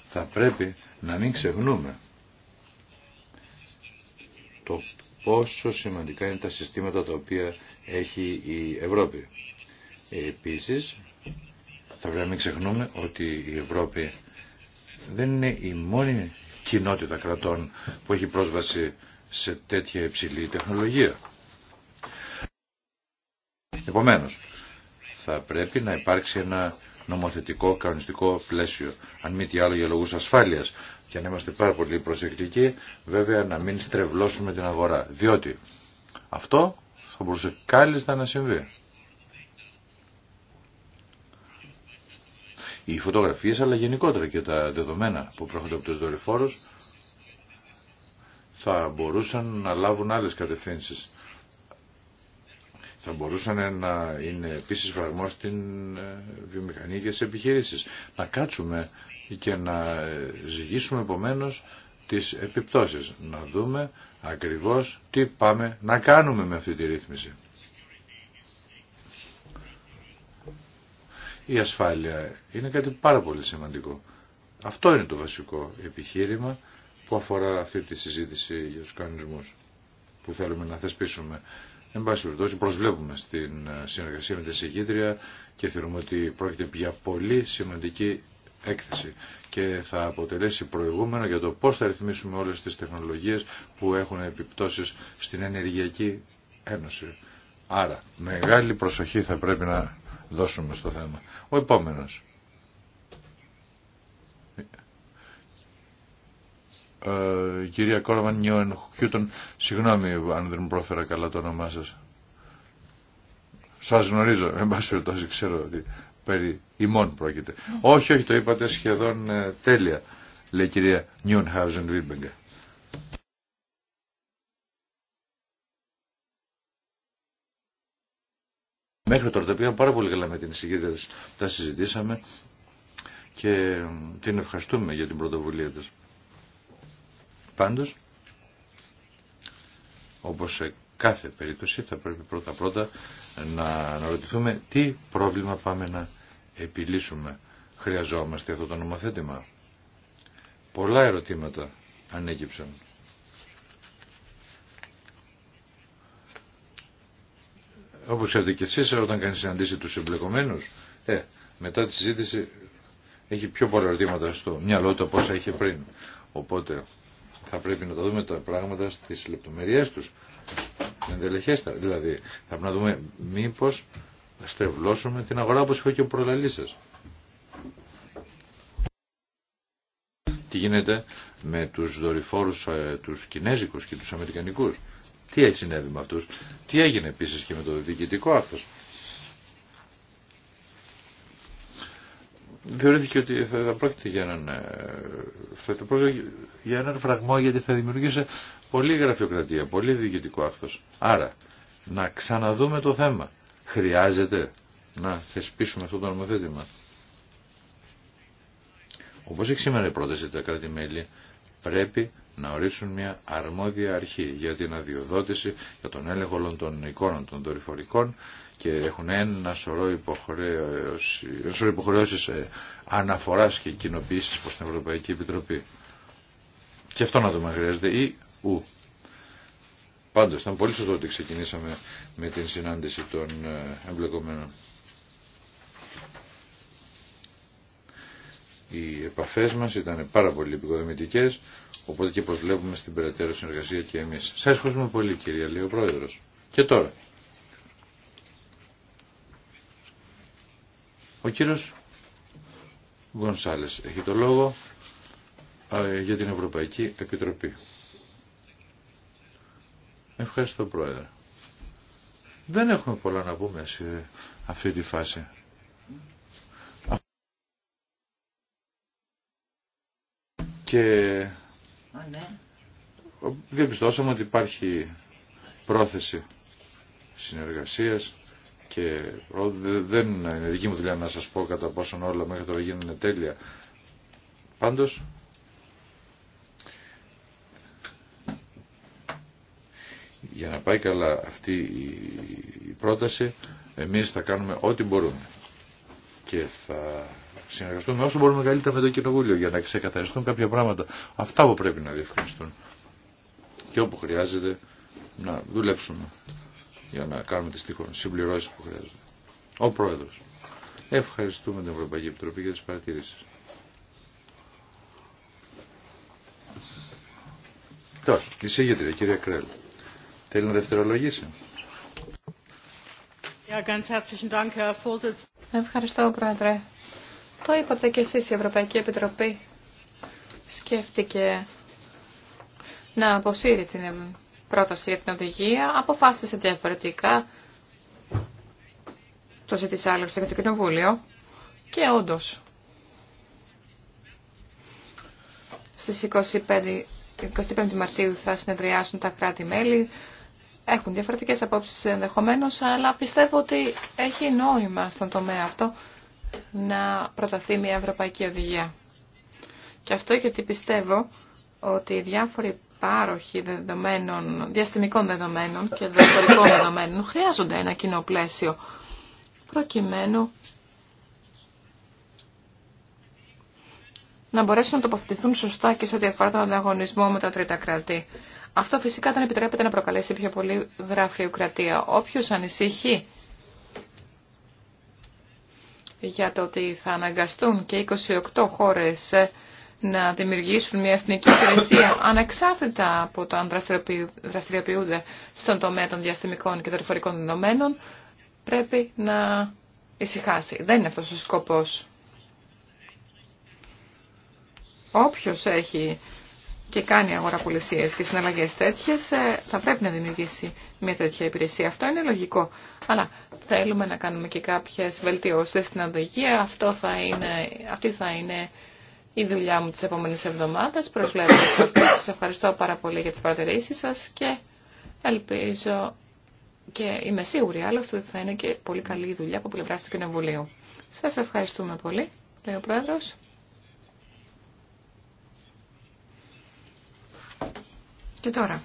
Θα πρέπει να μην ξεχνούμε το πόσο σημαντικά είναι τα συστήματα τα οποία έχει η Ευρώπη. Επίσης, θα πρέπει να μην ξεχνούμε ότι η Ευρώπη δεν είναι η μόνη κοινότητα κρατών που έχει πρόσβαση σε τέτοια υψηλή τεχνολογία. Επομένως, θα πρέπει να υπάρξει ένα νομοθετικό, κανονιστικό πλαίσιο, αν μη τι άλλο για λόγους ασφάλειας. Και αν είμαστε πάρα πολύ προσεκτικοί, βέβαια να μην στρεβλώσουμε την αγορά, διότι αυτό θα μπορούσε κάλλιστα να συμβεί. οι φωτογραφίες αλλά γενικότερα και τα δεδομένα που προέρχονται από τους δορυφόρους θα μπορούσαν να λάβουν άλλες κατευθύνσεις. Θα μπορούσαν να είναι επίσης φραγμός στην ε, βιομηχανία και στις επιχειρήσεις. Να κάτσουμε και να ε, ζυγίσουμε επομένω τις επιπτώσεις. Να δούμε ακριβώς τι πάμε να κάνουμε με αυτή τη ρύθμιση. η ασφάλεια είναι κάτι πάρα πολύ σημαντικό. Αυτό είναι το βασικό επιχείρημα που αφορά αυτή τη συζήτηση για τους κανονισμούς που θέλουμε να θεσπίσουμε. Εν πάση περιπτώσει προσβλέπουμε στην ε, συνεργασία με τη συγκήτρια και θεωρούμε ότι πρόκειται για πολύ σημαντική έκθεση και θα αποτελέσει προηγούμενο για το πώς θα ρυθμίσουμε όλες τις τεχνολογίες που έχουν επιπτώσεις στην ενεργειακή ένωση. Άρα μεγάλη προσοχή θα πρέπει να δώσουμε στο θέμα. Ο επόμενος. Ε, κυρία Κόρμαν Νιόεν Χιούτον, συγγνώμη αν δεν μου πρόφερα καλά το όνομά σας. Σας γνωρίζω, εν πάση περιπτώσει ξέρω ότι περί ημών πρόκειται. Όχι, όχι, το είπατε σχεδόν ε, τέλεια, λέει η κυρία Νιούν Χάουζεν Βίμπεγκα. Μέχρι τώρα τα πήγα πάρα πολύ καλά με την εισηγήτρια της. Τα συζητήσαμε και την ευχαριστούμε για την πρωτοβουλία της. Πάντως, όπως σε κάθε περίπτωση θα πρέπει πρώτα-πρώτα να, αναρωτηθούμε τι πρόβλημα πάμε να επιλύσουμε. Χρειαζόμαστε αυτό το νομοθέτημα. Πολλά ερωτήματα ανέκυψαν. όπως ξέρετε και εσείς όταν κάνει συναντήσει τους εμπλεκομένους ε, μετά τη συζήτηση έχει πιο πολλά ερωτήματα στο μυαλό του από όσα είχε πριν. Οπότε θα πρέπει να τα δούμε τα πράγματα στις λεπτομεριές τους. Εντελεχέστερα. Δηλαδή θα πρέπει να δούμε μήπως στρεβλώσουμε την αγορά όπως είχα και ο προλαλής σας. Τι γίνεται με τους δορυφόρους, ε, τους κινέζικους και τους αμερικανικούς. Τι έτσι συνέβη με αυτούς. Τι έγινε επίσης και με το διοικητικό αυτός. Θεωρήθηκε ότι θα, πρόκειται για έναν, ε, θα, για έναν φραγμό γιατί θα δημιουργήσει πολύ γραφειοκρατία, πολύ διοικητικό αυτός. Άρα, να ξαναδούμε το θέμα. Χρειάζεται να θεσπίσουμε αυτό το νομοθέτημα. Όπως έχει σήμερα η πρόταση τα κράτη-μέλη πρέπει να ορίσουν μια αρμόδια αρχή για την αδειοδότηση, για τον έλεγχο όλων των εικόνων των δορυφορικών και έχουν ένα σωρό, υποχρέωση, υποχρεώσεις ε, αναφοράς και κοινοποίησης προς την Ευρωπαϊκή Επιτροπή. Και αυτό να δούμε χρειάζεται ή ου. Πάντως ήταν πολύ σωστό ότι ξεκινήσαμε με την συνάντηση των ε, εμπλεκομένων. Οι επαφές μας ήταν πάρα πολύ επικοδομητικές, οπότε και προσβλέπουμε στην περαιτέρω συνεργασία και εμείς. Σας ευχαριστούμε πολύ κυρία Λέω Πρόεδρος. Και τώρα. Ο κύριος Γκονσάλες έχει το λόγο για την Ευρωπαϊκή Επιτροπή. Ευχαριστώ Πρόεδρε. Δεν έχουμε πολλά να πούμε σε αυτή τη φάση. Και διαπιστώσαμε ότι υπάρχει πρόθεση συνεργασίας και δεν είναι δική μου δουλειά να σας πω κατά πόσον όλα μέχρι τώρα γίνουν τέλεια. Πάντως, για να πάει καλά αυτή η πρόταση, εμείς θα κάνουμε ό,τι μπορούμε και θα συνεργαστούμε όσο μπορούμε καλύτερα με το Κοινοβούλιο για να ξεκαθαριστούν κάποια πράγματα. Αυτά που πρέπει να διευκρινιστούν και όπου χρειάζεται να δουλέψουμε για να κάνουμε τις τυχόν συμπληρώσεις που χρειάζεται. Ο Πρόεδρος. Ευχαριστούμε την Ευρωπαϊκή Επιτροπή για τις παρατηρήσεις. Τώρα, η συγγετρία, κυρία Κρέλ. Θέλει να δευτερολογήσει. Ευχαριστώ, Πρόεδρε. Το είπατε και εσείς, η Ευρωπαϊκή Επιτροπή σκέφτηκε να αποσύρει την πρόταση για την οδηγία, αποφάσισε διαφορετικά, το ζήτησε άλλωστε και το Κοινοβούλιο και όντως στις 25, 25 Μαρτίου θα συνεδριάσουν τα κράτη-μέλη. Έχουν διαφορετικές απόψεις ενδεχομένως, αλλά πιστεύω ότι έχει νόημα στον τομέα αυτό να προταθεί μια ευρωπαϊκή οδηγία. Και αυτό γιατί πιστεύω ότι οι διάφοροι πάροχοι δεδομένων, διαστημικών δεδομένων και δορυφορικών δεδομένων χρειάζονται ένα κοινό πλαίσιο προκειμένου να μπορέσουν να τοποθετηθούν σωστά και σε ό,τι αφορά τον ανταγωνισμό με τα τρίτα κράτη. Αυτό φυσικά δεν επιτρέπεται να προκαλέσει πιο πολύ γραφειοκρατία. Όποιο ανησυχεί για το ότι θα αναγκαστούν και 28 χώρες ε, να δημιουργήσουν μια εθνική υπηρεσία ανεξάρτητα από το αν δραστηριοποιούνται στον τομέα των διαστημικών και δορυφορικών δεδομένων, πρέπει να ησυχάσει. Δεν είναι αυτός ο σκοπός. Όποιος έχει και κάνει αγοραπολισίες και συναλλαγές τέτοιες, ε, θα πρέπει να δημιουργήσει μια τέτοια υπηρεσία. Αυτό είναι λογικό. Αλλά θέλουμε να κάνουμε και κάποιες βελτιώσεις στην οδηγία. Αυτό θα είναι, αυτή θα είναι η δουλειά μου τις επόμενες εβδομάδες. Προσβλέπω σε αυτό. Σας ευχαριστώ πάρα πολύ για τις παρατηρήσεις σας και ελπίζω και είμαι σίγουρη άλλωστε ότι θα είναι και πολύ καλή η δουλειά από πλευρά του Κοινοβουλίου. Σας ευχαριστούμε πολύ, λέει ο Πρόεδρος. Και τώρα,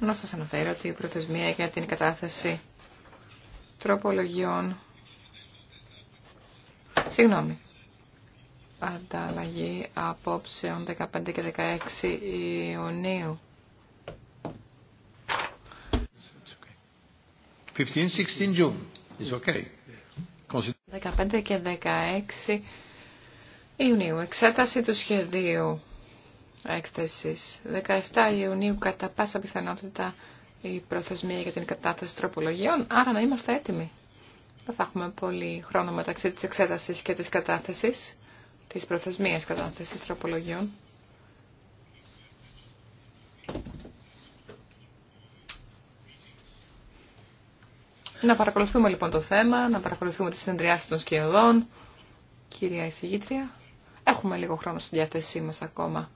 να σας αναφέρω ότι η προθεσμία για την κατάθεση τροπολογιών, συγγνώμη, ανταλλαγή απόψεων 15 και 16 Ιουνίου. 15, 16 June. okay. 15 και 16 Ιουνίου. Εξέταση του σχεδίου έκθεσης. 17 Ιουνίου κατά πάσα πιθανότητα η προθεσμία για την κατάθεση τροπολογιών, άρα να είμαστε έτοιμοι. Δεν θα έχουμε πολύ χρόνο μεταξύ της εξέτασης και της κατάθεσης, της προθεσμίας κατάθεσης τροπολογιών. Να παρακολουθούμε λοιπόν το θέμα, να παρακολουθούμε τις συνεδριάσεις των σκιωδών. Κυρία εισηγήτρια, έχουμε λίγο χρόνο στη διάθεσή μας ακόμα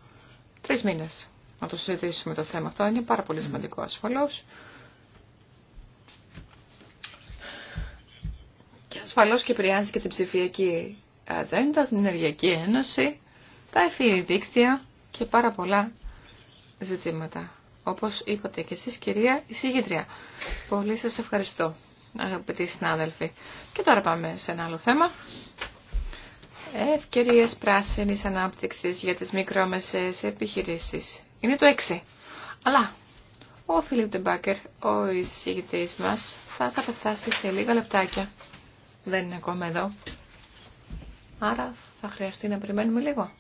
τρεις μήνες να το συζητήσουμε το θέμα αυτό. Είναι πάρα πολύ σημαντικό ασφαλώς. Και ασφαλώς και επηρεάζει και την ψηφιακή ατζέντα, την ενεργειακή ένωση, τα ευφύη δίκτυα και πάρα πολλά ζητήματα. Όπως είπατε και εσείς κυρία εισηγήτρια. Πολύ σας ευχαριστώ αγαπητοί συνάδελφοι. Και τώρα πάμε σε ένα άλλο θέμα. Ευκαιρίες πράσινη ανάπτυξη για τι μικρόμεσες επιχειρήσεις. Είναι το 6. Αλλά ο Φίλιπ Ντεμπάκερ, ο εισηγητή μας, θα καταφτάσει σε λίγα λεπτάκια. Δεν είναι ακόμα εδώ. Άρα θα χρειαστεί να περιμένουμε λίγο.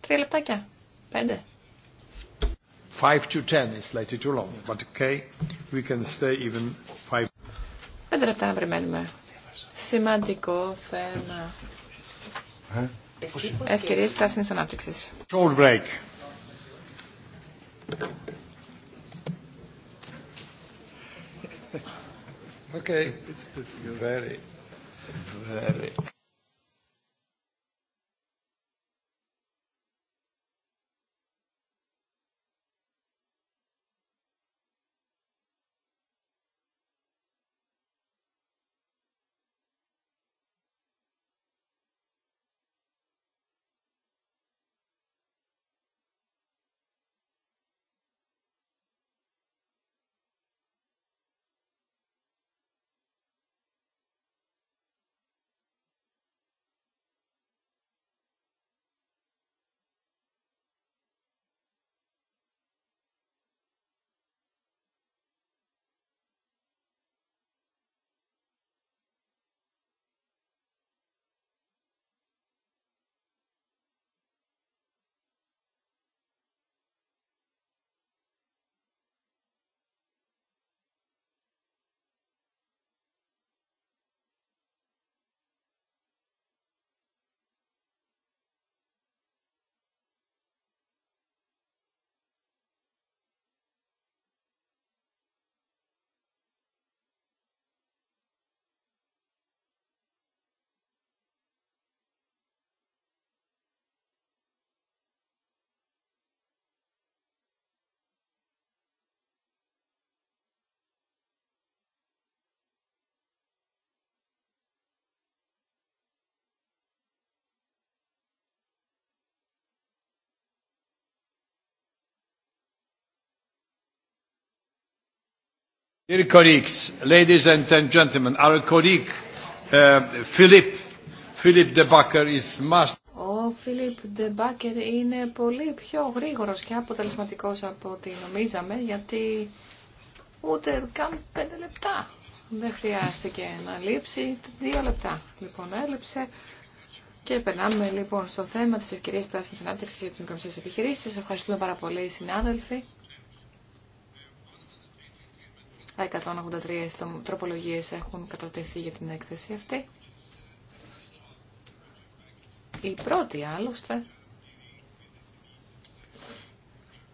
Τρία λεπτάκια. Πέντε. to is slightly too long, but okay, we can stay even Πέντε λεπτά να περιμένουμε. Σημαντικό θέμα. Ευκαιρίες πράσινης ανάπτυξης. Short break. Okay, it's very, very. Dear colleagues, ladies and gentlemen, our colleague uh, Philip, Philip de Backer is Ο Φίλιπ Ντεμπάκερ είναι πολύ πιο γρήγορος και αποτελεσματικός από ό,τι νομίζαμε, γιατί ούτε καν πέντε λεπτά δεν χρειάστηκε να λείψει. Δύο λεπτά λοιπόν έλειψε. Και περνάμε λοιπόν στο θέμα της ευκαιρίας πράσινης ανάπτυξης για τις μικρομεσαίες επιχειρήσεις. Ευχαριστούμε πάρα πολύ συνάδελφοι. 183 τροπολογίες έχουν κατατεθεί για την έκθεση αυτή. Η πρώτη άλλωστε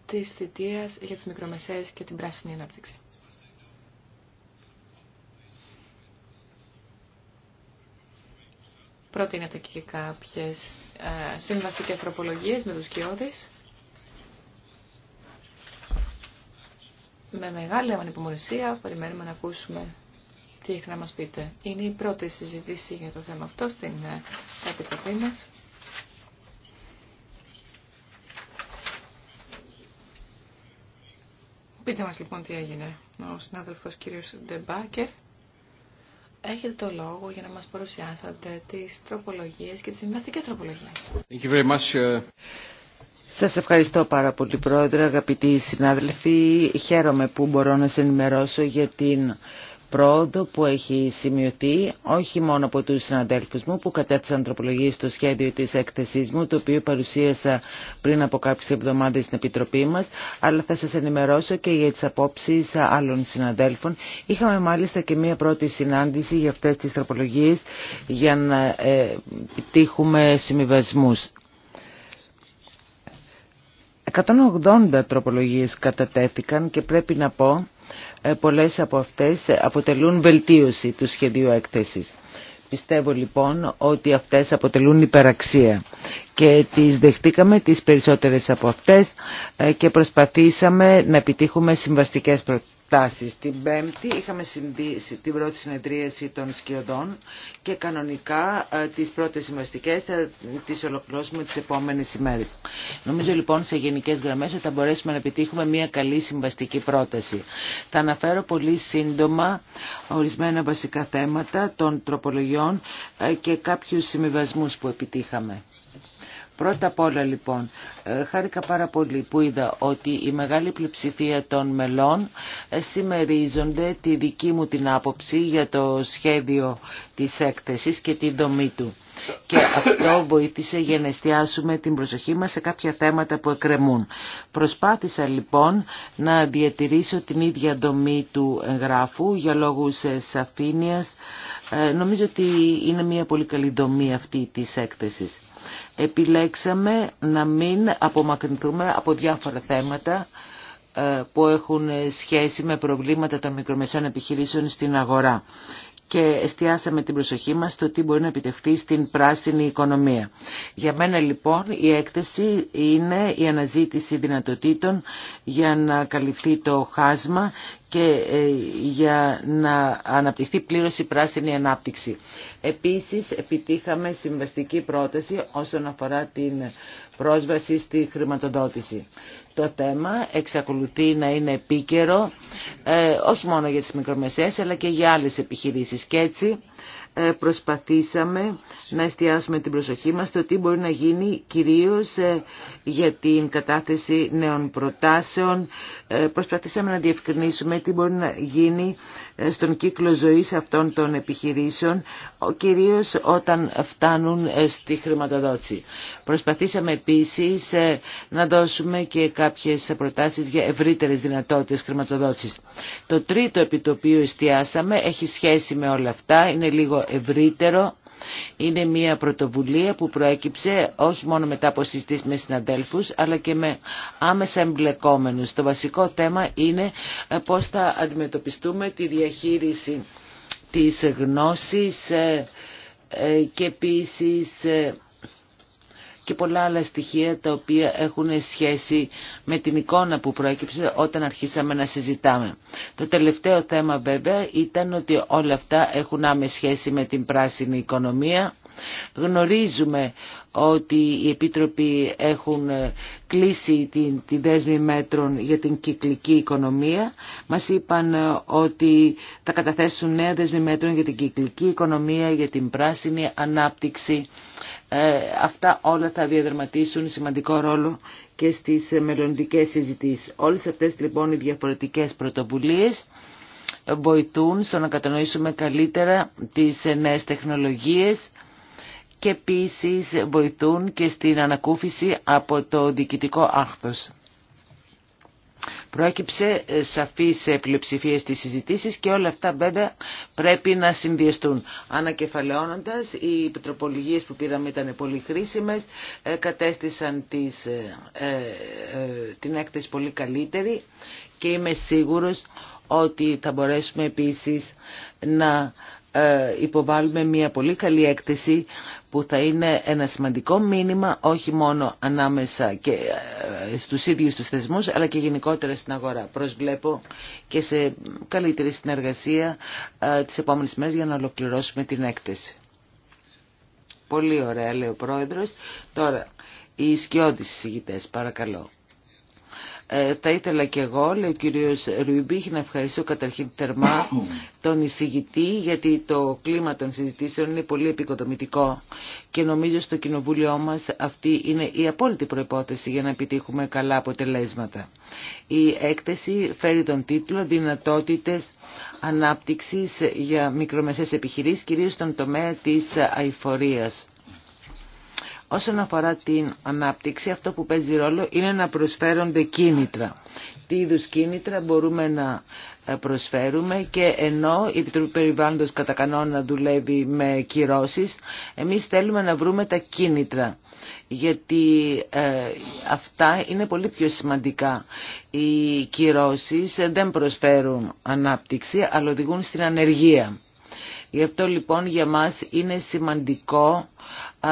της θητείας για τις μικρομεσαίες και την πράσινη ανάπτυξη. Πρότεινατε και κάποιες ε, συμβαστικές τροπολογίες με τους κοιόδης. με μεγάλη ανυπομονησία περιμένουμε να ακούσουμε τι έχει να μας πείτε. Είναι η πρώτη συζήτηση για το θέμα αυτό στην ε, Επιτροπή μας. Πείτε μας λοιπόν τι έγινε. Ο συνάδελφος κύριος Ντεμπάκερ έχετε το λόγο για να μας παρουσιάσετε τις τροπολογίες και τις συμβαστικές τροπολογίες. Uh, σας ευχαριστώ πάρα πολύ πρόεδρε, αγαπητοί συνάδελφοι. Χαίρομαι που μπορώ να σε ενημερώσω για την πρόοδο που έχει σημειωθεί όχι μόνο από τους συναδέλφους μου που κατέθεσαν τροπολογίε στο σχέδιο της έκθεσής μου το οποίο παρουσίασα πριν από κάποιες εβδομάδες στην Επιτροπή μας αλλά θα σας ενημερώσω και για τις απόψεις άλλων συναδέλφων. Είχαμε μάλιστα και μία πρώτη συνάντηση για αυτές τις τροπολογίε για να ε, τύχουμε 180 τροπολογίες κατατέθηκαν και πρέπει να πω ε, πολλές από αυτές αποτελούν βελτίωση του σχεδίου έκθεσης. Πιστεύω λοιπόν ότι αυτές αποτελούν υπεραξία και τις δεχτήκαμε τις περισσότερες από αυτές ε, και προσπαθήσαμε να επιτύχουμε συμβαστικές στην Την Πέμπτη είχαμε την πρώτη συνεδρίαση των σκιωδών και κανονικά ε, τις πρώτες συμβαστικές θα τις ολοκληρώσουμε τις επόμενες ημέρες. Νομίζω λοιπόν σε γενικές γραμμές ότι θα μπορέσουμε να επιτύχουμε μια καλή συμβαστική πρόταση. Θα αναφέρω πολύ σύντομα ορισμένα βασικά θέματα των τροπολογιών ε, και κάποιους συμβιβασμού που επιτύχαμε. Πρώτα απ' όλα λοιπόν, ε, χάρηκα πάρα πολύ που είδα ότι η μεγάλη πλειοψηφία των μελών συμμερίζονται τη δική μου την άποψη για το σχέδιο της έκθεσης και τη δομή του. Και αυτό βοήθησε για να εστιάσουμε την προσοχή μας σε κάποια θέματα που εκκρεμούν. Προσπάθησα λοιπόν να διατηρήσω την ίδια δομή του εγγράφου για λόγους σαφήνειας. Ε, νομίζω ότι είναι μια πολύ καλή δομή αυτή της έκθεσης. Επιλέξαμε να μην απομακρυνθούμε από διάφορα θέματα ε, που έχουν σχέση με προβλήματα των μικρομεσαίων επιχειρήσεων στην αγορά και εστιάσαμε την προσοχή μας στο τι μπορεί να επιτευχθεί στην πράσινη οικονομία. Για μένα λοιπόν η έκθεση είναι η αναζήτηση δυνατοτήτων για να καλυφθεί το χάσμα και ε, για να αναπτυχθεί πλήρως η πράσινη ανάπτυξη. Επίσης επιτύχαμε συμβαστική πρόταση όσον αφορά την πρόσβαση στη χρηματοδότηση. Το θέμα εξακολουθεί να είναι επίκαιρο ε, όχι μόνο για τις μικρομεσαίες αλλά και για άλλες επιχειρήσεις και έτσι ε, προσπαθήσαμε να εστιάσουμε την προσοχή μας στο τι μπορεί να γίνει κυρίως ε, για την κατάθεση νέων προτάσεων. Ε, προσπαθήσαμε να διευκρινίσουμε τι μπορεί να γίνει στον κύκλο ζωής αυτών των επιχειρήσεων, κυρίως όταν φτάνουν στη χρηματοδότηση. Προσπαθήσαμε επίσης να δώσουμε και κάποιες προτάσεις για ευρύτερες δυνατότητες χρηματοδότησης. Το τρίτο επί το οποίο εστιάσαμε έχει σχέση με όλα αυτά, είναι λίγο ευρύτερο είναι μια πρωτοβουλία που προέκυψε όχι μόνο μετά από συζητήσεις με συναντέλφους αλλά και με άμεσα εμπλεκόμενους. Το βασικό θέμα είναι ε, πώς θα αντιμετωπιστούμε τη διαχείριση της γνώσης ε, ε, και επίσης και πολλά άλλα στοιχεία τα οποία έχουν σχέση με την εικόνα που προέκυψε όταν αρχίσαμε να συζητάμε. Το τελευταίο θέμα βέβαια ήταν ότι όλα αυτά έχουν άμεση σχέση με την πράσινη οικονομία. Γνωρίζουμε ότι οι Επίτροποι έχουν κλείσει τη, τη δέσμη μέτρων για την κυκλική οικονομία. Μας είπαν ότι θα καταθέσουν νέα δέσμη μέτρων για την κυκλική οικονομία, για την πράσινη ανάπτυξη. Ε, αυτά όλα θα διαδραματίσουν σημαντικό ρόλο και στις μελλοντικέ συζητήσεις. Όλες αυτές λοιπόν οι διαφορετικές πρωτοβουλίες βοηθούν στο να κατανοήσουμε καλύτερα τις νέες τεχνολογίες και επίσης βοηθούν και στην ανακούφιση από το διοικητικό άχθος. Προέκυψε ε, σαφής πλειοψηφία στις συζητήσεις και όλα αυτά βέβαια πρέπει να συνδυαστούν. Ανακεφαλαιώνοντας, οι τροπολογίες που πήραμε ήταν πολύ χρήσιμες, ε, κατέστησαν τις, ε, την έκθεση πολύ καλύτερη και είμαι σίγουρος ότι θα μπορέσουμε επίσης να υποβάλουμε μια πολύ καλή έκθεση που θα είναι ένα σημαντικό μήνυμα όχι μόνο ανάμεσα και ε, στους ίδιους τους θεσμούς αλλά και γενικότερα στην αγορά. Προσβλέπω και σε καλύτερη συνεργασία ε, τις επόμενες μέρες για να ολοκληρώσουμε την έκθεση. Πολύ ωραία λέει ο Πρόεδρος. Τώρα, οι σκιώδεις συζητητές παρακαλώ. Ε, θα ήθελα και εγώ, λέει ο κύριος Ρουιμπίχ, να ευχαριστώ καταρχήν θερμά τον εισηγητή, γιατί το κλίμα των συζητήσεων είναι πολύ επικοδομητικό και νομίζω στο κοινοβούλιο μας αυτή είναι η απόλυτη προϋπόθεση για να επιτύχουμε καλά αποτελέσματα. Η έκθεση φέρει τον τίτλο «Δυνατότητες ανάπτυξης για μικρομεσαίες επιχειρήσεις, κυρίως στον τομέα της αηφορίας». Όσον αφορά την ανάπτυξη, αυτό που παίζει ρόλο είναι να προσφέρονται κίνητρα. Τι είδου κίνητρα μπορούμε να ε, προσφέρουμε και ενώ η Επιτροπή Περιβάλλοντος κατά κανόνα δουλεύει με κυρώσεις, εμείς θέλουμε να βρούμε τα κίνητρα γιατί ε, αυτά είναι πολύ πιο σημαντικά. Οι κυρώσεις δεν προσφέρουν ανάπτυξη, αλλά οδηγούν στην ανεργία. Γι' αυτό λοιπόν για μας είναι σημαντικό ε,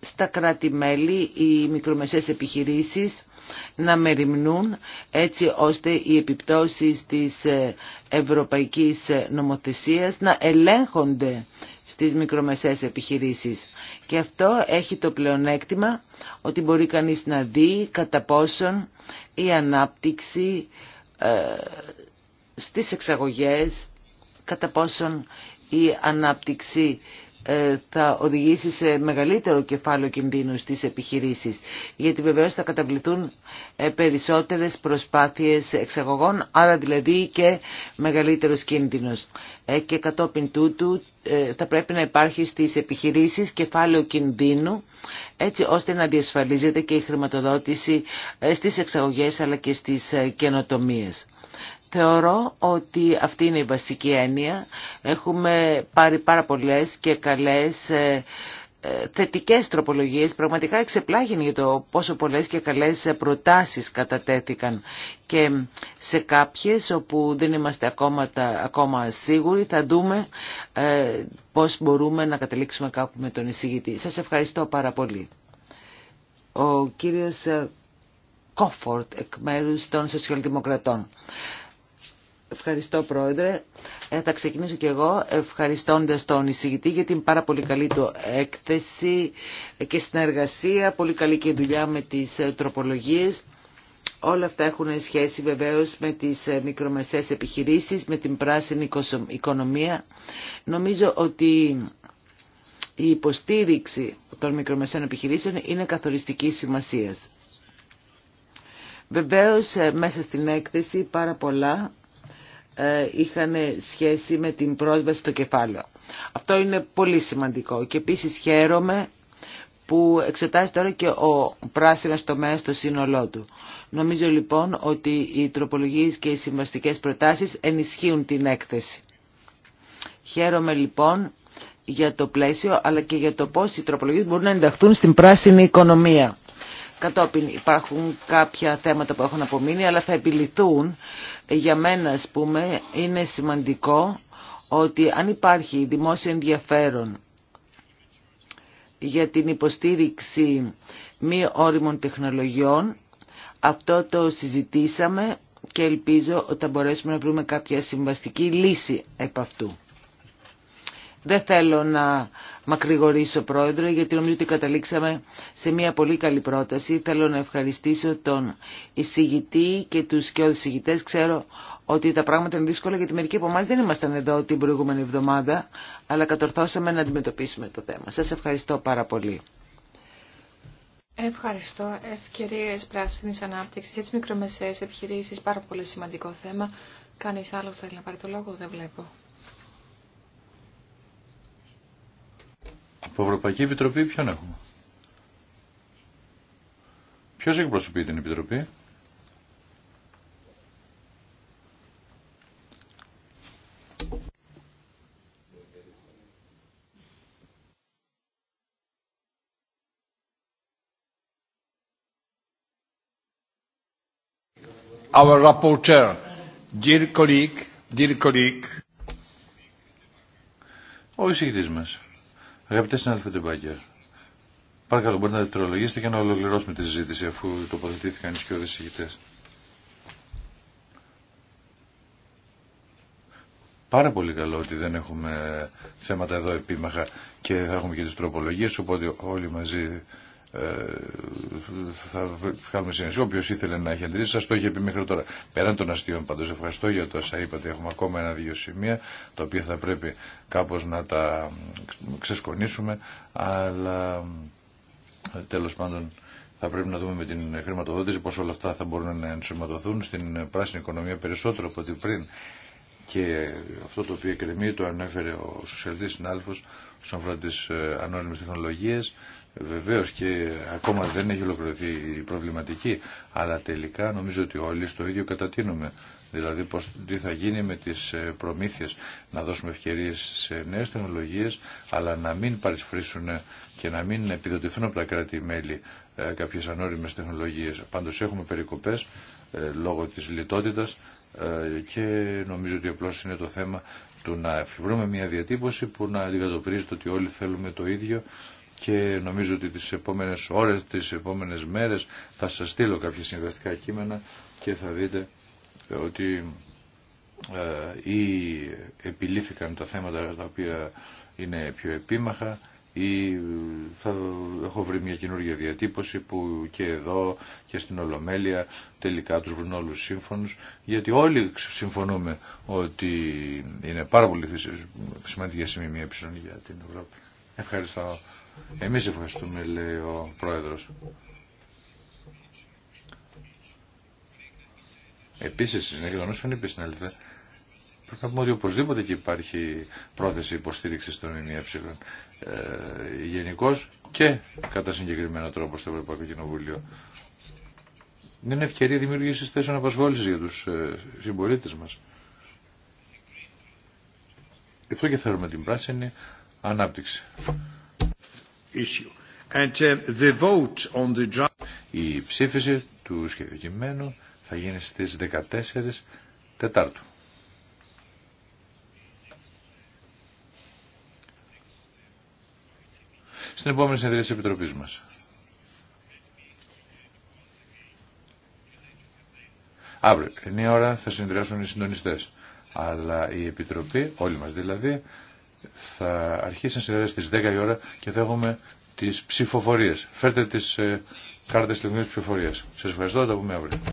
στα κράτη-μέλη οι μικρομεσαίες επιχειρήσεις να μεριμνούν έτσι ώστε οι επιπτώσεις της ε, ευρωπαϊκής ε, νομοθεσίας να ελέγχονται στις μικρομεσαίες επιχειρήσεις. Και αυτό έχει το πλεονέκτημα ότι μπορεί κανείς να δει κατά πόσον η ανάπτυξη ε, στις εξαγωγές, κατά πόσον η ανάπτυξη ε, θα οδηγήσει σε μεγαλύτερο κεφάλαιο κινδύνου στις επιχειρήσεις γιατί βεβαίως θα καταβληθούν ε, περισσότερες προσπάθειες εξαγωγών άρα δηλαδή και μεγαλύτερος κίνδυνος ε, και κατόπιν τούτου θα πρέπει να υπάρχει στις επιχειρήσεις κεφάλαιο κινδύνου έτσι ώστε να διασφαλίζεται και η χρηματοδότηση στις εξαγωγές αλλά και στις καινοτομίες. Θεωρώ ότι αυτή είναι η βασική έννοια. Έχουμε πάρει πάρα πολλές και καλές ε, ε, θετικές τροπολογίες πραγματικά εξεπλάγινε για το πόσο πολλές και καλές προτάσεις κατατέθηκαν και σε κάποιες όπου δεν είμαστε ακόμα, τα, ακόμα σίγουροι θα δούμε ε, πώς μπορούμε να καταλήξουμε κάπου με τον εισηγητή. Σας ευχαριστώ πάρα πολύ. Ο κύριος Κόφορτ εκ μέρους των Σοσιαλδημοκρατών. Ευχαριστώ Πρόεδρε. Ε, θα ξεκινήσω και εγώ ευχαριστώντας τον εισηγητή για την πάρα πολύ καλή του έκθεση και συνεργασία, πολύ καλή και δουλειά με τις ε, τροπολογίες. Όλα αυτά έχουν σχέση βεβαίως με τις ε, μικρομεσαίες επιχειρήσεις, με την πράσινη οικονομία. Νομίζω ότι η υποστήριξη των μικρομεσαίων επιχειρήσεων είναι καθοριστική σημασίας. Βεβαίως ε, μέσα στην έκθεση πάρα πολλά ε, είχαν σχέση με την πρόσβαση στο κεφάλαιο. Αυτό είναι πολύ σημαντικό και επίσης χαίρομαι που εξετάζει τώρα και ο πράσινος τομέας στο σύνολό του. Νομίζω λοιπόν ότι οι τροπολογίες και οι συμβαστικές προτάσεις ενισχύουν την έκθεση. Χαίρομαι λοιπόν για το πλαίσιο αλλά και για το πώς οι τροπολογίες μπορούν να ενταχθούν στην πράσινη οικονομία. Κατόπιν υπάρχουν κάποια θέματα που έχουν απομείνει, αλλά θα επιληθούν. Για μένα, ας πούμε, είναι σημαντικό ότι αν υπάρχει δημόσιο ενδιαφέρον για την υποστήριξη μη όριμων τεχνολογιών, αυτό το συζητήσαμε και ελπίζω ότι θα μπορέσουμε να βρούμε κάποια συμβαστική λύση επ' αυτού. Δεν θέλω να μακρηγορήσω πρόεδρε γιατί νομίζω ότι καταλήξαμε σε μια πολύ καλή πρόταση. Θέλω να ευχαριστήσω τον εισηγητή και τους και εισηγητές. Ξέρω ότι τα πράγματα είναι δύσκολα γιατί μερικοί από εμά δεν ήμασταν εδώ την προηγούμενη εβδομάδα αλλά κατορθώσαμε να αντιμετωπίσουμε το θέμα. Σας ευχαριστώ πάρα πολύ. Ευχαριστώ. Ευκαιρίε πράσινη ανάπτυξη για τι μικρομεσαίε επιχειρήσει. Πάρα πολύ σημαντικό θέμα. Κανεί άλλο θέλει να πάρει το λόγο, δεν βλέπω. Από Ευρωπαϊκή Επιτροπή ποιον έχουμε. Ποιος εκπροσωπεί την Επιτροπή. Our rapporteur, dear colleague, dear colleague. Ο εισηγητής μας. Αγαπητέ συνάδελφε Τεμπάκερ, παρακαλώ μπορείτε να δευτερολογήσετε και να ολοκληρώσουμε τη συζήτηση αφού τοποθετήθηκαν οι σκιώδεις Πάρα πολύ καλό ότι δεν έχουμε θέματα εδώ επίμαχα και θα έχουμε και τις τροπολογίες, οπότε όλοι μαζί ε, θα βγάλουμε συνεργασία. όποιος ήθελε να έχει αντιρρήσει, σα το είχε πει μέχρι τώρα. Πέραν των αστείων πάντω, ευχαριστώ για το όσα είπατε. Έχουμε ακόμα ένα-δύο σημεία τα οποία θα πρέπει κάπως να τα ξεσκονίσουμε, αλλά τέλος πάντων. Θα πρέπει να δούμε με την χρηματοδότηση πώς όλα αυτά θα μπορούν να ενσωματωθούν στην πράσινη οικονομία περισσότερο από ό,τι πριν. Και αυτό το οποίο εκκρεμεί το ανέφερε ο σοσιαλιστής συνάλφος στον αφορά τις ε, ανώνυμες τεχνολογίες. Βεβαίω και ακόμα δεν έχει ολοκληρωθεί η προβληματική, αλλά τελικά νομίζω ότι όλοι στο ίδιο κατατείνουμε. Δηλαδή πώς, τι θα γίνει με τις ε, προμήθειες, να δώσουμε ευκαιρίες σε νέες τεχνολογίες, αλλά να μην παρισφρήσουν και να μην επιδοτηθούν από τα κράτη-μέλη ε, κάποιες ανώριμες τεχνολογίες. Πάντως έχουμε περικοπές ε, λόγω της λιτότητας και νομίζω ότι απλώς είναι το θέμα του να βρούμε μια διατύπωση που να αντικατοπτρίζει ότι όλοι θέλουμε το ίδιο και νομίζω ότι τις επόμενες ώρες, τις επόμενες μέρες θα σας στείλω κάποια συνδυαστικά κείμενα και θα δείτε ότι ε, ή επιλήθηκαν τα θέματα τα οποία είναι πιο επίμαχα ή θα έχω βρει μια καινούργια διατύπωση που και εδώ και στην Ολομέλεια τελικά τους βρουν όλους σύμφωνους γιατί όλοι συμφωνούμε ότι είναι πάρα πολύ σημαντική σημεία για την Ευρώπη. Ευχαριστώ. Εμείς ευχαριστούμε, λέει ο Πρόεδρος. Επίσης, συνέχεια όσων είπε στην αλήθεια, πρέπει να πούμε ότι οπωσδήποτε και υπάρχει πρόθεση υποστήριξης των ΜΜΕ ε, γενικώ και κατά συγκεκριμένο τρόπο στο Ευρωπαϊκό Κοινοβούλιο. Είναι ευκαιρία δημιουργήσει θέσεων απασχόληση για του ε, συμπολίτε μα. Γι' αυτό και θέλουμε την πράσινη ανάπτυξη. Uh, η ψήφιση του σχεδιοκειμένου θα γίνει στις 14 Τετάρτου. Στην επόμενη συνεδρία της Επιτροπής μας. Αύριο, η ώρα, θα συνεδριάσουν οι συντονιστές. Αλλά η Επιτροπή, όλοι μας δηλαδή, θα αρχίσει να συνδέεται στις 10 η ώρα και θα έχουμε τις ψηφοφορίες. Φέρτε τις ε, κάρτες τελευταίες ψηφοφορίας. Σας ευχαριστώ, τα πούμε αύριο.